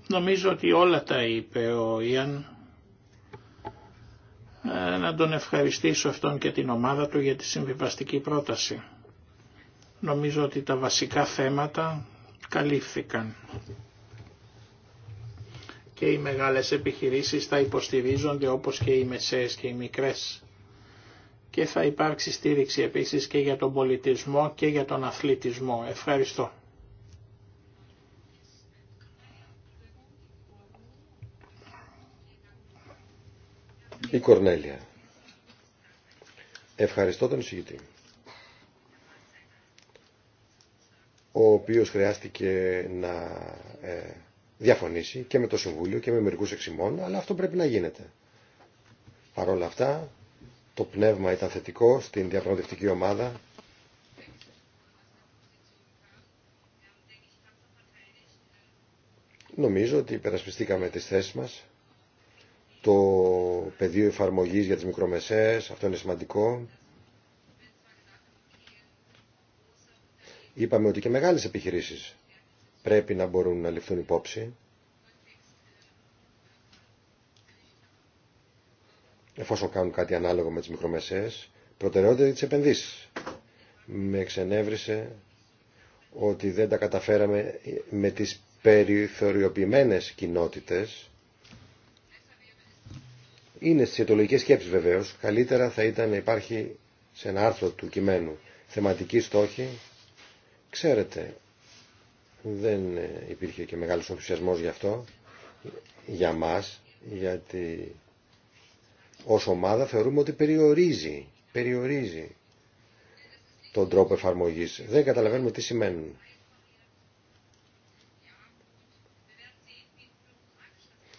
Νομίζω ότι όλα τα είπε ο Ιαν. Ε, να τον ευχαριστήσω αυτόν και την ομάδα του για τη συμβιβαστική πρόταση. Νομίζω ότι τα βασικά θέματα καλύφθηκαν και οι μεγάλες επιχειρήσεις θα υποστηρίζονται όπως και οι μεσαίες και οι μικρές. Και θα υπάρξει στήριξη επίσης και για τον πολιτισμό και για τον αθλητισμό. Ευχαριστώ.
Η Κορνέλια. Ευχαριστώ τον εισηγητή. Ο οποίος χρειάστηκε να ε, διαφωνήσει και με το Συμβούλιο και με μερικούς εξημών, αλλά αυτό πρέπει να γίνεται. Παρ' όλα αυτά, το πνεύμα ήταν θετικό στην διαπραγματευτική ομάδα. Νομίζω ότι υπερασπιστήκαμε τις θέσεις μας. Το πεδίο εφαρμογής για τις μικρομεσαίες, αυτό είναι σημαντικό. Είπαμε ότι και μεγάλες επιχειρήσεις πρέπει να μπορούν να ληφθούν υπόψη. εφόσον κάνουν κάτι ανάλογο με τις μικρομεσαίες, προτεραιότητα τις επενδύσεις. Με εξενέβρισε ότι δεν τα καταφέραμε με τις περιθωριοποιημένες κοινότητες. Είναι στις αιτολογικές σκέψεις βεβαίως. Καλύτερα θα ήταν να υπάρχει σε ένα άρθρο του κειμένου θεματική στόχη. Ξέρετε δεν ε, υπήρχε και μεγάλος ενθουσιασμός γι' αυτό, για μας, γιατί ως ομάδα θεωρούμε ότι περιορίζει, περιορίζει τον τρόπο εφαρμογής. Δεν καταλαβαίνουμε τι σημαίνουν.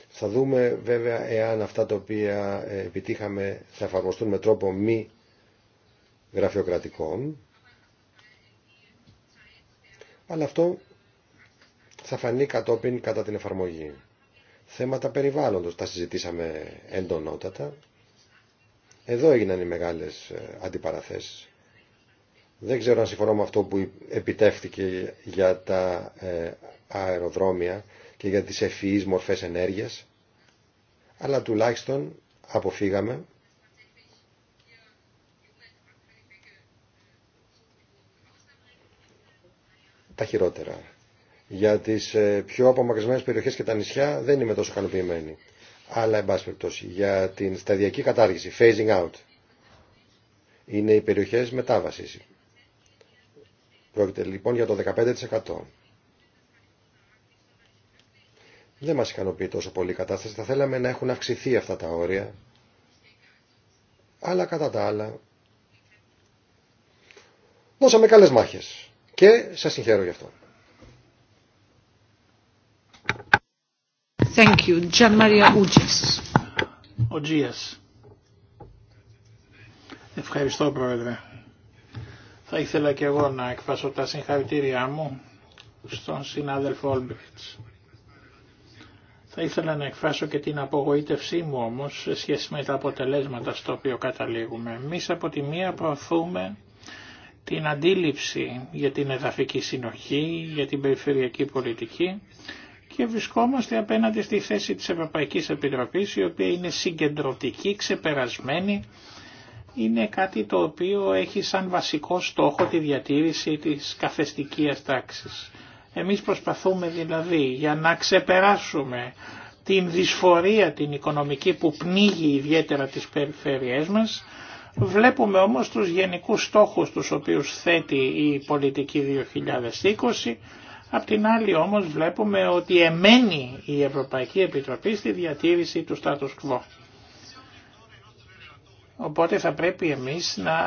Θα δούμε βέβαια εάν αυτά τα οποία ε, επιτύχαμε θα εφαρμοστούν με τρόπο μη γραφειοκρατικό. Αλλά αυτό θα φανεί κατόπιν κατά την εφαρμογή. Θέματα περιβάλλοντος τα συζητήσαμε εντονότατα. Εδώ έγιναν οι μεγάλες ε, αντιπαραθέσεις. Δεν ξέρω αν συμφωνώ με αυτό που επιτεύχθηκε για τα ε, αεροδρόμια και για τις ευφυείς μορφές ενέργειας, αλλά τουλάχιστον αποφύγαμε τα χειρότερα για τις ε, πιο απομακρυσμένες περιοχέ και τα νησιά δεν είμαι τόσο ικανοποιημένη. Αλλά, εν για την σταδιακή κατάργηση, phasing out, είναι οι περιοχές μετάβασης. Πρόκειται λοιπόν για το 15%. Δεν μας ικανοποιεί τόσο πολύ η κατάσταση. Θα θέλαμε να έχουν αυξηθεί αυτά τα όρια. Αλλά κατά τα άλλα, δώσαμε καλές μάχες. Και σας συγχαίρω γι' αυτό.
Ευχαριστώ Πρόεδρε. Θα ήθελα και εγώ να εκφράσω τα συγχαρητήριά μου στον συνάδελφο Όλμπριτς. Θα ήθελα να εκφράσω και την απογοήτευσή μου όμως σε σχέση με τα αποτελέσματα στο οποίο καταλήγουμε. Εμεί από τη μία προωθούμε την αντίληψη για την εδαφική συνοχή, για την περιφερειακή πολιτική και βρισκόμαστε απέναντι στη θέση της Ευρωπαϊκής Επιτροπής η οποία είναι συγκεντρωτική, ξεπερασμένη. Είναι κάτι το οποίο έχει σαν βασικό στόχο τη διατήρηση της καθεστικής τάξης. Εμείς προσπαθούμε δηλαδή για να ξεπεράσουμε την δυσφορία την οικονομική που πνίγει ιδιαίτερα τις περιφέρειές μας. Βλέπουμε όμως τους γενικούς στόχους τους οποίους θέτει η πολιτική 2020 Απ' την άλλη όμως βλέπουμε ότι εμένει η Ευρωπαϊκή Επιτροπή στη διατήρηση του status quo. Οπότε θα πρέπει εμείς να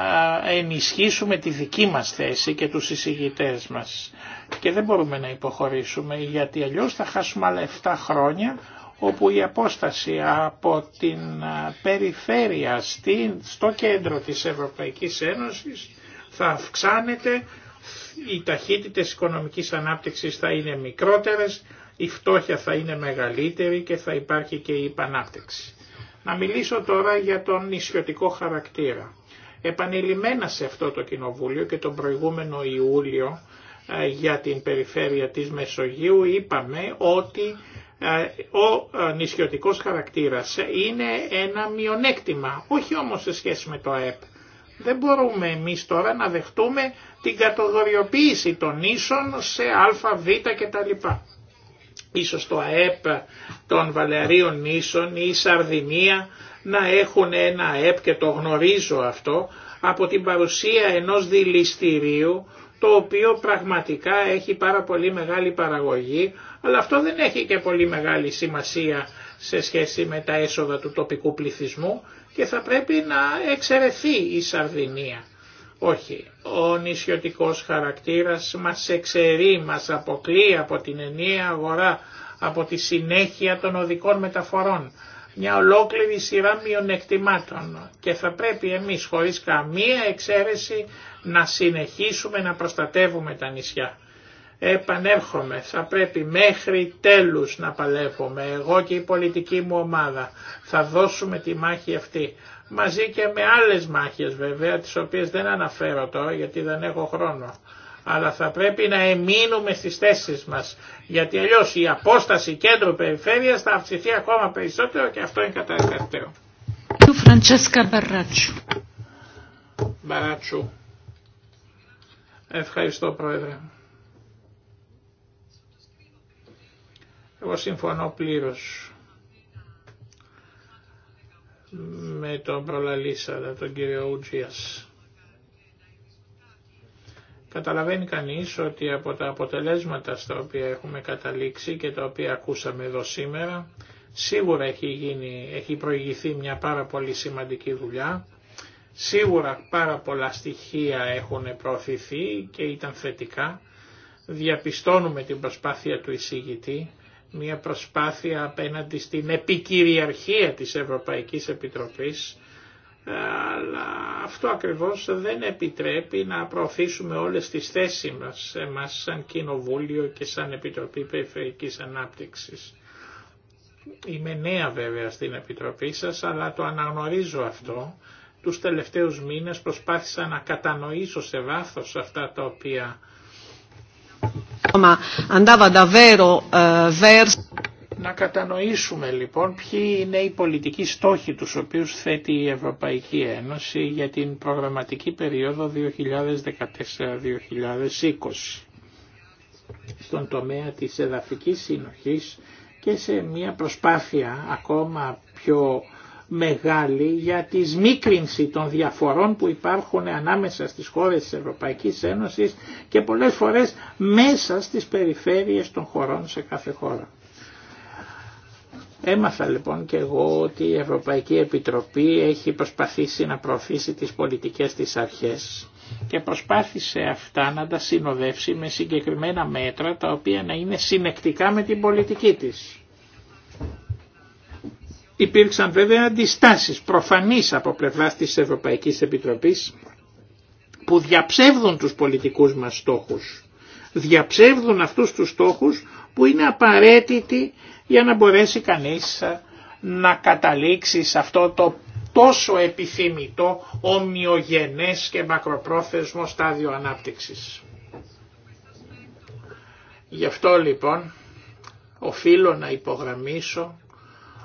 ενισχύσουμε τη δική μας θέση και τους εισηγητές μας. Και δεν μπορούμε να υποχωρήσουμε γιατί αλλιώς θα χάσουμε άλλα 7 χρόνια όπου η απόσταση από την περιφέρεια στο κέντρο της Ευρωπαϊκής Ένωσης θα αυξάνεται οι ταχύτητες οικονομικής ανάπτυξης θα είναι μικρότερες, η φτώχεια θα είναι μεγαλύτερη και θα υπάρχει και η υπανάπτυξη. Να μιλήσω τώρα για τον νησιωτικό χαρακτήρα. Επανειλημμένα σε αυτό το κοινοβούλιο και τον προηγούμενο Ιούλιο ε, για την περιφέρεια της Μεσογείου είπαμε ότι ε, ο ε, νησιωτικός χαρακτήρας είναι ένα μειονέκτημα, όχι όμως σε σχέση με το ΑΕΠ. Δεν μπορούμε εμείς τώρα να δεχτούμε την κατοδοριοποίηση των ίσων σε α, β κτλ. Ίσως το ΑΕΠ των Βαλεαρίων Ίσων ή η Σαρδινία να έχουν ένα ΑΕΠ και το γνωρίζω αυτό από την παρουσία ενός δηληστηρίου το οποίο πραγματικά έχει πάρα πολύ μεγάλη παραγωγή αλλά αυτό δεν έχει και πολύ μεγάλη σημασία σε σχέση με τα έσοδα του τοπικού πληθυσμού και θα πρέπει να εξαιρεθεί η Σαρδινία. Όχι, ο νησιωτικός χαρακτήρας μας εξαιρεί, μας αποκλεί από την ενιαία αγορά, από τη συνέχεια των οδικών μεταφορών. Μια ολόκληρη σειρά μειονεκτημάτων και θα πρέπει εμείς χωρίς καμία εξαίρεση να συνεχίσουμε να προστατεύουμε τα νησιά επανέρχομαι, θα πρέπει μέχρι τέλους να παλεύουμε, εγώ και η πολιτική μου ομάδα, θα δώσουμε τη μάχη αυτή, μαζί και με άλλες μάχες βέβαια, τις οποίες δεν αναφέρω τώρα γιατί δεν έχω χρόνο, αλλά θα πρέπει να εμείνουμε στις θέσεις μας, γιατί αλλιώς η απόσταση κέντρου-περιφέρειας θα αυξηθεί ακόμα περισσότερο και αυτό είναι καταδικαστέο.
Φραντσέσκα
Ευχαριστώ Πρόεδρε.
Εγώ συμφωνώ
πλήρως με τον προλαλήσαντα, τον κύριο Ούτζιας. Καταλαβαίνει κανείς ότι από τα αποτελέσματα στα οποία έχουμε καταλήξει και τα οποία ακούσαμε εδώ σήμερα, σίγουρα έχει, γίνει, έχει προηγηθεί μια πάρα πολύ σημαντική δουλειά, σίγουρα πάρα πολλά στοιχεία έχουν προωθηθεί και ήταν θετικά, διαπιστώνουμε την προσπάθεια του εισηγητή, μια προσπάθεια απέναντι στην επικυριαρχία της Ευρωπαϊκής Επιτροπής, αλλά αυτό ακριβώς δεν επιτρέπει να προωθήσουμε όλες τις θέσεις μας, εμάς σαν Κοινοβούλιο και σαν Επιτροπή Περιφερικής Ανάπτυξης. Είμαι νέα βέβαια στην Επιτροπή σας, αλλά το αναγνωρίζω αυτό. Τους τελευταίους μήνες προσπάθησα να κατανοήσω σε βάθος αυτά τα οποία Eh, Να κατανοήσουμε λοιπόν ποιοι είναι οι πολιτικοί στόχοι τους οποίους θέτει η Ευρωπαϊκή Ένωση για την προγραμματική περίοδο 2014-2020 στον τομέα της εδαφικής συνοχής και σε μια προσπάθεια ακόμα πιο μεγάλη για τη σμίκρινση των διαφορών που υπάρχουν ανάμεσα στις χώρες της Ευρωπαϊκής Ένωσης και πολλές φορές μέσα στις περιφέρειες των χωρών σε κάθε χώρα. Έμαθα λοιπόν και εγώ ότι η Ευρωπαϊκή Επιτροπή έχει προσπαθήσει να προωθήσει τις πολιτικές της αρχές και προσπάθησε αυτά να τα συνοδεύσει με συγκεκριμένα μέτρα τα οποία να είναι συνεκτικά με την πολιτική της. Υπήρξαν βέβαια αντιστάσεις προφανής από πλευράς της Ευρωπαϊκής Επιτροπής που διαψεύδουν τους πολιτικούς μας στόχους. Διαψεύδουν αυτούς τους στόχους που είναι απαραίτητοι για να μπορέσει κανείς ε, να καταλήξει σε αυτό το τόσο επιθυμητό ομοιογενές και μακροπρόθεσμο στάδιο ανάπτυξης. Γι' αυτό λοιπόν οφείλω να υπογραμμίσω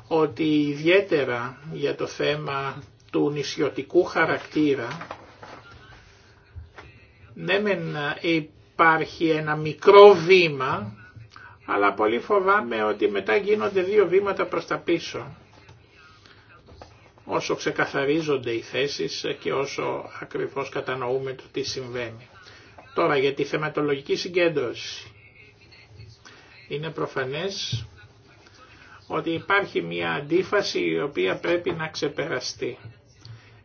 ότι ιδιαίτερα για το θέμα του νησιωτικού χαρακτήρα ναι μεν υπάρχει ένα μικρό βήμα αλλά πολύ φοβάμαι ότι μετά γίνονται δύο βήματα προς τα πίσω όσο ξεκαθαρίζονται οι θέσεις και όσο ακριβώς κατανοούμε το τι συμβαίνει. Τώρα για τη θεματολογική συγκέντρωση. Είναι προφανές ότι υπάρχει μια αντίφαση η οποία πρέπει να ξεπεραστεί.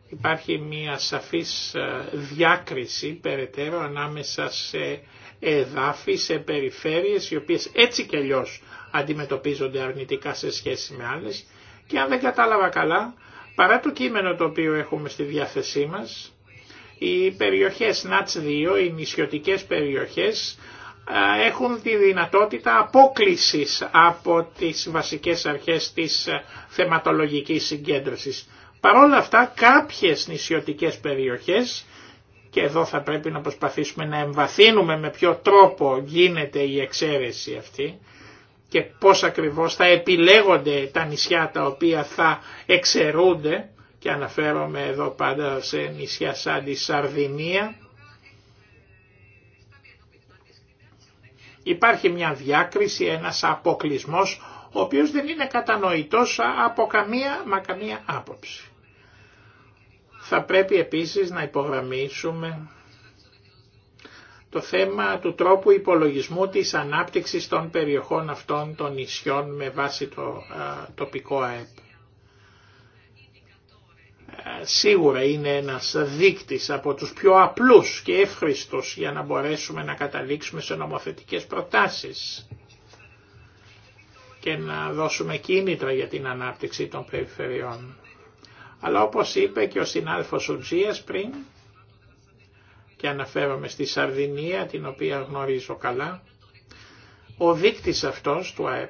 Υπάρχει μια σαφής ε, διάκριση περαιτέρω ανάμεσα σε εδάφη, σε περιφέρειες οι οποίες έτσι κι αλλιώς αντιμετωπίζονται αρνητικά σε σχέση με άλλες και αν δεν κατάλαβα καλά, παρά το κείμενο το οποίο έχουμε στη διάθεσή μας, οι περιοχές ΝΑΤΣ 2, οι νησιωτικές περιοχές, έχουν τη δυνατότητα απόκλησης από τις βασικές αρχές της θεματολογικής συγκέντρωσης. Παρ' όλα αυτά κάποιες νησιωτικές περιοχές και εδώ θα πρέπει να προσπαθήσουμε να εμβαθύνουμε με ποιο τρόπο γίνεται η εξαίρεση αυτή και πώς ακριβώς θα επιλέγονται τα νησιά τα οποία θα εξαιρούνται και αναφέρομαι εδώ πάντα σε νησιά σαν τη Σαρδινία Υπάρχει μια διάκριση, ένας αποκλισμός, ο οποίος δεν είναι κατανοητός από καμία μα καμία άποψη. Θα πρέπει επίσης να υπογραμμίσουμε το θέμα του τρόπου υπολογισμού της ανάπτυξης των περιοχών αυτών των νησιών με βάση το τοπικό ΑΕΠ σίγουρα είναι ένας δείκτης από τους πιο απλούς και εύχριστος για να μπορέσουμε να καταλήξουμε σε νομοθετικές προτάσεις και να δώσουμε κίνητρα για την ανάπτυξη των περιφερειών. Αλλά όπως είπε και ο συνάλφος Ουτζίας πριν, και αναφέρομαι στη Σαρδινία την οποία γνωρίζω καλά, ο δείκτης αυτός του ΑΕΠ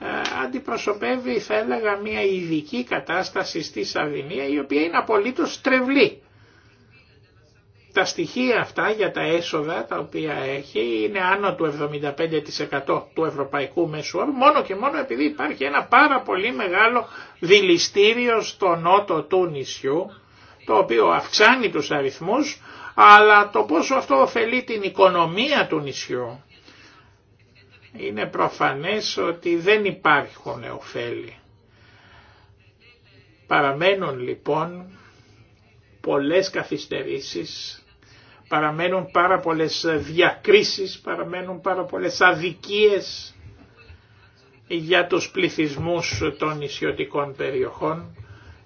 ε, αντιπροσωπεύει θα έλεγα μια ειδική κατάσταση στη Σαρδινία η οποία είναι απολύτως στρεβλή. Τα στοιχεία αυτά για τα έσοδα τα οποία έχει είναι άνω του 75% του ευρωπαϊκού μέσου όρου μόνο και μόνο επειδή υπάρχει ένα πάρα πολύ μεγάλο δηληστήριο στο νότο του νησιού το οποίο αυξάνει τους αριθμούς αλλά το πόσο αυτό ωφελεί την οικονομία του νησιού είναι προφανές ότι δεν υπάρχουν ωφέλη. Παραμένουν λοιπόν πολλές καθυστερήσεις, παραμένουν πάρα πολλές διακρίσεις, παραμένουν πάρα πολλές αδικίες για τους πληθυσμούς των νησιωτικών περιοχών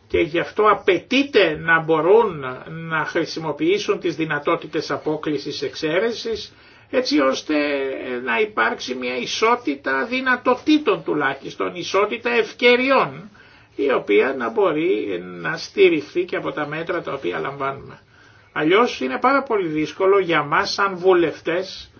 και γι' αυτό απαιτείται να μπορούν να χρησιμοποιήσουν τις δυνατότητες απόκλησης εξαίρεσης έτσι ώστε ε, να υπάρξει μια ισότητα δυνατοτήτων τουλάχιστον, ισότητα ευκαιριών, η οποία να μπορεί να στηριχθεί και από τα μέτρα τα οποία λαμβάνουμε. Αλλιώς είναι πάρα πολύ δύσκολο για μας σαν βουλευτές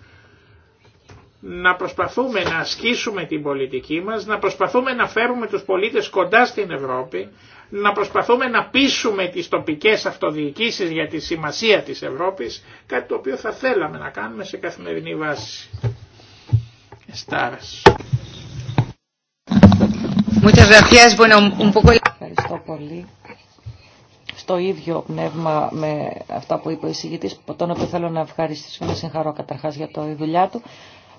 να προσπαθούμε να ασκήσουμε την πολιτική μας, να προσπαθούμε να φέρουμε τους πολίτες κοντά στην Ευρώπη, να προσπαθούμε να πείσουμε τις τοπικές αυτοδιοικήσεις για τη σημασία της Ευρώπης, κάτι το οποίο θα θέλαμε να κάνουμε σε καθημερινή βάση. Εστάρας.
Ευχαριστώ πολύ. Στο ίδιο πνεύμα με αυτά που είπε ο εισηγητής, τον οποίο θέλω να ευχαριστήσω να συγχαρώ καταρχάς για το δουλειά του.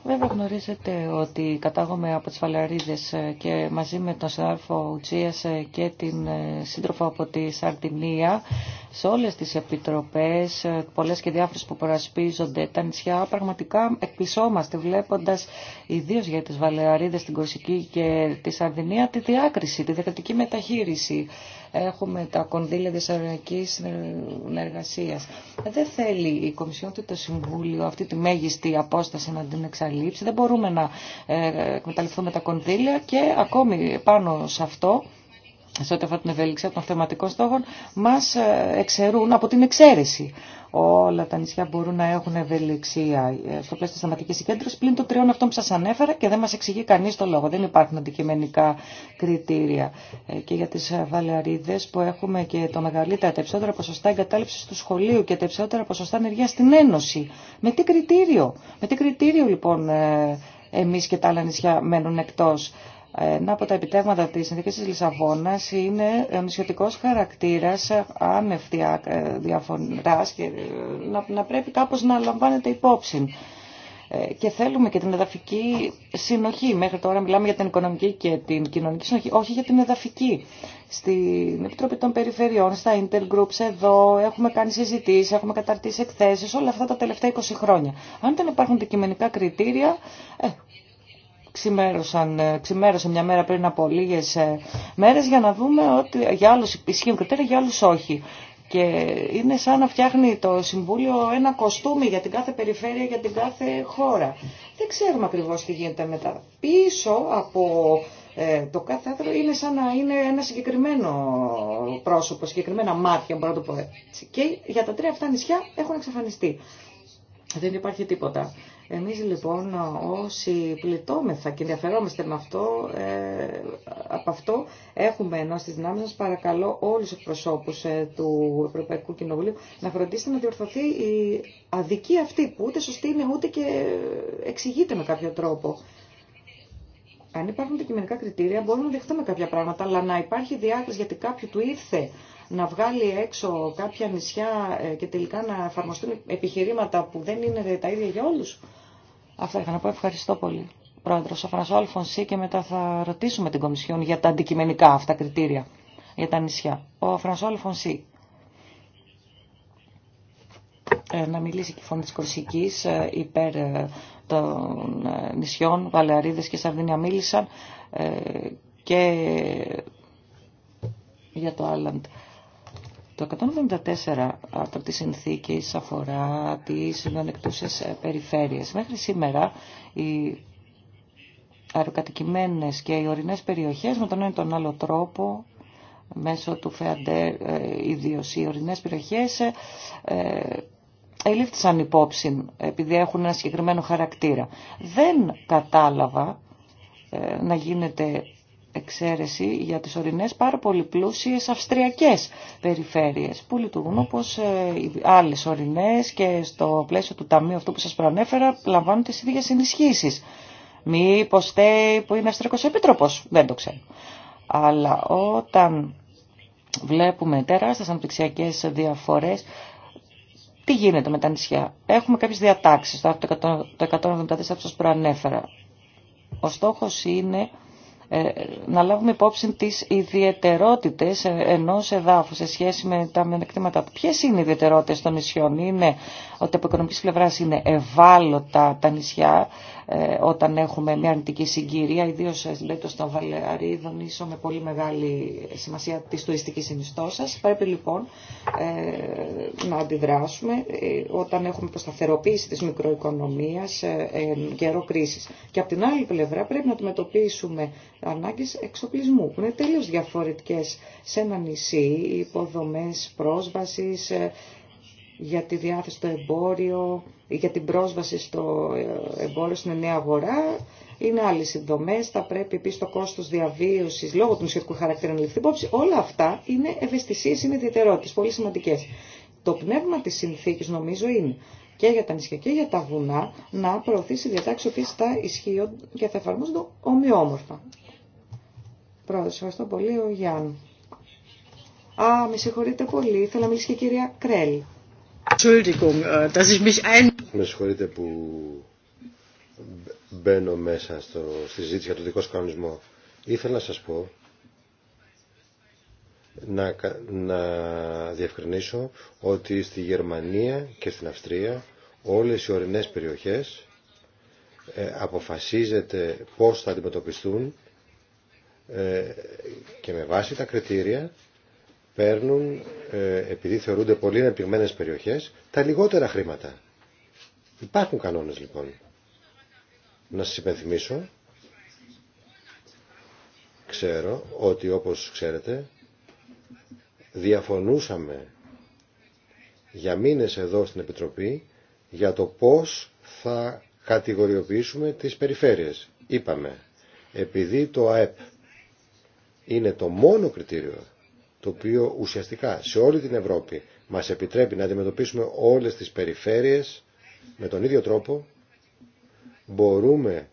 Βέβαια γνωρίζετε ότι κατάγομαι από τις Βαλαρίδες και μαζί με τον συνάδελφο Ουτσίας και την σύντροφο από τη Σαρδινία σε όλες τις επιτροπές, πολλές και διάφορες που προασπίζονται τα νησιά, πραγματικά εκπλησόμαστε βλέποντας ιδίως για τις Βαλεαρίδες, την Κορσική και τη Σαρδινία τη διάκριση, τη διακριτική μεταχείριση έχουμε τα κονδύλια διασυνοριακής συνεργασίας. Δεν θέλει η Κομισιόν το Συμβούλιο αυτή τη μέγιστη απόσταση να την εξαλείψει. Δεν μπορούμε να ε, εκμεταλλευτούμε τα κονδύλια και ακόμη πάνω σε αυτό σε ό,τι αφορά την ευελιξία των θεματικών στόχων, μα ε, εξαιρούν από την εξαίρεση. Όλα τα νησιά μπορούν να έχουν ευελιξία ε, στο πλαίσιο τη θεματική συγκέντρωση πλην των τριών αυτών που σα ανέφερα και δεν μα εξηγεί κανεί το λόγο. Δεν υπάρχουν αντικειμενικά κριτήρια. Ε, και για τι Βαλεαρίδε που έχουμε και το μεγαλύτερα, τα υψηλότερα ποσοστά εγκατάλειψη του σχολείου και τα υψηλότερα ποσοστά ενεργεία στην Ένωση. Με τι κριτήριο, με τι κριτήριο λοιπόν εμεί και τα άλλα νησιά μένουν εκτό. Ένα από τα επιτεύγματα της συνθήκης της Λισαβόνας είναι ο νησιωτικός χαρακτήρας άνευτια ε, διαφοράς και ε, να πρέπει κάπως να λαμβάνεται υπόψη. Ε, και θέλουμε και την εδαφική συνοχή. Μέχρι τώρα μιλάμε για την οικονομική και την κοινωνική συνοχή, όχι για την εδαφική. Στην Επιτροπή των Περιφερειών, στα Intergroups, εδώ έχουμε κάνει συζητήσει, έχουμε καταρτήσει εκθέσει, όλα αυτά τα τελευταία 20 χρόνια. Αν δεν υπάρχουν αντικειμενικά κριτήρια, ε, ξημέρωσαν, ε, ξημέρωσε μια μέρα πριν από λίγες ε, μέρες για να δούμε ότι για άλλους ισχύουν κριτήρια, για άλλους όχι. Και είναι σαν να φτιάχνει το Συμβούλιο ένα κοστούμι για την κάθε περιφέρεια, για την κάθε χώρα. Δεν ξέρουμε ακριβώς τι γίνεται μετά. Πίσω από ε, το κάθε άνθρωπο είναι σαν να είναι ένα συγκεκριμένο πρόσωπο, συγκεκριμένα μάτια, μπορώ να το πω έτσι. Και για τα τρία αυτά νησιά έχουν εξαφανιστεί. Δεν υπάρχει τίποτα. Εμείς λοιπόν όσοι πληττόμεθα και ενδιαφερόμαστε με αυτό, ε, από αυτό έχουμε ενώ στις δυνάμεις μας παρακαλώ όλους τους προσώπους ε, του Ευρωπαϊκού Κοινοβουλίου να φροντίσετε να διορθωθεί η αδική αυτή που ούτε σωστή είναι ούτε και εξηγείται με κάποιο τρόπο. Αν υπάρχουν αντικειμενικά κριτήρια μπορούμε να δεχτούμε κάποια πράγματα, αλλά να υπάρχει διάκριση γιατί κάποιου του ήρθε να βγάλει έξω κάποια νησιά ε, και τελικά να εφαρμοστούν επιχειρήματα που δεν είναι τα ίδια για όλους. Αυτά είχα να πω. Ευχαριστώ πολύ. Πρόεδρο, ο Φρανσό Αλφονσί και μετά θα ρωτήσουμε την Κομισιόν για τα αντικειμενικά αυτά κριτήρια για τα νησιά. Ο Φρανσό Αλφονσί. Ε, να μιλήσει και η φωνή της Κορσικής ε, υπέρ ε, των νησιών, Βαλεαρίδες και Σαρδίνια μίλησαν και για το Άλλαντ. Το 174 από τις συνθήκη αφορά τις μειονεκτούσες ε, περιφέρειες. Μέχρι σήμερα οι αεροκατοικημένες και οι ορεινές περιοχές με τον ένα τον άλλο τρόπο μέσω του ΦΕΑΝΤΕ ε, ιδίως οι ορεινές περιοχές ε, ελήφθησαν υπόψη επειδή έχουν ένα συγκεκριμένο χαρακτήρα. Δεν κατάλαβα να γίνεται εξαίρεση για τις ορεινές πάρα πολύ πλούσιες αυστριακές περιφέρειες που λειτουργούν όπως ε, οι άλλες ορεινές και στο πλαίσιο του ταμείου αυτού που σας προανέφερα λαμβάνουν τις ίδιες ενισχύσεις. Μήπως θέλει που είναι αυστριακός επίτροπος, δεν το ξέρω. Αλλά όταν βλέπουμε τεράστιες αναπτυξιακές διαφορές, τι γίνεται με τα νησιά. Έχουμε κάποιες διατάξεις, το 174 που σας προανέφερα. Ο στόχος είναι ε, να λάβουμε υπόψη τις ιδιαιτερότητες ε, ενός εδάφους σε σχέση με τα μειονεκτήματα. Ποιες είναι οι ιδιαιτερότητες των νησιών, είναι ότι από οικονομική πλευρά είναι ευάλωτα τα νησιά ε, όταν έχουμε μια αρνητική συγκυρία, ιδίω ε, στην περίπτωση των Βαλεαρίδων, με πολύ μεγάλη σημασία της τουριστικής σα. Πρέπει λοιπόν ε, να αντιδράσουμε όταν έχουμε προσταθεροποίηση της μικροοικονομίας καιρό κρίση. Και από την άλλη πλευρά πρέπει να αντιμετωπίσουμε ανάγκε εξοπλισμού, που είναι τελείω διαφορετικέ σε ένα νησί, υποδομές πρόσβασης, για τη διάθεση στο εμπόριο, για την πρόσβαση στο ε, εμπόριο στην νέα αγορά. Είναι άλλε συνδομέ. Θα πρέπει επίση το κόστο διαβίωση λόγω του νησιωτικού χαρακτήρα να ληφθεί υπόψη. Όλα αυτά είναι ευαισθησίε, είναι ιδιαιτερότητε, πολύ σημαντικέ. Το πνεύμα τη συνθήκη νομίζω είναι και για τα νησιά και για τα βουνά να προωθήσει διατάξει οποίε θα ισχύουν και θα εφαρμόζονται ομοιόμορφα. Πρόεδρε, ευχαριστώ πολύ, ο Γιάννη. Α, με συγχωρείτε πολύ. Θέλω να μιλήσει και η κυρία Κρέλ. Entschuldigung, äh,
Με συγχωρείτε που μπαίνω μέσα στο, στη συζήτηση για το δικό σου κανονισμό. Ήθελα να σας πω να, να διευκρινίσω ότι στη Γερμανία και στην Αυστρία όλες οι ορεινές περιοχές ε, αποφασίζεται πώς θα αντιμετωπιστούν ε, και με βάση τα κριτήρια παίρνουν, ε, επειδή θεωρούνται πολύ αναπτυγμένες περιοχές, τα λιγότερα χρήματα. Υπάρχουν κανόνες λοιπόν. Να σας υπενθυμίσω, ξέρω ότι όπως ξέρετε, διαφωνούσαμε για μήνες εδώ στην Επιτροπή για το πώς θα κατηγοριοποιήσουμε τις περιφέρειες. Είπαμε, επειδή το ΑΕΠ είναι το μόνο κριτήριο το οποίο ουσιαστικά σε όλη την Ευρώπη μας επιτρέπει να αντιμετωπίσουμε όλες τις περιφέρειες με τον ίδιο τρόπο μπορούμε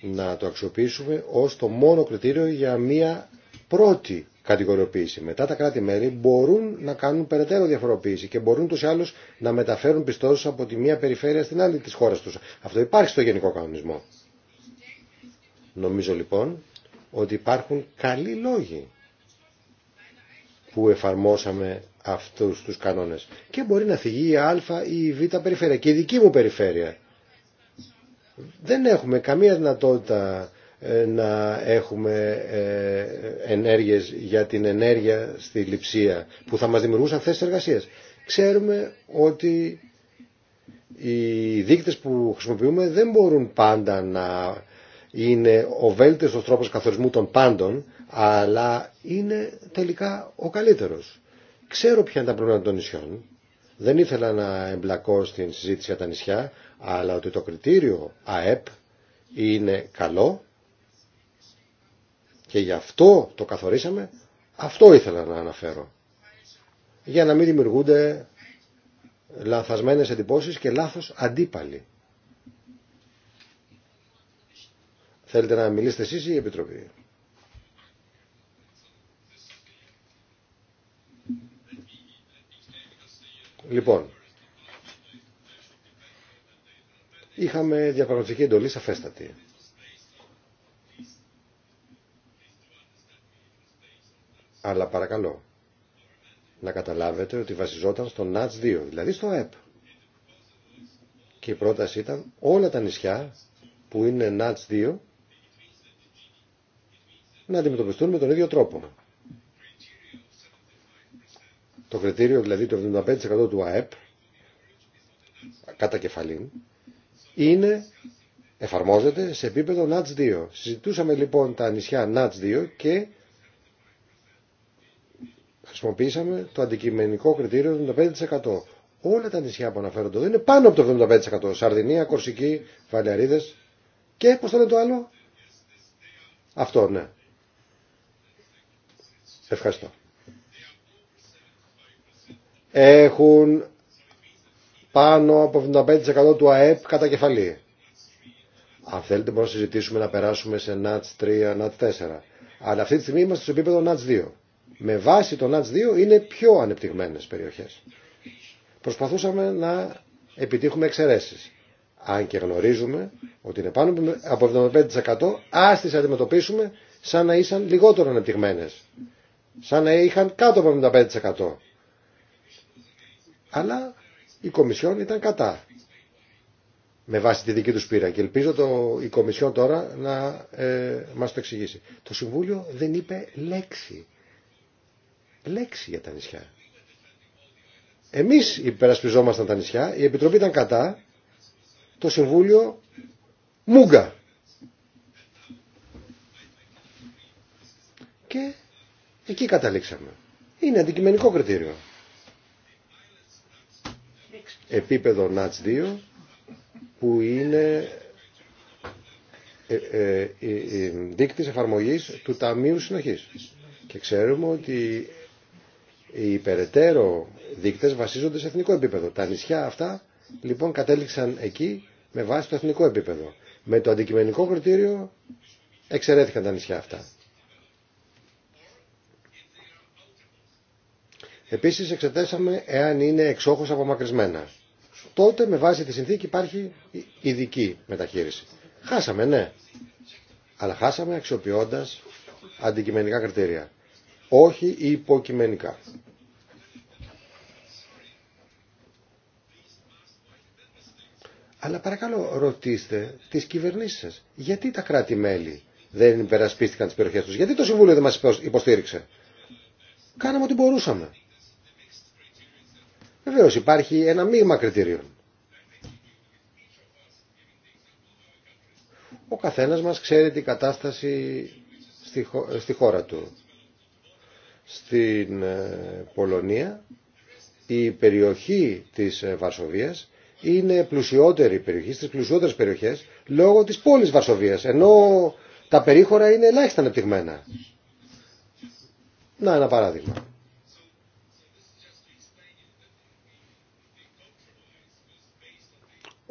να το αξιοποιήσουμε ως το μόνο κριτήριο για μία πρώτη κατηγοριοποίηση. Μετά τα κράτη-μέλη μπορούν να κάνουν περαιτέρω διαφοροποίηση και μπορούν τους άλλους να μεταφέρουν πιστώσεις από τη μία περιφέρεια στην άλλη της χώρας τους. Αυτό υπάρχει στο γενικό κανονισμό. Νομίζω λοιπόν ότι υπάρχουν καλοί λόγοι που εφαρμόσαμε αυτούς τους κανόνες. Και μπορεί να φυγεί η Α ή η Β περιφέρεια και η δική μου περιφέρεια. Δεν έχουμε καμία δυνατότητα ε, να έχουμε ε, ενέργειες για την ενέργεια στη λειψεία που θα μας δημιουργούσαν θέσεις εργασίας. Ξέρουμε ότι οι δείκτες που χρησιμοποιούμε δεν μπορούν πάντα να είναι ο βέλτιστος τρόπος καθορισμού των πάντων αλλά είναι τελικά ο καλύτερος. Ξέρω ποια είναι τα προβλήματα των νησιών, δεν ήθελα να εμπλακώ στην συζήτηση για τα νησιά, αλλά ότι το κριτήριο ΑΕΠ είναι καλό και γι' αυτό το καθορίσαμε, αυτό ήθελα να αναφέρω. Για να μην δημιουργούνται λανθασμένες εντυπώσεις και λάθος αντίπαλοι. Θέλετε να μιλήσετε εσείς ή η Επιτροπή. Λοιπόν, είχαμε διαπραγματική εντολή σαφέστατη. Αλλά παρακαλώ, να καταλάβετε ότι βασιζόταν στο ΝΑΤΣ 2, δηλαδή στο ΕΠ. Και η πρόταση ήταν όλα τα νησιά που είναι ΝΑΤΣ 2 να αντιμετωπιστούν με τον ίδιο τρόπο. Το κριτήριο δηλαδή το 75% του ΑΕΠ κατά κεφαλήν είναι, εφαρμόζεται σε επίπεδο ΝΑΤΣ 2. Συζητούσαμε λοιπόν τα νησιά ΝΑΤΣ 2 και χρησιμοποίησαμε το αντικειμενικό κριτήριο 75%. Όλα τα νησιά που αναφέρονται εδώ είναι πάνω από το 75%. Σαρδινία, Κορσική, Βαλιαρίδες και πώς θα λένε το άλλο. Αυτό ναι. Ευχαριστώ έχουν πάνω από 75% του ΑΕΠ κατά κεφαλή. Αν θέλετε μπορούμε να συζητήσουμε να περάσουμε σε ΝΑΤΣ 3, ΝΑΤΣ 4. Αλλά αυτή τη στιγμή είμαστε στο επίπεδο ΝΑΤΣ 2. Με βάση το ΝΑΤΣ 2 είναι πιο ανεπτυγμένες περιοχές. Προσπαθούσαμε να επιτύχουμε εξαιρέσει. Αν και γνωρίζουμε ότι είναι πάνω από 75% ας τις αντιμετωπίσουμε σαν να ήσαν λιγότερο ανεπτυγμένες. Σαν να είχαν κάτω από 75% αλλά η Κομισιόν ήταν κατά με βάση τη δική τους πείρα και ελπίζω το, η Κομισιόν τώρα να ε, μας το εξηγήσει. Το Συμβούλιο δεν είπε λέξη. Λέξη για τα νησιά. Εμείς υπερασπιζόμασταν τα νησιά, η Επιτροπή ήταν κατά, το Συμβούλιο μούγκα. Και εκεί καταλήξαμε. Είναι αντικειμενικό κριτήριο επίπεδο ΝΑΤΣ 2 που είναι ε, ε, ε, δείκτης εφαρμογής του Ταμείου Συνοχής. Και ξέρουμε ότι οι υπεραιτέρω δείκτες βασίζονται σε εθνικό επίπεδο. Τα νησιά αυτά λοιπόν κατέληξαν εκεί με βάση το εθνικό επίπεδο. Με το αντικειμενικό κριτήριο εξαιρέθηκαν τα νησιά αυτά. Επίσης εξετάσαμε εάν είναι εξόχως απομακρυσμένα τότε με βάση τη συνθήκη υπάρχει ειδική μεταχείριση. Χάσαμε, ναι. Αλλά χάσαμε αξιοποιώντα αντικειμενικά κριτήρια. Όχι υποκειμενικά. Αλλά παρακαλώ ρωτήστε τις κυβερνήσεις σας. Γιατί τα κράτη-μέλη δεν υπερασπίστηκαν τις περιοχές τους. Γιατί το Συμβούλιο δεν μας υποστήριξε. Κάναμε ό,τι μπορούσαμε. Βεβαίω, υπάρχει ένα μείγμα κριτηρίων. Ο καθένας μας ξέρει την κατάσταση στη χώρα του. Στην ε, Πολωνία η περιοχή της ε, Βαρσοβίας είναι πλουσιότερη περιοχή, στις πλουσιότερες περιοχές λόγω της πόλης Βαρσοβίας, ενώ τα περίχωρα είναι ελάχιστα ανεπτυγμένα. Να ένα παράδειγμα.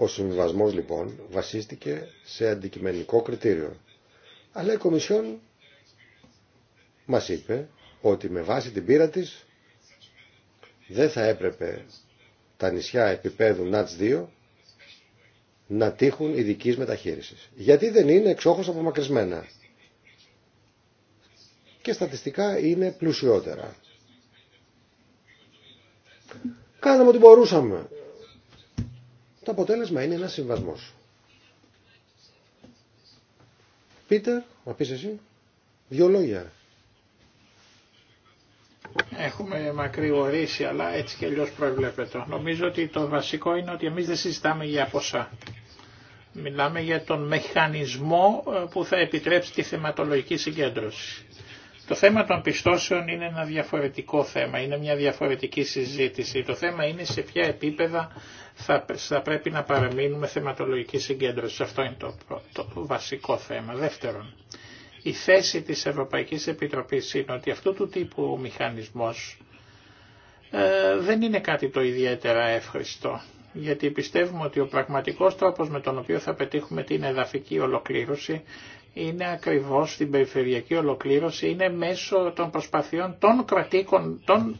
Ο συμβιβασμός λοιπόν βασίστηκε σε αντικειμενικό κριτήριο. Αλλά η Κομισιόν μας είπε ότι με βάση την πείρα της δεν θα έπρεπε τα νησιά επίπεδου ΝΑΤΣ 2 να τύχουν ειδική μεταχείριση. Γιατί δεν είναι εξόχως απομακρυσμένα. Και στατιστικά είναι πλουσιότερα. Κάναμε ό,τι μπορούσαμε. Το αποτέλεσμα είναι ένας συμβασμός. Πίτερ, να πεις εσύ, δύο λόγια.
Έχουμε μακρηγορήσει, αλλά έτσι και αλλιώ προβλέπετε. Νομίζω ότι το βασικό είναι ότι εμείς δεν συζητάμε για ποσά. Μιλάμε για τον μηχανισμό ε, που θα επιτρέψει τη θεματολογική συγκέντρωση. Το θέμα των πιστώσεων είναι ένα διαφορετικό θέμα, είναι μια διαφορετική συζήτηση. Το θέμα είναι σε ποια επίπεδα θα, πρέπει να παραμείνουμε θεματολογική συγκέντρωση. Αυτό είναι το, το βασικό θέμα. Δεύτερον, η θέση της Ευρωπαϊκής Επιτροπής είναι ότι αυτού του τύπου ο μηχανισμός ε, δεν είναι κάτι το ιδιαίτερα εύχριστο, γιατί πιστεύουμε ότι ο πραγματικός τρόπος με τον οποίο θα πετύχουμε την εδαφική ολοκλήρωση είναι ακριβώς στην περιφερειακή ολοκλήρωση, είναι μέσω των προσπαθειών των, κρατήκων, των,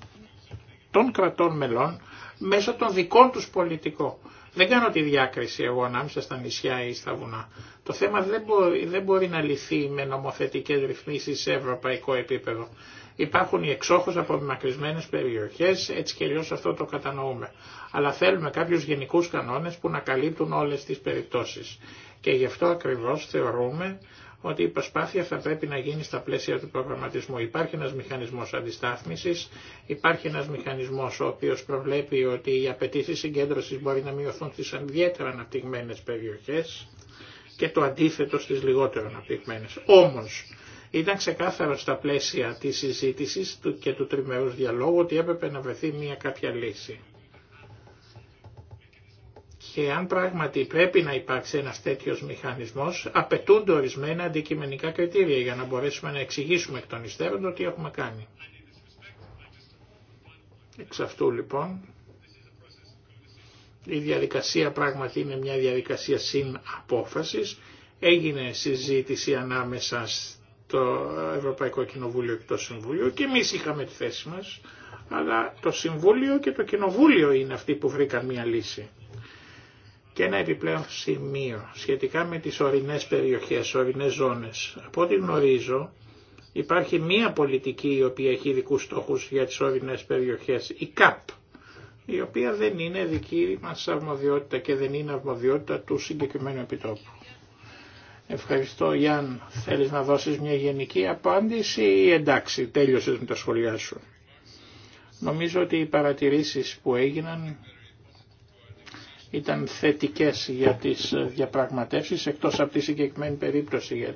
των κρατών μελών, μέσω των δικών τους πολιτικών. Δεν κάνω τη διάκριση εγώ ανάμεσα στα νησιά ή στα βουνά. Το θέμα δεν μπορεί, δεν μπορεί να λυθεί με νομοθετικές ρυθμίσεις σε ευρωπαϊκό επίπεδο. Υπάρχουν οι από μακρισμένες περιοχές, έτσι και αλλιώς αυτό το κατανοούμε. Αλλά θέλουμε κάποιους γενικούς κανόνες που να καλύπτουν όλες τις περιπτώσεις. Και γι' αυτό ακριβώς θεωρούμε ότι η προσπάθεια θα πρέπει να γίνει στα πλαίσια του προγραμματισμού. Υπάρχει ένας μηχανισμός αντιστάθμισης, υπάρχει ένας μηχανισμός ο οποίος προβλέπει ότι οι απαιτήσει συγκέντρωση μπορεί να μειωθούν στις ιδιαίτερα αναπτυγμένες περιοχές και το αντίθετο στις λιγότερο αναπτυγμένες. Όμως, ήταν ξεκάθαρο στα πλαίσια της συζήτησης και του τριμερούς διαλόγου ότι έπρεπε να βρεθεί μια κάποια λύση. Και αν πράγματι πρέπει να υπάρξει ένας τέτοιο μηχανισμός, απαιτούνται ορισμένα αντικειμενικά κριτήρια για να μπορέσουμε να εξηγήσουμε εκ των υστέρων το τι έχουμε κάνει. Εξ αυτού λοιπόν, η διαδικασία πράγματι είναι μια διαδικασία συν Έγινε συζήτηση ανάμεσα στο Ευρωπαϊκό Κοινοβούλιο και το Συμβούλιο και εμεί είχαμε τη θέση μας, αλλά το Συμβούλιο και το Κοινοβούλιο είναι αυτοί που βρήκαν μια λύση. Και ένα επιπλέον σημείο σχετικά με τις ορεινές περιοχές, ορεινές ζώνες. Από ό,τι γνωρίζω υπάρχει μία πολιτική η οποία έχει ειδικού στόχους για τις ορεινές περιοχές, η ΚΑΠ, η οποία δεν είναι δική μας αρμοδιότητα και δεν είναι αρμοδιότητα του συγκεκριμένου επιτόπου. Ευχαριστώ Γιάνν. Θέλεις να δώσεις μια γενική απάντηση ή εντάξει, τέλειωσες με τα σχολιά σου. Νομίζω ότι οι παρατηρήσεις που έγιναν ήταν θετικές για τις ε, διαπραγματεύσεις, εκτός από τη συγκεκριμένη περίπτωση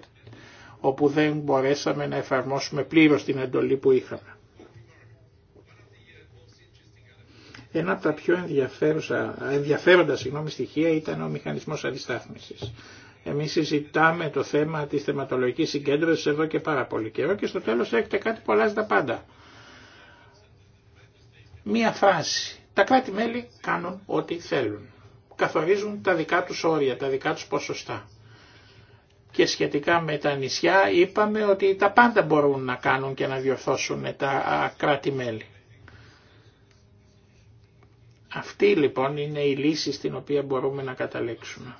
όπου δεν μπορέσαμε να εφαρμόσουμε πλήρως την εντολή που είχαμε. Ένα από τα πιο ενδιαφέροντα συγγνώμη, στοιχεία ήταν ο μηχανισμός αντιστάθμισης. Εμείς συζητάμε το θέμα της θεματολογικής συγκέντρωσης εδώ και πάρα πολύ καιρό και στο τέλος έχετε κάτι που αλλάζει τα πάντα. Μία φράση. Τα κράτη-μέλη κάνουν ό,τι θέλουν καθορίζουν τα δικά τους όρια, τα δικά τους ποσοστά. Και σχετικά με τα νησιά είπαμε ότι τα πάντα μπορούν να κάνουν και να διορθώσουν τα κράτη-μέλη. Αυτή λοιπόν είναι η λύση στην οποία μπορούμε να καταλήξουμε.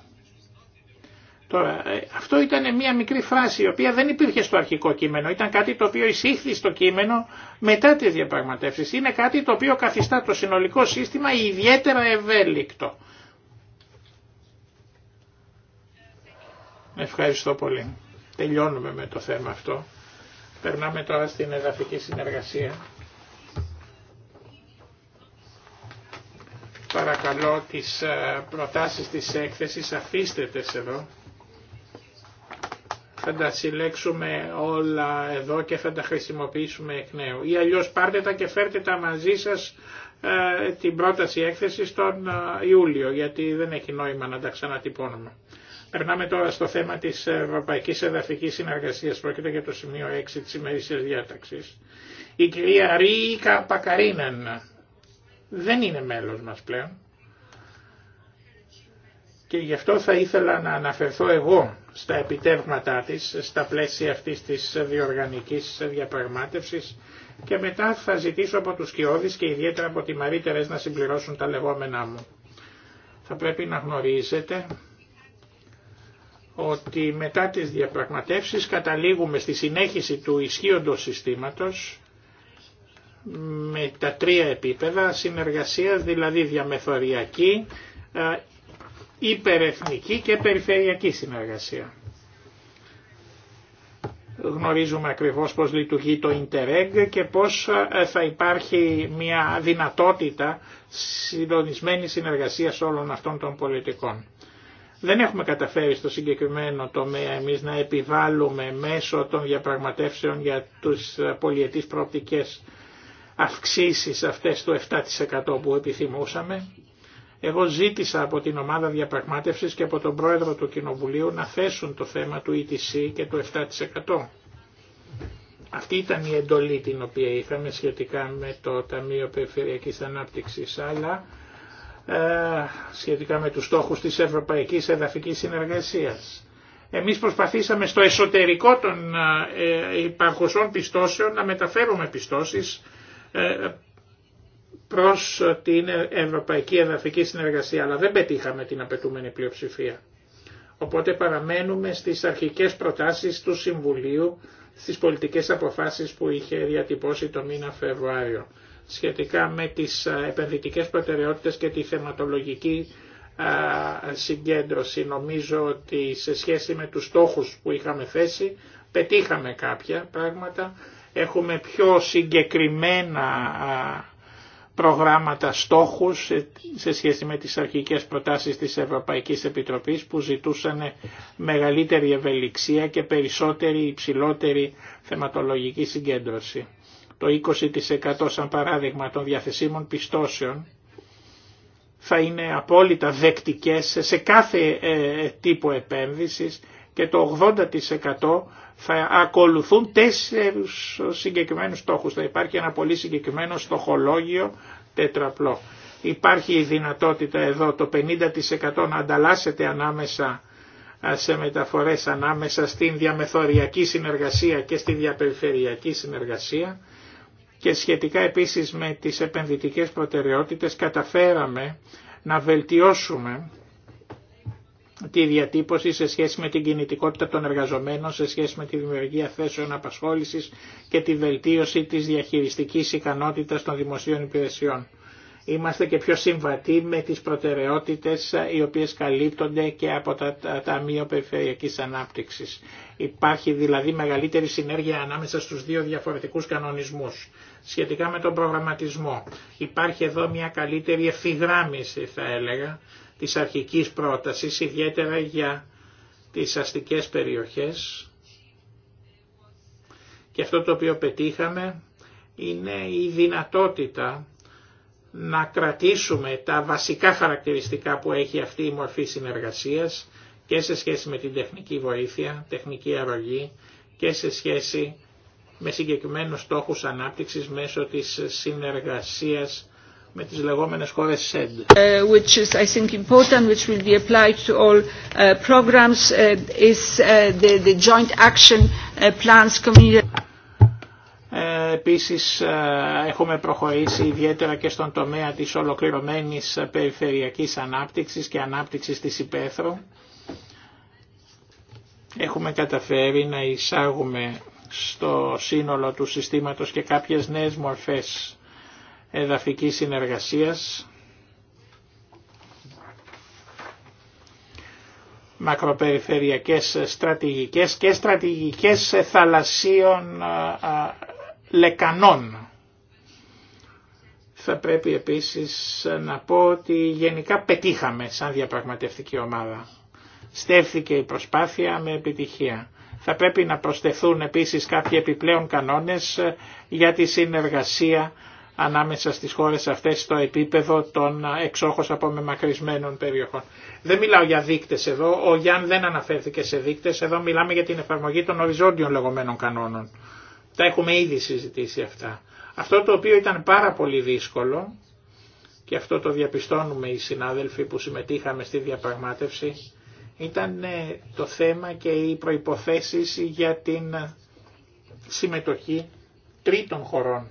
Τώρα, ε, αυτό ήταν μια μικρή φράση η οποία δεν υπήρχε στο αρχικό κείμενο. Ήταν κάτι το οποίο εισήχθη στο κείμενο μετά τις διαπραγματεύσεις. Είναι κάτι το οποίο καθιστά το συνολικό σύστημα ιδιαίτερα ευέλικτο. Ευχαριστώ πολύ. Τελειώνουμε με το θέμα αυτό. Περνάμε τώρα στην εδαφική συνεργασία. Παρακαλώ τις ε, προτάσεις της έκθεσης αφήστε τες εδώ. Θα τα συλλέξουμε όλα εδώ και θα τα χρησιμοποιήσουμε εκ νέου. Ή αλλιώς πάρτε τα και φέρτε τα μαζί σας ε, την πρόταση έκθεσης τον ε, Ιούλιο γιατί δεν έχει νόημα να τα ξανατυπώνουμε. Περνάμε τώρα στο θέμα της Ευρωπαϊκής Εδαφικής Συνεργασίας. Πρόκειται για το σημείο 6 της ημερήσιας διάταξης. Η κυρία Ρίκα Πακαρίναν δεν είναι μέλος μας πλέον. Και γι' αυτό θα ήθελα να αναφερθώ εγώ στα επιτεύγματά της, στα πλαίσια αυτής της διοργανικής διαπραγμάτευσης και μετά θα ζητήσω από τους Κιώδης και ιδιαίτερα από τη Μαρή να συμπληρώσουν τα λεγόμενά μου. Θα πρέπει να γνωρίζετε ότι μετά τις διαπραγματεύσεις καταλήγουμε στη συνέχιση του ισχύοντος συστήματος με τα τρία επίπεδα συνεργασίας, δηλαδή διαμεθοριακή, ε, υπερεθνική και περιφερειακή συνεργασία. Γνωρίζουμε ακριβώς πώς λειτουργεί το Interreg και πώς ε, θα υπάρχει μια δυνατότητα συντονισμένη συνεργασία όλων αυτών των πολιτικών. Δεν έχουμε καταφέρει στο συγκεκριμένο τομέα εμείς να επιβάλλουμε μέσω των διαπραγματεύσεων για τις πολιετής προοπτικές αυξήσεις αυτές του 7% που επιθυμούσαμε. Εγώ ζήτησα από την ομάδα διαπραγμάτευσης και από τον πρόεδρο του Κοινοβουλίου να θέσουν το θέμα του ETC και του 7%. Αυτή ήταν η εντολή την οποία είχαμε σχετικά με το Ταμείο Περιφερειακής Ανάπτυξης, αλλά ε, σχετικά με τους στόχους της Ευρωπαϊκής Εδαφικής Συνεργασίας. Εμείς προσπαθήσαμε στο εσωτερικό των ε, ε, υπαρχουσών πιστώσεων να μεταφέρουμε πιστώσεις προς την Ευρωπαϊκή Εδαφική Συνεργασία, αλλά δεν πετύχαμε την απαιτούμενη πλειοψηφία. Οπότε παραμένουμε στις αρχικές προτάσεις του Συμβουλίου στις πολιτικές αποφάσεις που είχε διατυπώσει το μήνα Φεβρουάριο σχετικά με τις ε, επενδυτικές προτεραιότητες και τη θεματολογική ε, συγκέντρωση. Νομίζω ότι σε σχέση με τους στόχους που είχαμε θέσει πετύχαμε κάποια πράγματα. Έχουμε πιο συγκεκριμένα ε, προγράμματα στόχους σε σχέση με τις αρχικές προτάσεις της Ευρωπαϊκής Επιτροπής που ζητούσαν μεγαλύτερη ευελιξία και περισσότερη υψηλότερη θεματολογική συγκέντρωση το 20% σαν παράδειγμα των διαθεσίμων πιστώσεων θα είναι απόλυτα δεκτικές σε κάθε ε, τύπο επένδυσης και το 80% θα ακολουθούν τέσσερους συγκεκριμένους στόχους. Θα υπάρχει ένα πολύ συγκεκριμένο στοχολόγιο τετραπλό. Υπάρχει η δυνατότητα εδώ το 50% να ανταλλάσσεται ανάμεσα σε μεταφορές ανάμεσα στην διαμεθοριακή συνεργασία και στη διαπεριφερειακή συνεργασία και σχετικά επίσης με τις επενδυτικές προτεραιότητες καταφέραμε να βελτιώσουμε τη διατύπωση σε σχέση με την κινητικότητα των εργαζομένων, σε σχέση με τη δημιουργία θέσεων απασχόλησης και τη βελτίωση της διαχειριστικής ικανότητας των δημοσίων υπηρεσιών. Είμαστε και πιο συμβατοί με τις προτεραιότητες ε, οι οποίες καλύπτονται και από τα Ταμείο Περιφερειακής Ανάπτυξης. Υπάρχει δηλαδή μεγαλύτερη συνέργεια ανάμεσα στους δύο διαφορετικούς κανονισμούς σχετικά με τον προγραμματισμό. Υπάρχει εδώ μια καλύτερη ευθυγράμμιση θα έλεγα της αρχικής πρότασης, ιδιαίτερα για τις αστικές περιοχές. Και αυτό το οποίο πετύχαμε είναι η δυνατότητα να κρατήσουμε τα βασικά χαρακτηριστικά που έχει αυτή η μορφή συνεργασίας και σε σχέση με την τεχνική βοήθεια, τεχνική αρρωγή και σε σχέση με συγκεκριμένους στόχους ανάπτυξης μέσω της συνεργασίας με τις λεγόμενες χώρες ΣΕΝΤ.
Ε, which is, I think, important, which will be applied to all ε, programs, ε, is the, joint action plans
επίσης έχουμε προχωρήσει ιδιαίτερα και στον τομέα της ολοκληρωμένης περιφερειακής ανάπτυξης και ανάπτυξης της υπαίθρου. Έχουμε καταφέρει να εισάγουμε στο σύνολο του συστήματος και κάποιες νέες μορφές εδαφικής συνεργασίας. μακροπεριφερειακές στρατηγικές και στρατηγικές θαλασσίων λεκανών. Θα πρέπει επίσης να πω ότι γενικά πετύχαμε σαν διαπραγματευτική ομάδα. Στέφθηκε η προσπάθεια με επιτυχία. Θα πρέπει να προσθεθούν επίσης κάποιοι επιπλέον κανόνες ε, για τη συνεργασία ανάμεσα στις χώρες αυτές στο επίπεδο των ε, εξόχως μεμακρυσμένων περιοχών. Δεν μιλάω για δείκτες εδώ, ο Γιάνν δεν αναφέρθηκε σε δείκτες, εδώ μιλάμε για την εφαρμογή των οριζόντιων λεγόμενων κανόνων. Τα έχουμε ήδη συζητήσει αυτά. Αυτό το οποίο ήταν πάρα πολύ δύσκολο, και αυτό το διαπιστώνουμε οι συνάδελφοι που συμμετείχαμε στη διαπραγμάτευση, ήταν το θέμα και οι προϋποθέσεις για την συμμετοχή τρίτων χωρών.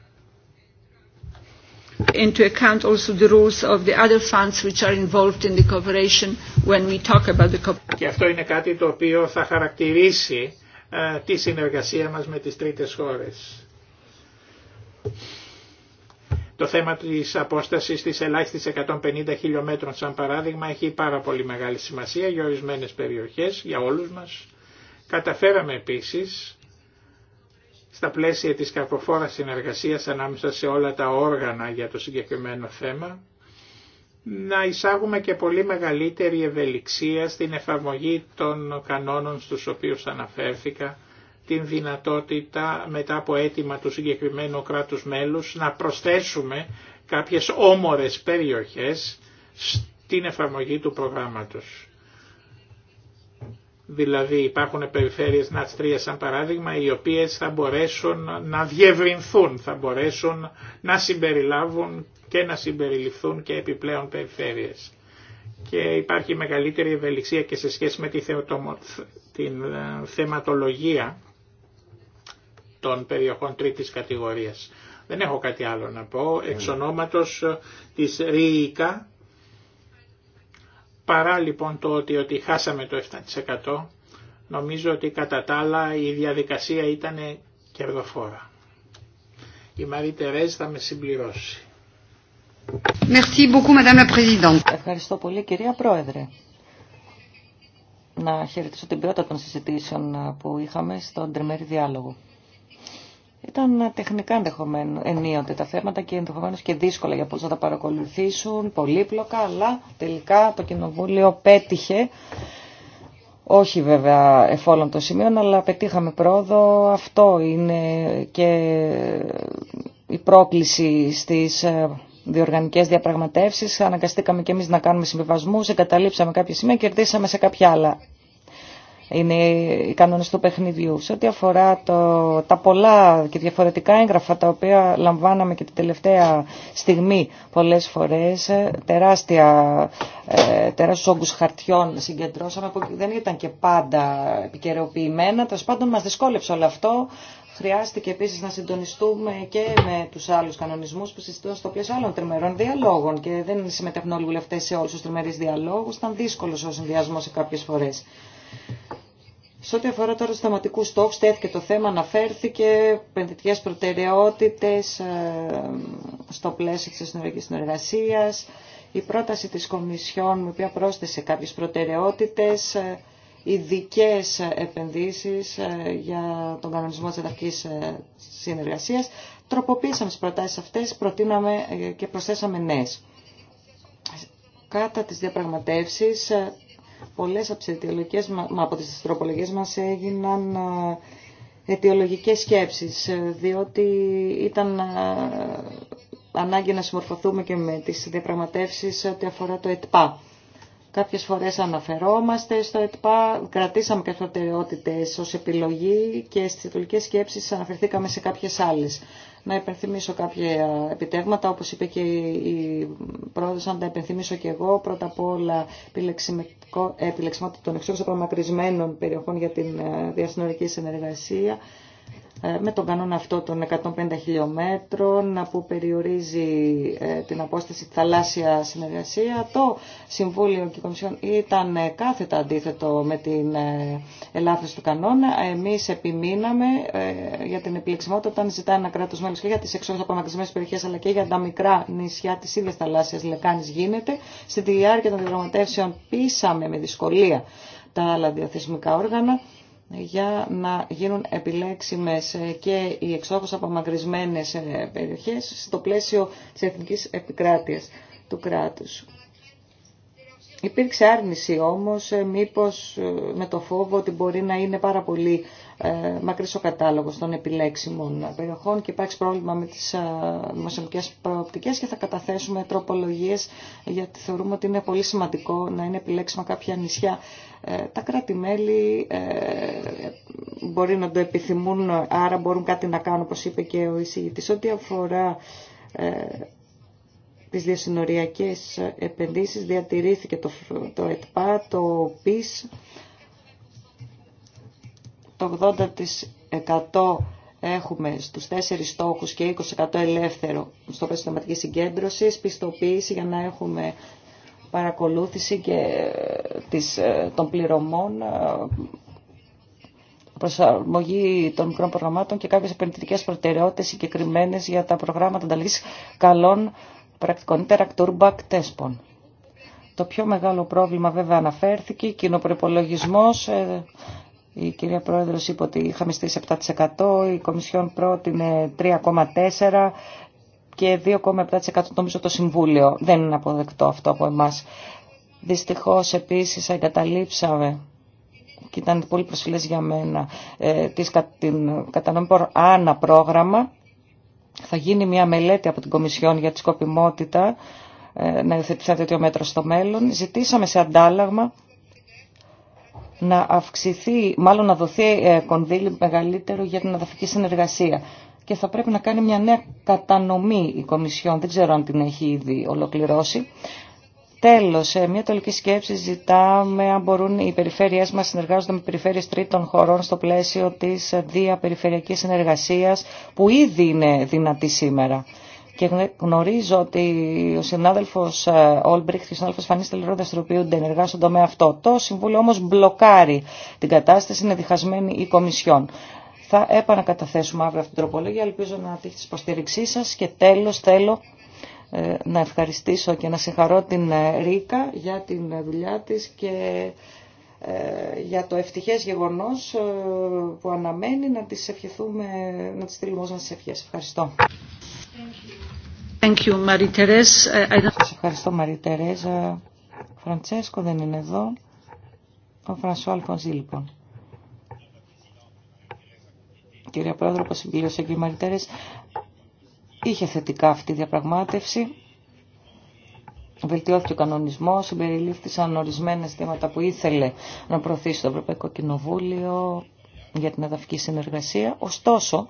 Into account also the rules of the other funds which are involved in the cooperation
when we talk about the cooperation. Και αυτό είναι κάτι το οποίο θα χαρακτηρίσει ε, τη συνεργασία μας με τις τρίτες χώρες. Το θέμα της απόστασης της ελάχιστης 150 χιλιόμετρων σαν παράδειγμα έχει πάρα πολύ μεγάλη σημασία για ορισμένες περιοχές, για όλους μας. Καταφέραμε επίσης στα πλαίσια της κακοφόρας συνεργασίας ανάμεσα σε όλα τα όργανα για το συγκεκριμένο θέμα, να εισάγουμε και πολύ μεγαλύτερη ευελιξία στην εφαρμογή των κανόνων στους οποίους αναφέρθηκα την δυνατότητα μετά από αίτημα του συγκεκριμένου κράτους μέλους να προσθέσουμε κάποιες όμορες περιοχές στην εφαρμογή του προγράμματος. Δηλαδή υπάρχουν περιφέρειες ΝΑΤΣ 3 σαν παράδειγμα οι οποίες θα μπορέσουν να διευρυνθούν, θα μπορέσουν να συμπεριλάβουν και να συμπεριληφθούν και επιπλέον περιφέρειες. Και υπάρχει μεγαλύτερη ευελιξία και σε σχέση με τη την ε, θεματολογία των περιοχών τρίτης κατηγορίας. Δεν έχω κάτι άλλο να πω. Εξ ναι. ονόματος ε, της ΡΙΙΚΑ, παρά λοιπόν το ότι, ότι χάσαμε το 7%, νομίζω ότι κατά τα άλλα η διαδικασία ήταν κερδοφόρα. Η Μαρή Τερέζ θα με συμπληρώσει.
Ευχαριστώ πολύ κυρία Πρόεδρε. Να χαιρετήσω την πρώτα των συζητήσεων που είχαμε στον τριμερή διάλογο. Ήταν τεχνικά ενδεχομένω ενίοτε τα θέματα και ενδεχομένω και δύσκολα για πολλού να τα παρακολουθήσουν, πολύπλοκα, αλλά τελικά το Κοινοβούλιο πέτυχε. Όχι βέβαια εφόλων των σημείων, αλλά πετύχαμε πρόοδο. Αυτό είναι και η πρόκληση στις ε, διοργανικές διαπραγματεύσεις. Αναγκαστήκαμε και εμείς να κάνουμε συμβιβασμούς, εγκαταλείψαμε κάποια σημεία και κερδίσαμε σε κάποια άλλα είναι οι κανόνες του παιχνιδιού. Σε ό,τι αφορά το, τα πολλά και διαφορετικά έγγραφα τα οποία λαμβάναμε και την τελευταία στιγμή πολλές φορές, ε, τεράστια, ε, τεράστιους όγκους χαρτιών συγκεντρώσαμε που δεν ήταν και πάντα επικαιροποιημένα. Τέλο πάντων μας δυσκόλεψε όλο αυτό. Χρειάστηκε επίσης να συντονιστούμε και με τους άλλους κανονισμούς που συζητούν στο πλαίσιο άλλων τριμερών διαλόγων και δεν συμμετέχουν όλοι βουλευτές σε όλους τους τριμερείς διαλόγους. Ήταν δύσκολος ο συνδυασμός σε κάποιες φορές. Σε ό,τι αφορά τώρα του θεματικού στόχου, τέθηκε το θέμα, αναφέρθηκε επενδυτικέ προτεραιότητε ε, στο πλαίσιο τη συνολική συνεργασία. Η πρόταση τη Κομισιόν, η οποία πρόσθεσε κάποιε προτεραιότητε, ε, ειδικέ επενδύσει ε, για τον κανονισμό τη εδαφική συνεργασία. Τροποποίησαμε τι προτάσει αυτέ, προτείναμε και προσθέσαμε νέε. Κάτα τις διαπραγματεύσεις Πολλές από τις, από τις τροπολογίες μας έγιναν ε, αιτιολογικές σκέψεις, ε, διότι ήταν ε, ανάγκη να συμμορφωθούμε και με τις διαπραγματεύσεις ό,τι αφορά το ΕΤΠΑ. Κάποιες φορές αναφερόμαστε στο ΕΤΠΑ, κρατήσαμε κάποιες προτεραιότητες ως επιλογή και στις αιτιολογικές σκέψεις αναφερθήκαμε σε κάποιες άλλες να υπενθυμίσω κάποια επιτέγματα, όπως είπε και η πρόεδρος, να τα υπενθυμίσω και εγώ. Πρώτα απ' όλα, ε, επιλεξιμότητα των εξόχως προμακρυσμένων περιοχών για την ε, διασυνορική συνεργασία. Ε, με τον κανόνα αυτό των 150 χιλιόμετρων που περιορίζει ε, την απόσταση τη θαλάσσια συνεργασία. Το Συμβούλιο και η Κομισιόν ήταν ε, κάθετα αντίθετο με την ελάφρυνση του κανόνα. Εμείς επιμείναμε για την επιλεξιμότητα όταν ζητάει ένα κράτος μέλος και για τις εξόδους απομακρυσμένες περιοχές αλλά και για τα μικρά νησιά της ίδιας θαλάσσιας λεκάνης γίνεται. Στη διάρκεια των διαπραγματεύσεων πείσαμε με δυσκολία τα άλλα διαθεσμικά όργανα για να γίνουν επιλέξιμες και οι εξόχως απομακρυσμένες ε, περιοχές στο πλαίσιο της εθνικής επικράτειας του κράτους. Υπήρξε άρνηση όμως ε, μήπως ε, με το φόβο ότι μπορεί να είναι πάρα πολύ ε, ο κατάλογο των επιλέξιμων περιοχών και υπάρχει πρόβλημα με τις ε, δημοσιονομικές προοπτικές και θα καταθέσουμε τρόπολογίε γιατί θεωρούμε ότι είναι πολύ σημαντικό να είναι επιλέξιμα κάποια νησιά. Ε, τα κράτη-μέλη ε, μπορεί να το επιθυμούν, άρα μπορούν κάτι να κάνουν, όπω είπε και ο εισηγητή. Ό,τι αφορά τις διασυνοριακέ επενδύσεις διατηρήθηκε το, το ΕΤΠΑ, το ΠΙΣ το 80% έχουμε στους τέσσερις στόχους και 20% ελεύθερο στο πλαίσιο θεματικής συγκέντρωσης, πιστοποίηση για να έχουμε παρακολούθηση και ε, της, ε, των πληρωμών, ε, προσαρμογή των μικρών προγραμμάτων και κάποιες επενδυτικές προτεραιότητες συγκεκριμένε για τα προγράμματα ανταλλαγής καλών πρακτικών Interactor Back Το πιο μεγάλο πρόβλημα βέβαια αναφέρθηκε, κοινοπροϋπολογισμός... Η κυρία Πρόεδρος είπε ότι είχαμε στήσει 7%, η Κομισιόν πρότεινε 3,4% και 2,7% νομίζω το Συμβούλιο. Δεν είναι αποδεκτό αυτό από εμάς. Δυστυχώς επίσης εγκαταλείψαμε και ήταν πολύ προσφυλές για μένα ε, της, την κατανομή άνα πρόγραμμα. Θα γίνει μια μελέτη από την Κομισιόν για τη σκοπιμότητα ε, να υιοθετηθεί τέτοιο μέτρο στο μέλλον. Ζητήσαμε σε αντάλλαγμα να αυξηθεί, μάλλον να δοθεί ε, κονδύλι μεγαλύτερο για την αδαφική συνεργασία. Και θα πρέπει να κάνει μια νέα κατανομή η Κομισιόν, δεν ξέρω αν την έχει ήδη ολοκληρώσει. Τέλος, ε, μια τελική σκέψη ζητάμε αν μπορούν οι περιφέρειές μας συνεργάζονται με περιφέρειες τρίτων χωρών στο πλαίσιο της ε, διαπεριφερειακής συνεργασίας που ήδη είναι δυνατή σήμερα και γνωρίζω ότι ο συνάδελφο ε, Όλμπριχτ και ο συνάδελφο Φανή Τελερό δραστηριοποιούνται ενεργά στον τομέα αυτό. Το Συμβούλιο όμω μπλοκάρει την κατάσταση, είναι διχασμένη η Κομισιόν. Θα επανακαταθέσουμε αύριο αυτή την τροπολογία, ελπίζω να τύχει τη υποστήριξή σα και τέλο θέλω ε, να ευχαριστήσω και να συγχαρώ την ε, Ρίκα για την δουλειά της και για το ευτυχές γεγονός που αναμένει να τις ευχηθούμε, να τις στείλουμε να Ευχαριστώ. Thank you, Marie Σας ευχαριστώ Μαρή Φραντσέσκο δεν είναι εδώ. Ο Φρανσό Αλφονζή λοιπόν. Κυρία Πρόεδρο, όπως συμπλήρωσε και η είχε θετικά αυτή η διαπραγμάτευση. Βελτιώθηκε ο κανονισμό, συμπεριλήφθησαν ορισμένα θέματα που ήθελε να προωθήσει το Ευρωπαϊκό Κοινοβούλιο για την εδαφική συνεργασία. Ωστόσο,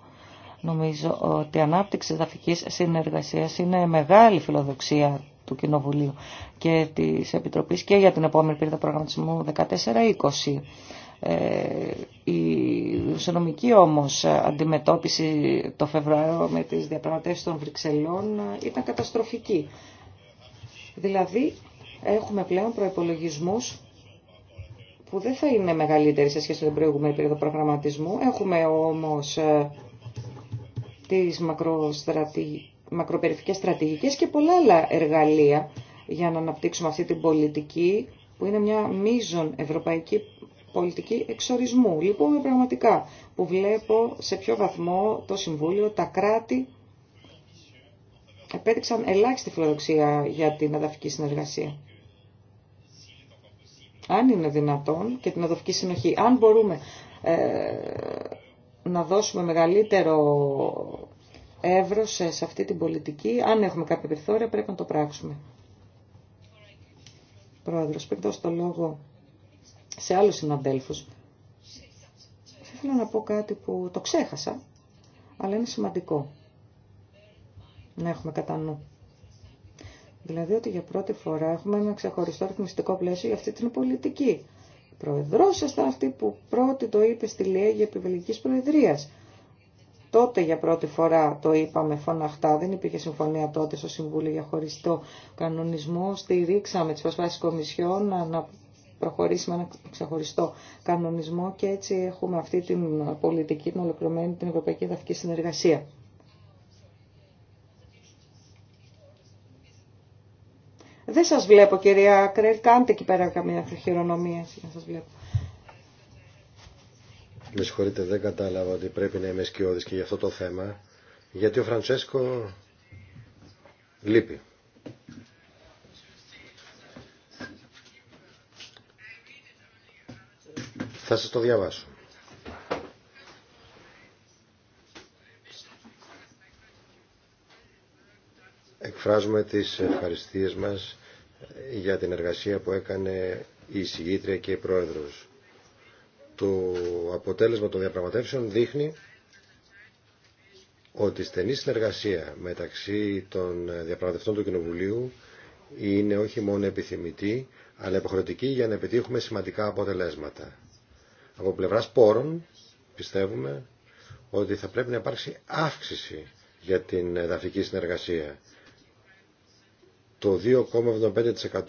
Νομίζω ότι η ανάπτυξη εδαφικής συνεργασίας είναι μεγάλη φιλοδοξία του Κοινοβουλίου και τη Επιτροπής και για την επόμενη περίοδο προγραμματισμού 14-20. Ε, η οικονομική όμως αντιμετώπιση το Φεβρουάριο με τις διαπραγματεύσεις των Βρυξελών ήταν καταστροφική. Δηλαδή έχουμε πλέον προϋπολογισμούς που δεν θα είναι μεγαλύτεροι σε σχέση με την προηγούμενη περίοδο προγραμματισμού. Έχουμε ε, τις μακροστρατη... μακροπεριφικές στρατηγικές και πολλά άλλα εργαλεία για να αναπτύξουμε αυτή την πολιτική που είναι μια μείζον ευρωπαϊκή πολιτική εξορισμού. Λοιπόν, πραγματικά που βλέπω σε ποιο βαθμό το Συμβούλιο, τα κράτη επέδειξαν ελάχιστη φιλοδοξία για την αδαφική συνεργασία. Αν είναι δυνατόν και την αδαφική συνοχή, αν μπορούμε ε, να δώσουμε μεγαλύτερο εύρος σε αυτή την πολιτική. Αν έχουμε κάποια περιθώρια πρέπει να το πράξουμε. Πρόεδρος, πριν δώσω το λόγο σε άλλους συναντέλφους, θα ήθελα να πω κάτι που το ξέχασα, αλλά είναι σημαντικό να έχουμε κατά νου. Δηλαδή ότι για πρώτη φορά έχουμε ένα ξεχωριστό ρυθμιστικό πλαίσιο για αυτή την πολιτική. Πρόεδρός ήταν αυτή που πρώτη το είπε στη Λέγη Επιβελικής Προεδρίας. Τότε για πρώτη φορά το είπαμε φωναχτά, δεν υπήρχε συμφωνία τότε στο Συμβούλιο για χωριστό κανονισμό. Στηρίξαμε τις προσπάσεις Κομισιόν να προχωρήσουμε με ένα ξεχωριστό κανονισμό και έτσι έχουμε αυτή την πολιτική, την ολοκληρωμένη, την Ευρωπαϊκή Εδαφική Συνεργασία. Δεν σας βλέπω κυρία Κρέλ, κάντε εκεί πέρα καμία χειρονομία να σας βλέπω.
Με συγχωρείτε, δεν κατάλαβα ότι πρέπει να είμαι σκιώδης και για αυτό το θέμα, γιατί ο Φραντσέσκο λείπει. Θα σας το διαβάσω. Εκφράζουμε τις ευχαριστίες μας για την εργασία που έκανε η συγγήτρια και η πρόεδρος. Το αποτέλεσμα των διαπραγματεύσεων δείχνει ότι η στενή συνεργασία μεταξύ των διαπραγματευτών του Κοινοβουλίου είναι όχι μόνο επιθυμητή, αλλά υποχρεωτική για να επιτύχουμε σημαντικά αποτελέσματα. Από πλευρά πόρων πιστεύουμε ότι θα πρέπει να υπάρξει αύξηση για την εδαφική συνεργασία το 2,75%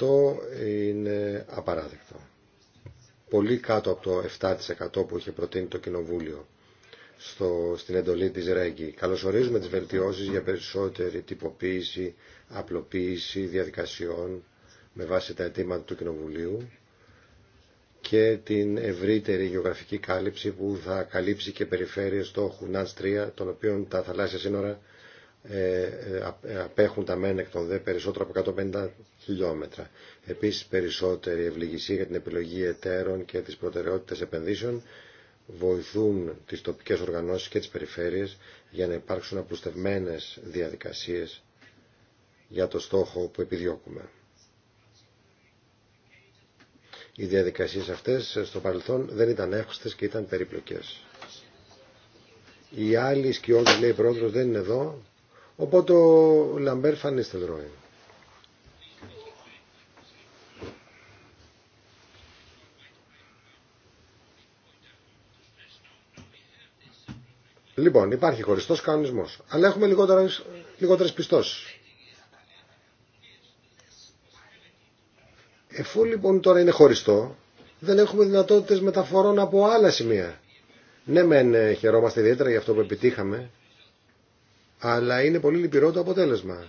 είναι απαράδεκτο. Πολύ κάτω από το 7% που είχε προτείνει το Κοινοβούλιο στο, στην εντολή της ΡΕΓΚΙ. Καλωσορίζουμε τις βελτιώσεις για περισσότερη τυποποίηση, απλοποίηση διαδικασιών με βάση τα αιτήματα του Κοινοβουλίου και την ευρύτερη γεωγραφική κάλυψη που θα καλύψει και περιφέρειες στο ΝΑΤΣ 3, των οποίων τα θαλάσσια σύνορα ε, ε, ε, απέχουν τα μένα εκ των δε περισσότερο από 150 χιλιόμετρα. Επίσης περισσότερη ευληγησία για την επιλογή εταίρων και τις προτεραιότητες επενδύσεων βοηθούν τις τοπικές οργανώσεις και τις περιφέρειες για να υπάρξουν απλουστευμένες διαδικασίες για το στόχο που επιδιώκουμε. Οι διαδικασίες αυτές στο παρελθόν δεν ήταν έχουστες και ήταν περίπλοκες. Η άλλη σκιώδη λέει πρόεδρος δεν είναι εδώ. Οπότε ο Λαμπέρ Φανίστελρόι. Λοιπόν, υπάρχει χωριστός κανονισμός, αλλά έχουμε λιγότερε λιγότερες πιστώσεις. Εφού λοιπόν τώρα είναι χωριστό, δεν έχουμε δυνατότητες μεταφορών από άλλα σημεία. Ναι, μεν ε, χαιρόμαστε ιδιαίτερα για αυτό που επιτύχαμε, αλλά είναι πολύ λυπηρό το αποτέλεσμα.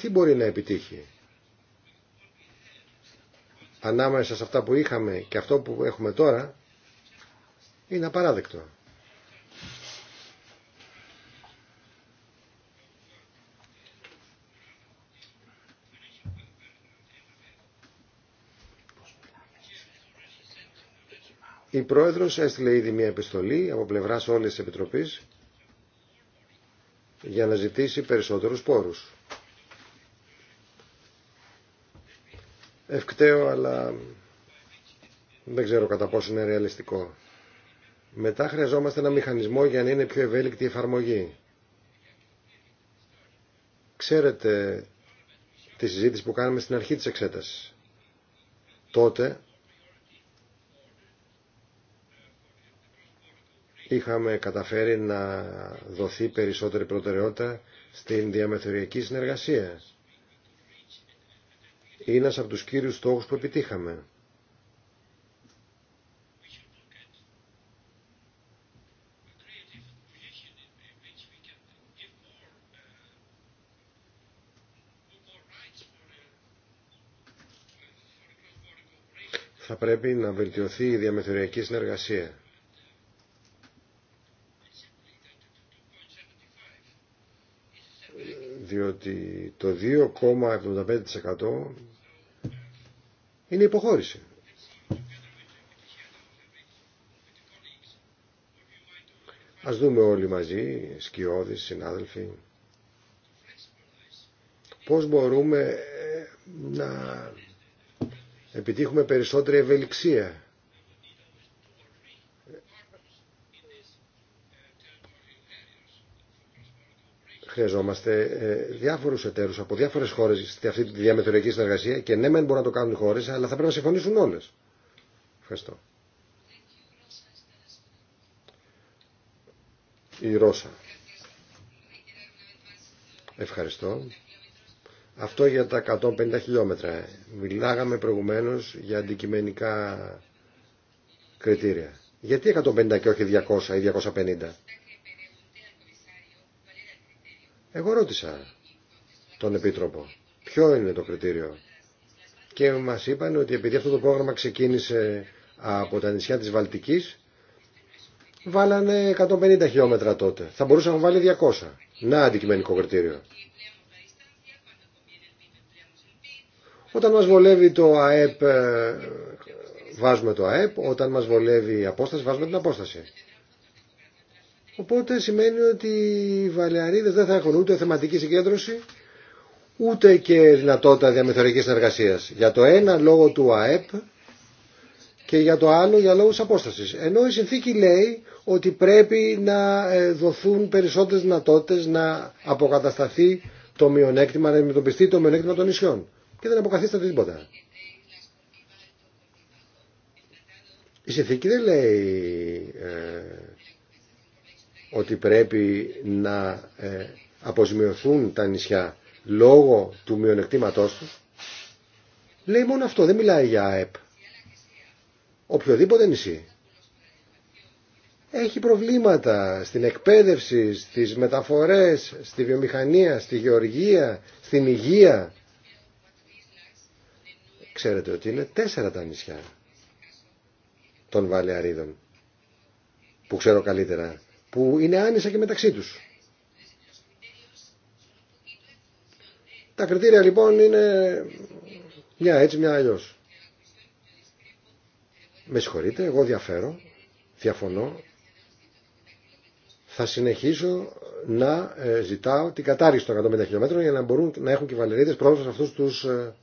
Τι μπορεί να επιτύχει. Ανάμεσα σε αυτά που είχαμε και αυτό που έχουμε τώρα είναι απαράδεκτο. Η Πρόεδρος έστειλε ήδη μια επιστολή από πλευράς όλης της Επιτροπής για να ζητήσει περισσότερους πόρους. Ευκταίο, αλλά δεν ξέρω κατά πόσο είναι ρεαλιστικό. Μετά χρειαζόμαστε ένα μηχανισμό για να είναι πιο ευέλικτη η εφαρμογή. Ξέρετε τη συζήτηση που κάναμε στην αρχή της εξέτασης. Τότε είχαμε καταφέρει να δοθεί περισσότερη προτεραιότητα στην διαμεθοριακή συνεργασία. Είναι ενα από τους κύριους στόχους που επιτύχαμε. Θα πρέπει να βελτιωθεί η διαμεθοριακή συνεργασία. διότι το 2,75% είναι υποχώρηση. Ας δούμε όλοι μαζί, σκιώδεις, συνάδελφοι, πώς μπορούμε ε, να επιτύχουμε περισσότερη ευελιξία χρειαζόμαστε ε, διάφορου εταίρου από διάφορε χώρε σε αυτή τη διαμεθοριακή συνεργασία και ναι, μεν μπορούν να το κάνουν οι χώρε, αλλά θα πρέπει να συμφωνήσουν όλε. Ευχαριστώ. Η Ρώσα. Ευχαριστώ. Αυτό για τα 150 χιλιόμετρα. Μιλάγαμε προηγουμένως για αντικειμενικά κριτήρια. Γιατί 150 και όχι 200 ή 250. Εγώ ρώτησα τον Επίτροπο ποιο είναι το κριτήριο και μας είπαν ότι επειδή αυτό το πρόγραμμα ξεκίνησε από τα νησιά της Βαλτικής βάλανε 150 χιλιόμετρα τότε. Θα μπορούσαν να βάλει 200. Να αντικειμενικό κριτήριο. Όταν μας βολεύει το ΑΕΠ ε, βάζουμε το ΑΕΠ, όταν μας βολεύει η απόσταση βάζουμε την απόσταση. Οπότε σημαίνει ότι οι Βαλεαρίδες δεν θα έχουν ούτε θεματική συγκέντρωση, ούτε και δυνατότητα διαμεθορικής συνεργασίας. Για το ένα λόγο του ΑΕΠ και για το άλλο για λόγους απόστασης. Ενώ η συνθήκη λέει ότι πρέπει να ε, δοθούν περισσότερες δυνατότητες να αποκατασταθεί το μειονέκτημα, να αντιμετωπιστεί το μειονέκτημα των νησιών. Και δεν αποκαθίσταται τίποτα. Η συνθήκη δεν λέει ε, ότι πρέπει να ε, αποζημιωθούν τα νησιά λόγω του μειονεκτήματός τους, λέει μόνο αυτό, δεν μιλάει για ΑΕΠ. Οποιοδήποτε νησί έχει προβλήματα στην εκπαίδευση, στις μεταφορές, στη βιομηχανία, στη γεωργία, στην υγεία. Ξέρετε ότι είναι τέσσερα τα νησιά των Βαλεαρίδων που ξέρω καλύτερα που είναι άνισα και μεταξύ τους. Τα κριτήρια λοιπόν είναι μια έτσι, μια αλλιώ. Με συγχωρείτε, εγώ διαφέρω, διαφωνώ. Θα συνεχίσω να ε, ζητάω την κατάργηση των 150 χιλιόμετρων για να μπορούν να έχουν και οι βαλερίδες πρόσβαση σε αυτούς τους, ε,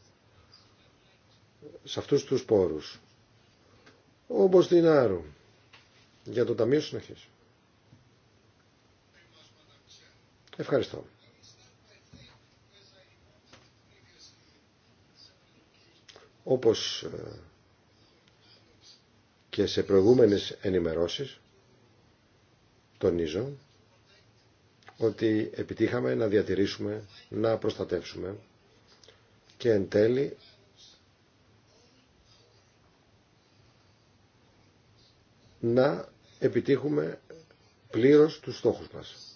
σε αυτούς τους πόρους. Ο Μποστινάρου για το Ταμείο συνεχίζω. Ευχαριστώ. Όπως ε, και σε προηγούμενες ενημερώσεις τονίζω ότι επιτύχαμε να διατηρήσουμε, να προστατεύσουμε και εν τέλει να επιτύχουμε πλήρως τους στόχους μας.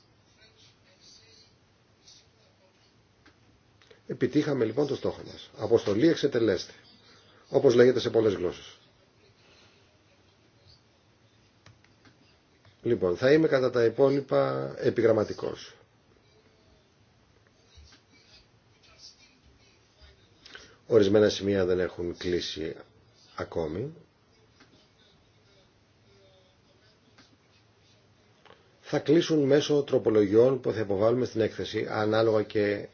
Επιτύχαμε λοιπόν το στόχο μας. Αποστολή εξετελέστη. Όπως λέγεται σε πολλές γλώσσες. Λοιπόν, θα είμαι κατά τα υπόλοιπα επιγραμματικός. Ορισμένα σημεία δεν έχουν κλείσει ακόμη. Θα κλείσουν μέσω τροπολογιών που θα υποβάλουμε στην έκθεση, ανάλογα και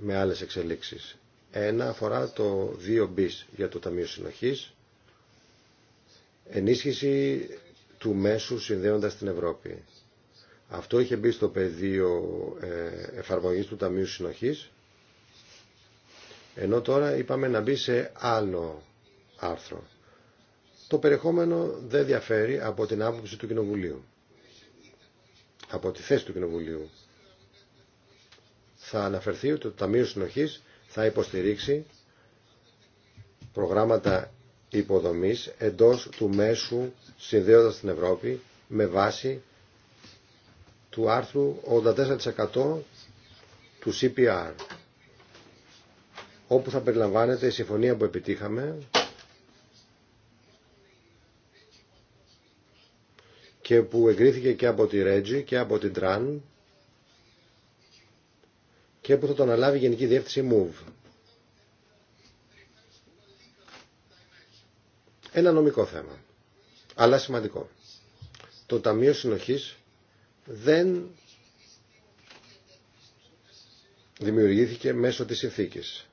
με άλλες εξελίξεις. Ένα αφορά το 2 bis για το Ταμείο Συνοχής, ενίσχυση του μέσου συνδέοντας την Ευρώπη. Αυτό είχε μπει στο πεδίο ε, εφαρμογής του Ταμείου Συνοχής, ενώ τώρα είπαμε να μπει σε άλλο άρθρο. Το περιεχόμενο δεν διαφέρει από την άποψη του Κοινοβουλίου, από τη θέση του Κοινοβουλίου θα αναφερθεί ότι το Ταμείο Συνοχής θα υποστηρίξει προγράμματα υποδομής εντός του μέσου συνδέοντας την Ευρώπη με βάση του άρθρου 84% του CPR όπου θα περιλαμβάνεται η συμφωνία που επιτύχαμε και που εγκρίθηκε και από τη Ρέτζη και από την Τραν και που θα τον αναλάβει η Γενική Διεύθυνση MOVE. Ένα νομικό θέμα, αλλά σημαντικό. Το Ταμείο Συνοχής δεν δημιουργήθηκε μέσω της συνθήκης.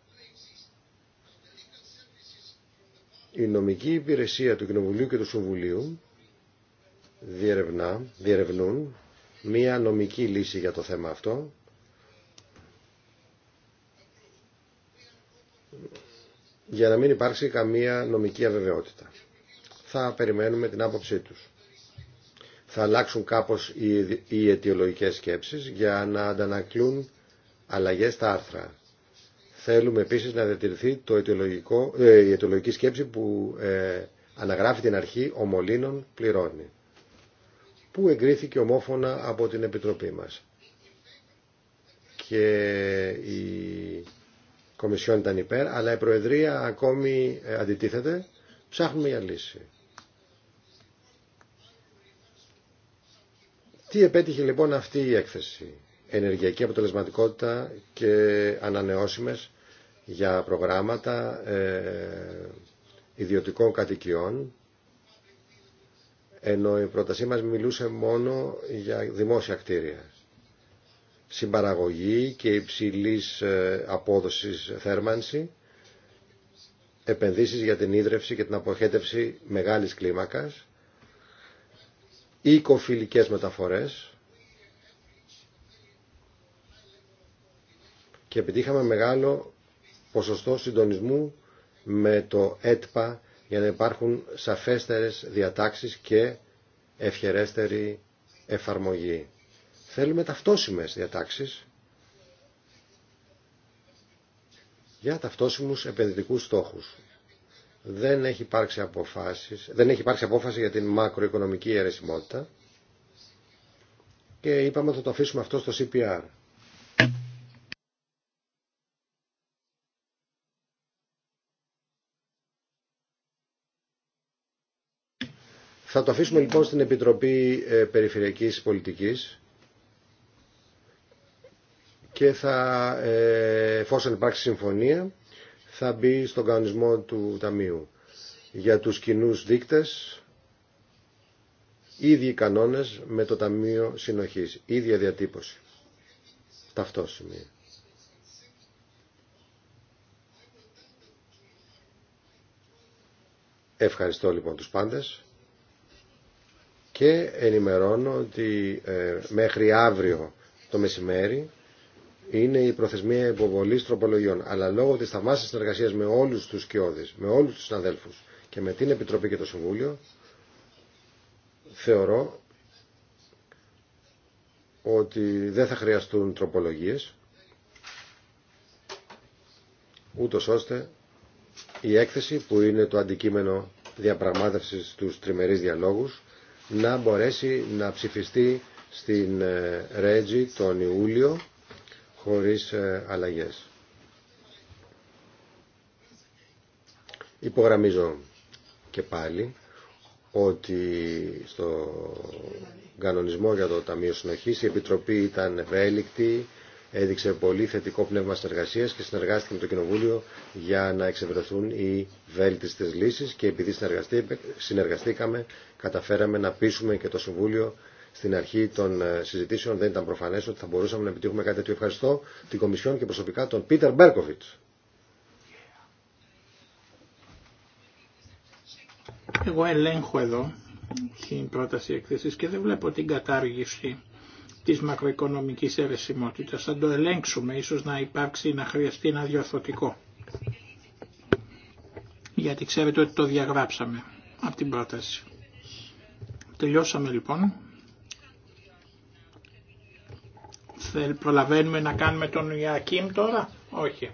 Η νομική υπηρεσία του Κοινοβουλίου και του Συμβουλίου διερευνά, διερευνούν μία νομική λύση για το θέμα αυτό για να μην υπάρξει καμία νομική αβεβαιότητα. Θα περιμένουμε την άποψή τους. Θα αλλάξουν κάπως οι αιτιολογικές σκέψεις για να αντανακλούν αλλαγές στα άρθρα. Θέλουμε επίσης να διατηρηθεί το αιτιολογικό, ε, η αιτιολογική σκέψη που ε, αναγράφει την αρχή «Ο Μολύνων πληρώνει» που εγκρίθηκε ομόφωνα από την Επιτροπή μας. Και η Κομισιόν ήταν υπέρ, αλλά η Προεδρία ακόμη ε, αντιτίθεται. Ψάχνουμε μια λύση. Τι επέτυχε λοιπόν αυτή η έκθεση. Ενεργειακή αποτελεσματικότητα και ανανεώσιμες για προγράμματα ε, ιδιωτικών κατοικιών ενώ η πρότασή μας μιλούσε μόνο για δημόσια κτίρια συμπαραγωγή και υψηλής ε, απόδοσης θέρμανση, επενδύσεις για την ίδρυυση και την αποχέτευση μεγάλης κλίμακας, οικοφιλικές μεταφορές και επιτύχαμε μεγάλο ποσοστό συντονισμού με το ΕΤΠΑ για να υπάρχουν σαφέστερες διατάξεις και ευχερέστερη εφαρμογή. Θέλουμε ταυτόσιμες διατάξεις για ταυτόσιμους επενδυτικούς στόχους. Δεν έχει υπάρξει, αποφάσεις, δεν έχει υπάρξει απόφαση για την μακροοικονομική αιρεσιμότητα και είπαμε ότι θα το αφήσουμε αυτό στο CPR. Θα το αφήσουμε λοιπόν στην Επιτροπή ε, Περιφερειακής Πολιτικής και θα, ε, εφόσον υπάρξει συμφωνία, θα μπει στον κανονισμό του Ταμείου. Για τους κοινού δείκτες, ίδιοι κανόνες με το Ταμείο Συνοχής, ίδια διατύπωση. Ταυτόσημη. Ευχαριστώ λοιπόν τους πάντες και ενημερώνω ότι ε, μέχρι αύριο το μεσημέρι είναι η προθεσμία υποβολή τροπολογιών. Αλλά λόγω τη θαυμάσια συνεργασία με όλου του σκιώδει, με όλου του συναδέλφου και με την Επιτροπή και το Συμβούλιο, θεωρώ ότι δεν θα χρειαστούν τροπολογίες ούτως ώστε η έκθεση που είναι το αντικείμενο διαπραγμάτευσης τους τριμερείς διαλόγους να μπορέσει να ψηφιστεί στην ε, Ρέτζη τον Ιούλιο χωρίς ε, αλλαγές. Υπογραμμίζω και πάλι ότι στο κανονισμό για το Ταμείο Συνοχής η Επιτροπή ήταν ευέλικτη, έδειξε πολύ θετικό πνεύμα συνεργασίας και συνεργάστηκε με το Κοινοβούλιο για να εξευρεθούν οι βέλτιστες λύσεις και επειδή συνεργαστήκαμε καταφέραμε να πείσουμε και το Συμβούλιο στην αρχή των ε, συζητήσεων δεν ήταν προφανές ότι θα μπορούσαμε να επιτύχουμε κάτι τέτοιο. Ευχαριστώ την Κομισιόν και προσωπικά τον Πίτερ Μπέρκοβιτ.
Εγώ ελέγχω εδώ την πρόταση εκθέσης και δεν βλέπω την κατάργηση της μακροοικονομικής αιρεσιμότητας. Θα το ελέγξουμε, ίσως να υπάρξει να χρειαστεί ένα διορθωτικό. Γιατί ξέρετε ότι το διαγράψαμε από την πρόταση. Τελειώσαμε λοιπόν. προλαβαίνουμε να κάνουμε τον Ιακίμ τώρα. Όχι.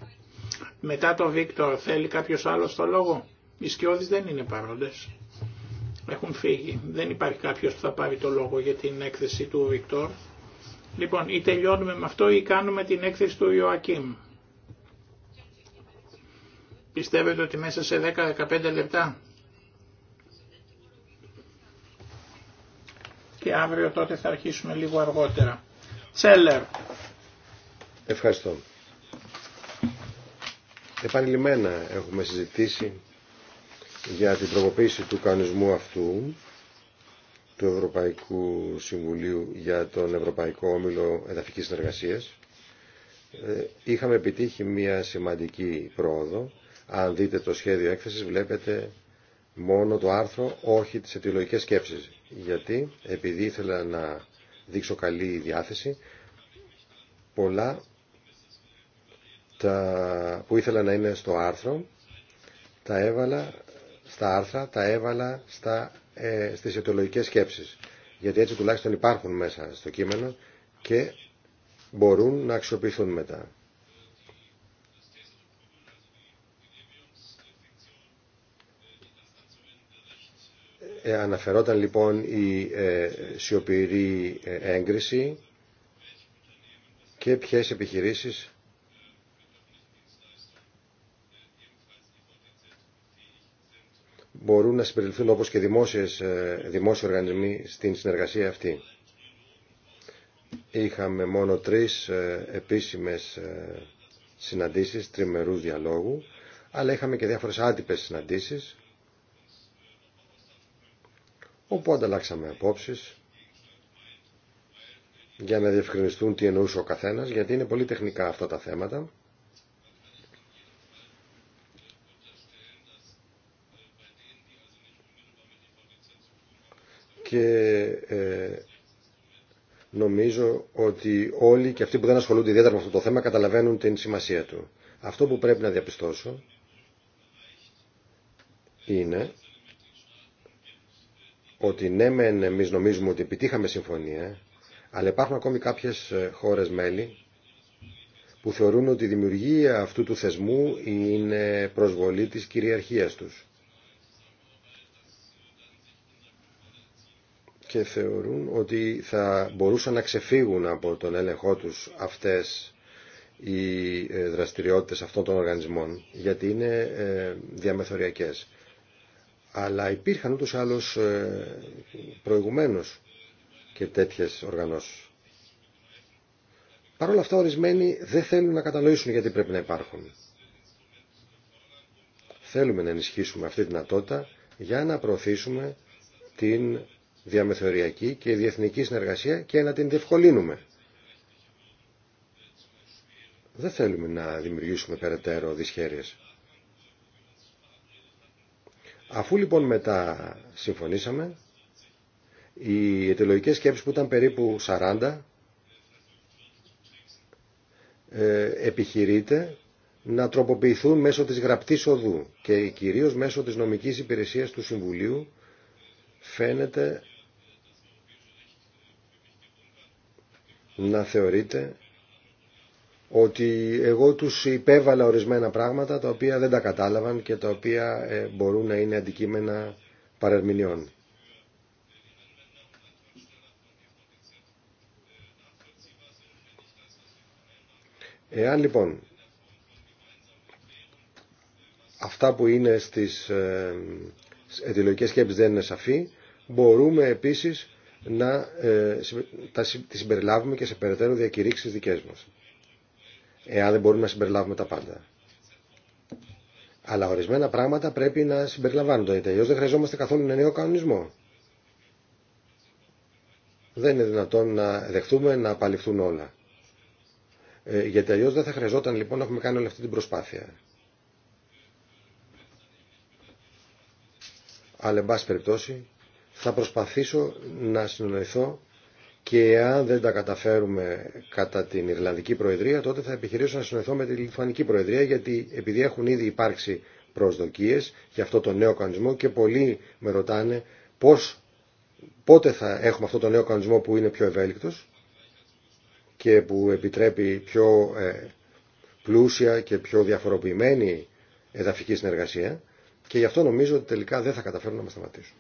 Μετά τον Βίκτορ θέλει κάποιος άλλος το λόγο. Οι σκιώδεις δεν είναι παρόντες. Έχουν φύγει. Δεν υπάρχει κάποιος που θα πάρει το λόγο για την έκθεση του Βίκτορ. Λοιπόν, ή τελειώνουμε με αυτό ή κάνουμε την έκθεση του Ιωακίμ. Πιστεύετε ότι μέσα σε 10-15 λεπτά και αύριο τότε θα αρχίσουμε λίγο αργότερα. Τσέλερ.
Ευχαριστώ. Επανειλημμένα έχουμε συζητήσει για την τροποποίηση του κανονισμού αυτού του Ευρωπαϊκού Συμβουλίου για τον Ευρωπαϊκό Όμιλο Εδαφικής Συνεργασίας. Ε, είχαμε επιτύχει μια σημαντική πρόοδο. Αν δείτε το σχέδιο έκθεσης βλέπετε μόνο το άρθρο, όχι τις αιτιολογικές σκέψεις. Γιατί, επειδή ήθελα να δείξω καλή διάθεση. Πολλά τα, που ήθελα να είναι στο άρθρο, τα έβαλα στα άρθρα, τα έβαλα στα, ε, στις αιτιολογικές σκέψεις. Γιατί έτσι τουλάχιστον υπάρχουν μέσα στο κείμενο και μπορούν να αξιοποιηθούν μετά. Ε, αναφερόταν λοιπόν η ε, σιωπηρή ε, έγκριση και ποιες επιχειρήσεις μπορούν να συμπεριληφθούν όπως και δημόσιες, δημόσιοι οργανισμοί στην συνεργασία αυτή. Είχαμε μόνο τρεις επίσημες συναντήσεις, τριμερούς διαλόγου, αλλά είχαμε και διάφορες άτυπες συναντήσεις όπου ανταλλάξαμε απόψεις για να διευκρινιστούν τι εννοούσε ο καθένας, γιατί είναι πολύ τεχνικά αυτά τα θέματα. Και ε, νομίζω ότι όλοι και αυτοί που δεν ασχολούνται ιδιαίτερα με αυτό το θέμα καταλαβαίνουν την σημασία του. Αυτό που πρέπει να διαπιστώσω είναι ότι ναι μεν εμείς νομίζουμε ότι επιτύχαμε συμφωνία, αλλά υπάρχουν ακόμη κάποιες ε, χώρες μέλη που θεωρούν ότι η δημιουργία αυτού του θεσμού είναι προσβολή της κυριαρχίας τους. Και θεωρούν ότι θα μπορούσαν να ξεφύγουν από τον έλεγχό τους αυτές οι ε, δραστηριότητες αυτών των οργανισμών, γιατί είναι ε, διαμεθοριακές αλλά υπήρχαν ούτως άλλως ε, προηγουμένως και τέτοιες οργανώσεις. Παρ' όλα αυτά ορισμένοι δεν θέλουν να κατανοήσουν γιατί πρέπει να υπάρχουν. Θέλουμε να ενισχύσουμε αυτή τη δυνατότητα για να προωθήσουμε την διαμεθοριακή και διεθνική συνεργασία και να την διευκολύνουμε. Δεν θέλουμε να δημιουργήσουμε περαιτέρω δυσχέρειες. Αφού λοιπόν μετά συμφωνήσαμε, οι αιτιολογικές σκέψεις που ήταν περίπου 40 ε, επιχειρείται να τροποποιηθούν μέσω της γραπτής οδού και κυρίως μέσω της νομικής υπηρεσίας του Συμβουλίου φαίνεται να θεωρείται ότι εγώ τους υπέβαλα ορισμένα πράγματα τα οποία δεν τα κατάλαβαν και τα οποία ε, μπορούν να είναι αντικείμενα παρερμηνιών. Εάν λοιπόν αυτά που είναι στις ε, αιτιολογικές σκέψεις δεν είναι σαφή, μπορούμε επίσης να ε, τα, τις συμπεριλάβουμε και σε περαιτέρω διακηρύξεις δικές μας εάν δεν μπορούμε να συμπεριλάβουμε τα πάντα. Αλλά ορισμένα πράγματα πρέπει να συμπεριλαμβάνονται. Τελειώ δεν χρειαζόμαστε καθόλου ένα νέο κανονισμό. Δεν είναι δυνατόν να δεχτούμε να απαλληφθούν όλα. Ε, γιατί αλλιώ δεν θα χρειαζόταν λοιπόν να έχουμε κάνει όλη αυτή την προσπάθεια. Αλλά εν πάση περιπτώσει θα προσπαθήσω να συνοηθώ και αν δεν τα καταφέρουμε κατά την Ιρλανδική Προεδρία, τότε θα επιχειρήσω να συνοηθώ με τη Λιθουανική Προεδρία, γιατί επειδή έχουν ήδη υπάρξει προσδοκίες για αυτό το νέο κανονισμό και πολλοί με ρωτάνε πώς, πότε θα έχουμε αυτό το νέο κανονισμό που είναι πιο ευέλικτο και που επιτρέπει πιο ε, πλούσια και πιο διαφοροποιημένη εδαφική συνεργασία και γι' αυτό νομίζω ότι τελικά δεν θα καταφέρουν να μας σταματήσουν.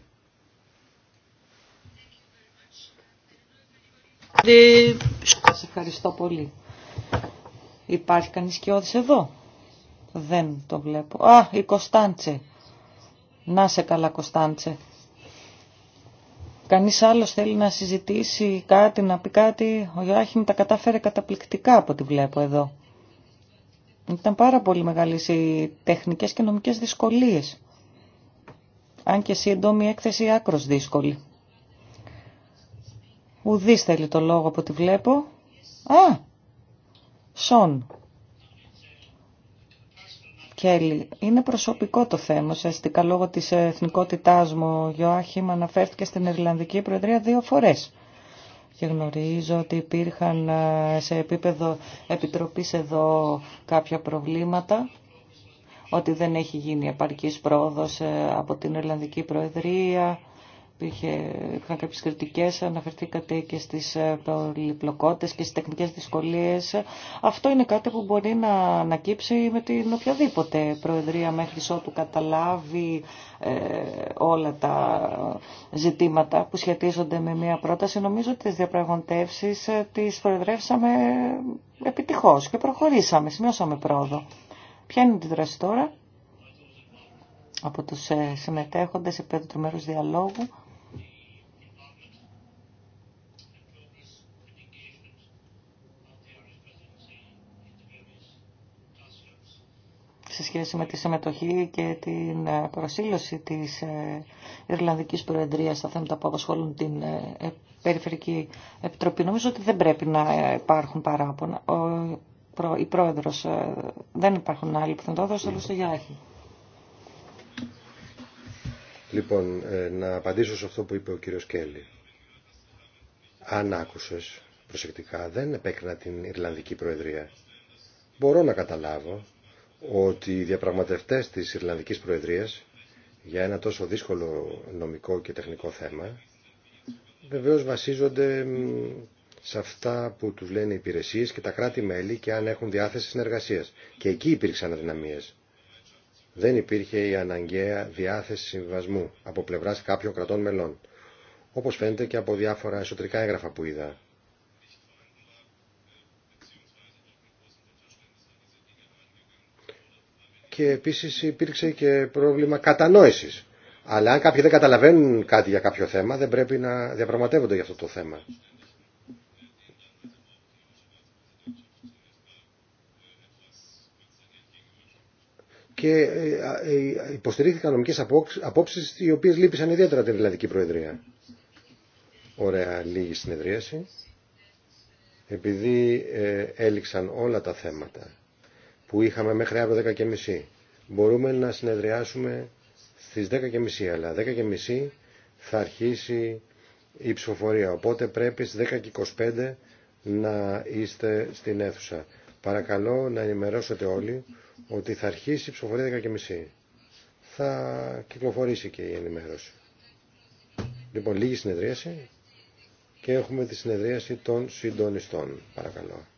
Ε, Σας ευχαριστώ πολύ. Υπάρχει κανείς όδης εδώ. Δεν το βλέπω. Α, η Κωνσταντσε. Να σε καλά Κωνσταντσε. Κανείς άλλος θέλει να συζητήσει κάτι, να πει κάτι. Ο Γιώργη τα κατάφερε καταπληκτικά από ό,τι βλέπω εδώ. Ήταν πάρα πολύ μεγάλες οι τεχνικές και νομικές δυσκολίες. Αν και σύντομη εντόμη έκθεση άκρος δύσκολη. Ουδή θέλει το λόγο από ό,τι βλέπω. Α, Σον. Κέλλη, είναι προσωπικό το θέμα. Ουσιαστικά λόγω της εθνικότητάς μου, ο Γιώαχημ αναφέρθηκε στην Ιρλανδική Προεδρία δύο φορές. Και γνωρίζω ότι υπήρχαν ε, σε επίπεδο επιτροπής εδώ κάποια προβλήματα ότι δεν έχει γίνει επαρκής πρόοδος ε, από την Ιρλανδική Προεδρία υπήρχε, υπήρχαν κάποιες κριτικές, αναφερθήκατε και στις ε, πολυπλοκότητες και στις τεχνικές δυσκολίες. Αυτό είναι κάτι που μπορεί να ανακύψει με την οποιαδήποτε προεδρία μέχρι ότου καταλάβει ε, όλα τα ζητήματα που σχετίζονται με μια πρόταση. Νομίζω ότι τις διαπραγματεύσεις ε, τις προεδρεύσαμε επιτυχώς και προχωρήσαμε, σημειώσαμε πρόοδο. Ποια είναι τη δράση τώρα από τους συμμετέχοντες επί του διαλόγου. σε σχέση με τη συμμετοχή και την ε, προσήλωση της ε, Ιρλανδικής Προεδρίας στα θέματα που απασχολούν την ε, Περιφερική Επιτροπή. Νομίζω ότι δεν πρέπει να υπάρχουν παράπονα. Ο, η Πρόεδρος, δεν υπάρχουν άλλοι που θα το δώσω στο Γιάχη.
Λοιπόν, να απαντήσω σε αυτό που είπε ο κύριος Κέλλη. Αν άκουσες προσεκτικά, δεν επέκρινα την Ιρλανδική Προεδρία. Μπορώ να καταλάβω ότι οι διαπραγματευτές της Ιρλανδικής Προεδρίας για ένα τόσο δύσκολο νομικό και τεχνικό θέμα βεβαίως βασίζονται σε αυτά που τους λένε οι υπηρεσίες και τα κράτη-μέλη και αν έχουν διάθεση συνεργασίας. Και εκεί υπήρξαν αδυναμίες. Δεν υπήρχε η αναγκαία διάθεση συμβασμού από πλευράς κάποιων κρατών μελών, όπως φαίνεται και από διάφορα εσωτερικά έγγραφα που είδα. και επίσης υπήρξε και πρόβλημα κατανόησης. Αλλά αν κάποιοι δεν καταλαβαίνουν κάτι για κάποιο θέμα, δεν πρέπει να διαπραγματεύονται για αυτό το θέμα. Και ε, ε, ε, υποστηρίχθηκαν νομικές απόψεις οι οποίες λείπησαν ιδιαίτερα την Ελλαδική Προεδρία. Ωραία, λίγη συνεδρίαση. Επειδή έληξαν όλα τα θέματα που είχαμε μέχρι αύριο 10.30. Μπορούμε να συνεδριάσουμε στις 10.30, αλλά 10.30 θα αρχίσει η ψηφοφορία. Οπότε πρέπει στις 10.25 να είστε στην αίθουσα. Παρακαλώ να ενημερώσετε όλοι ότι θα αρχίσει η ψηφοφορία 10.30. Θα κυκλοφορήσει και η ενημέρωση. Λοιπόν, λίγη συνεδρίαση και έχουμε τη συνεδρίαση των συντονιστών. Παρακαλώ.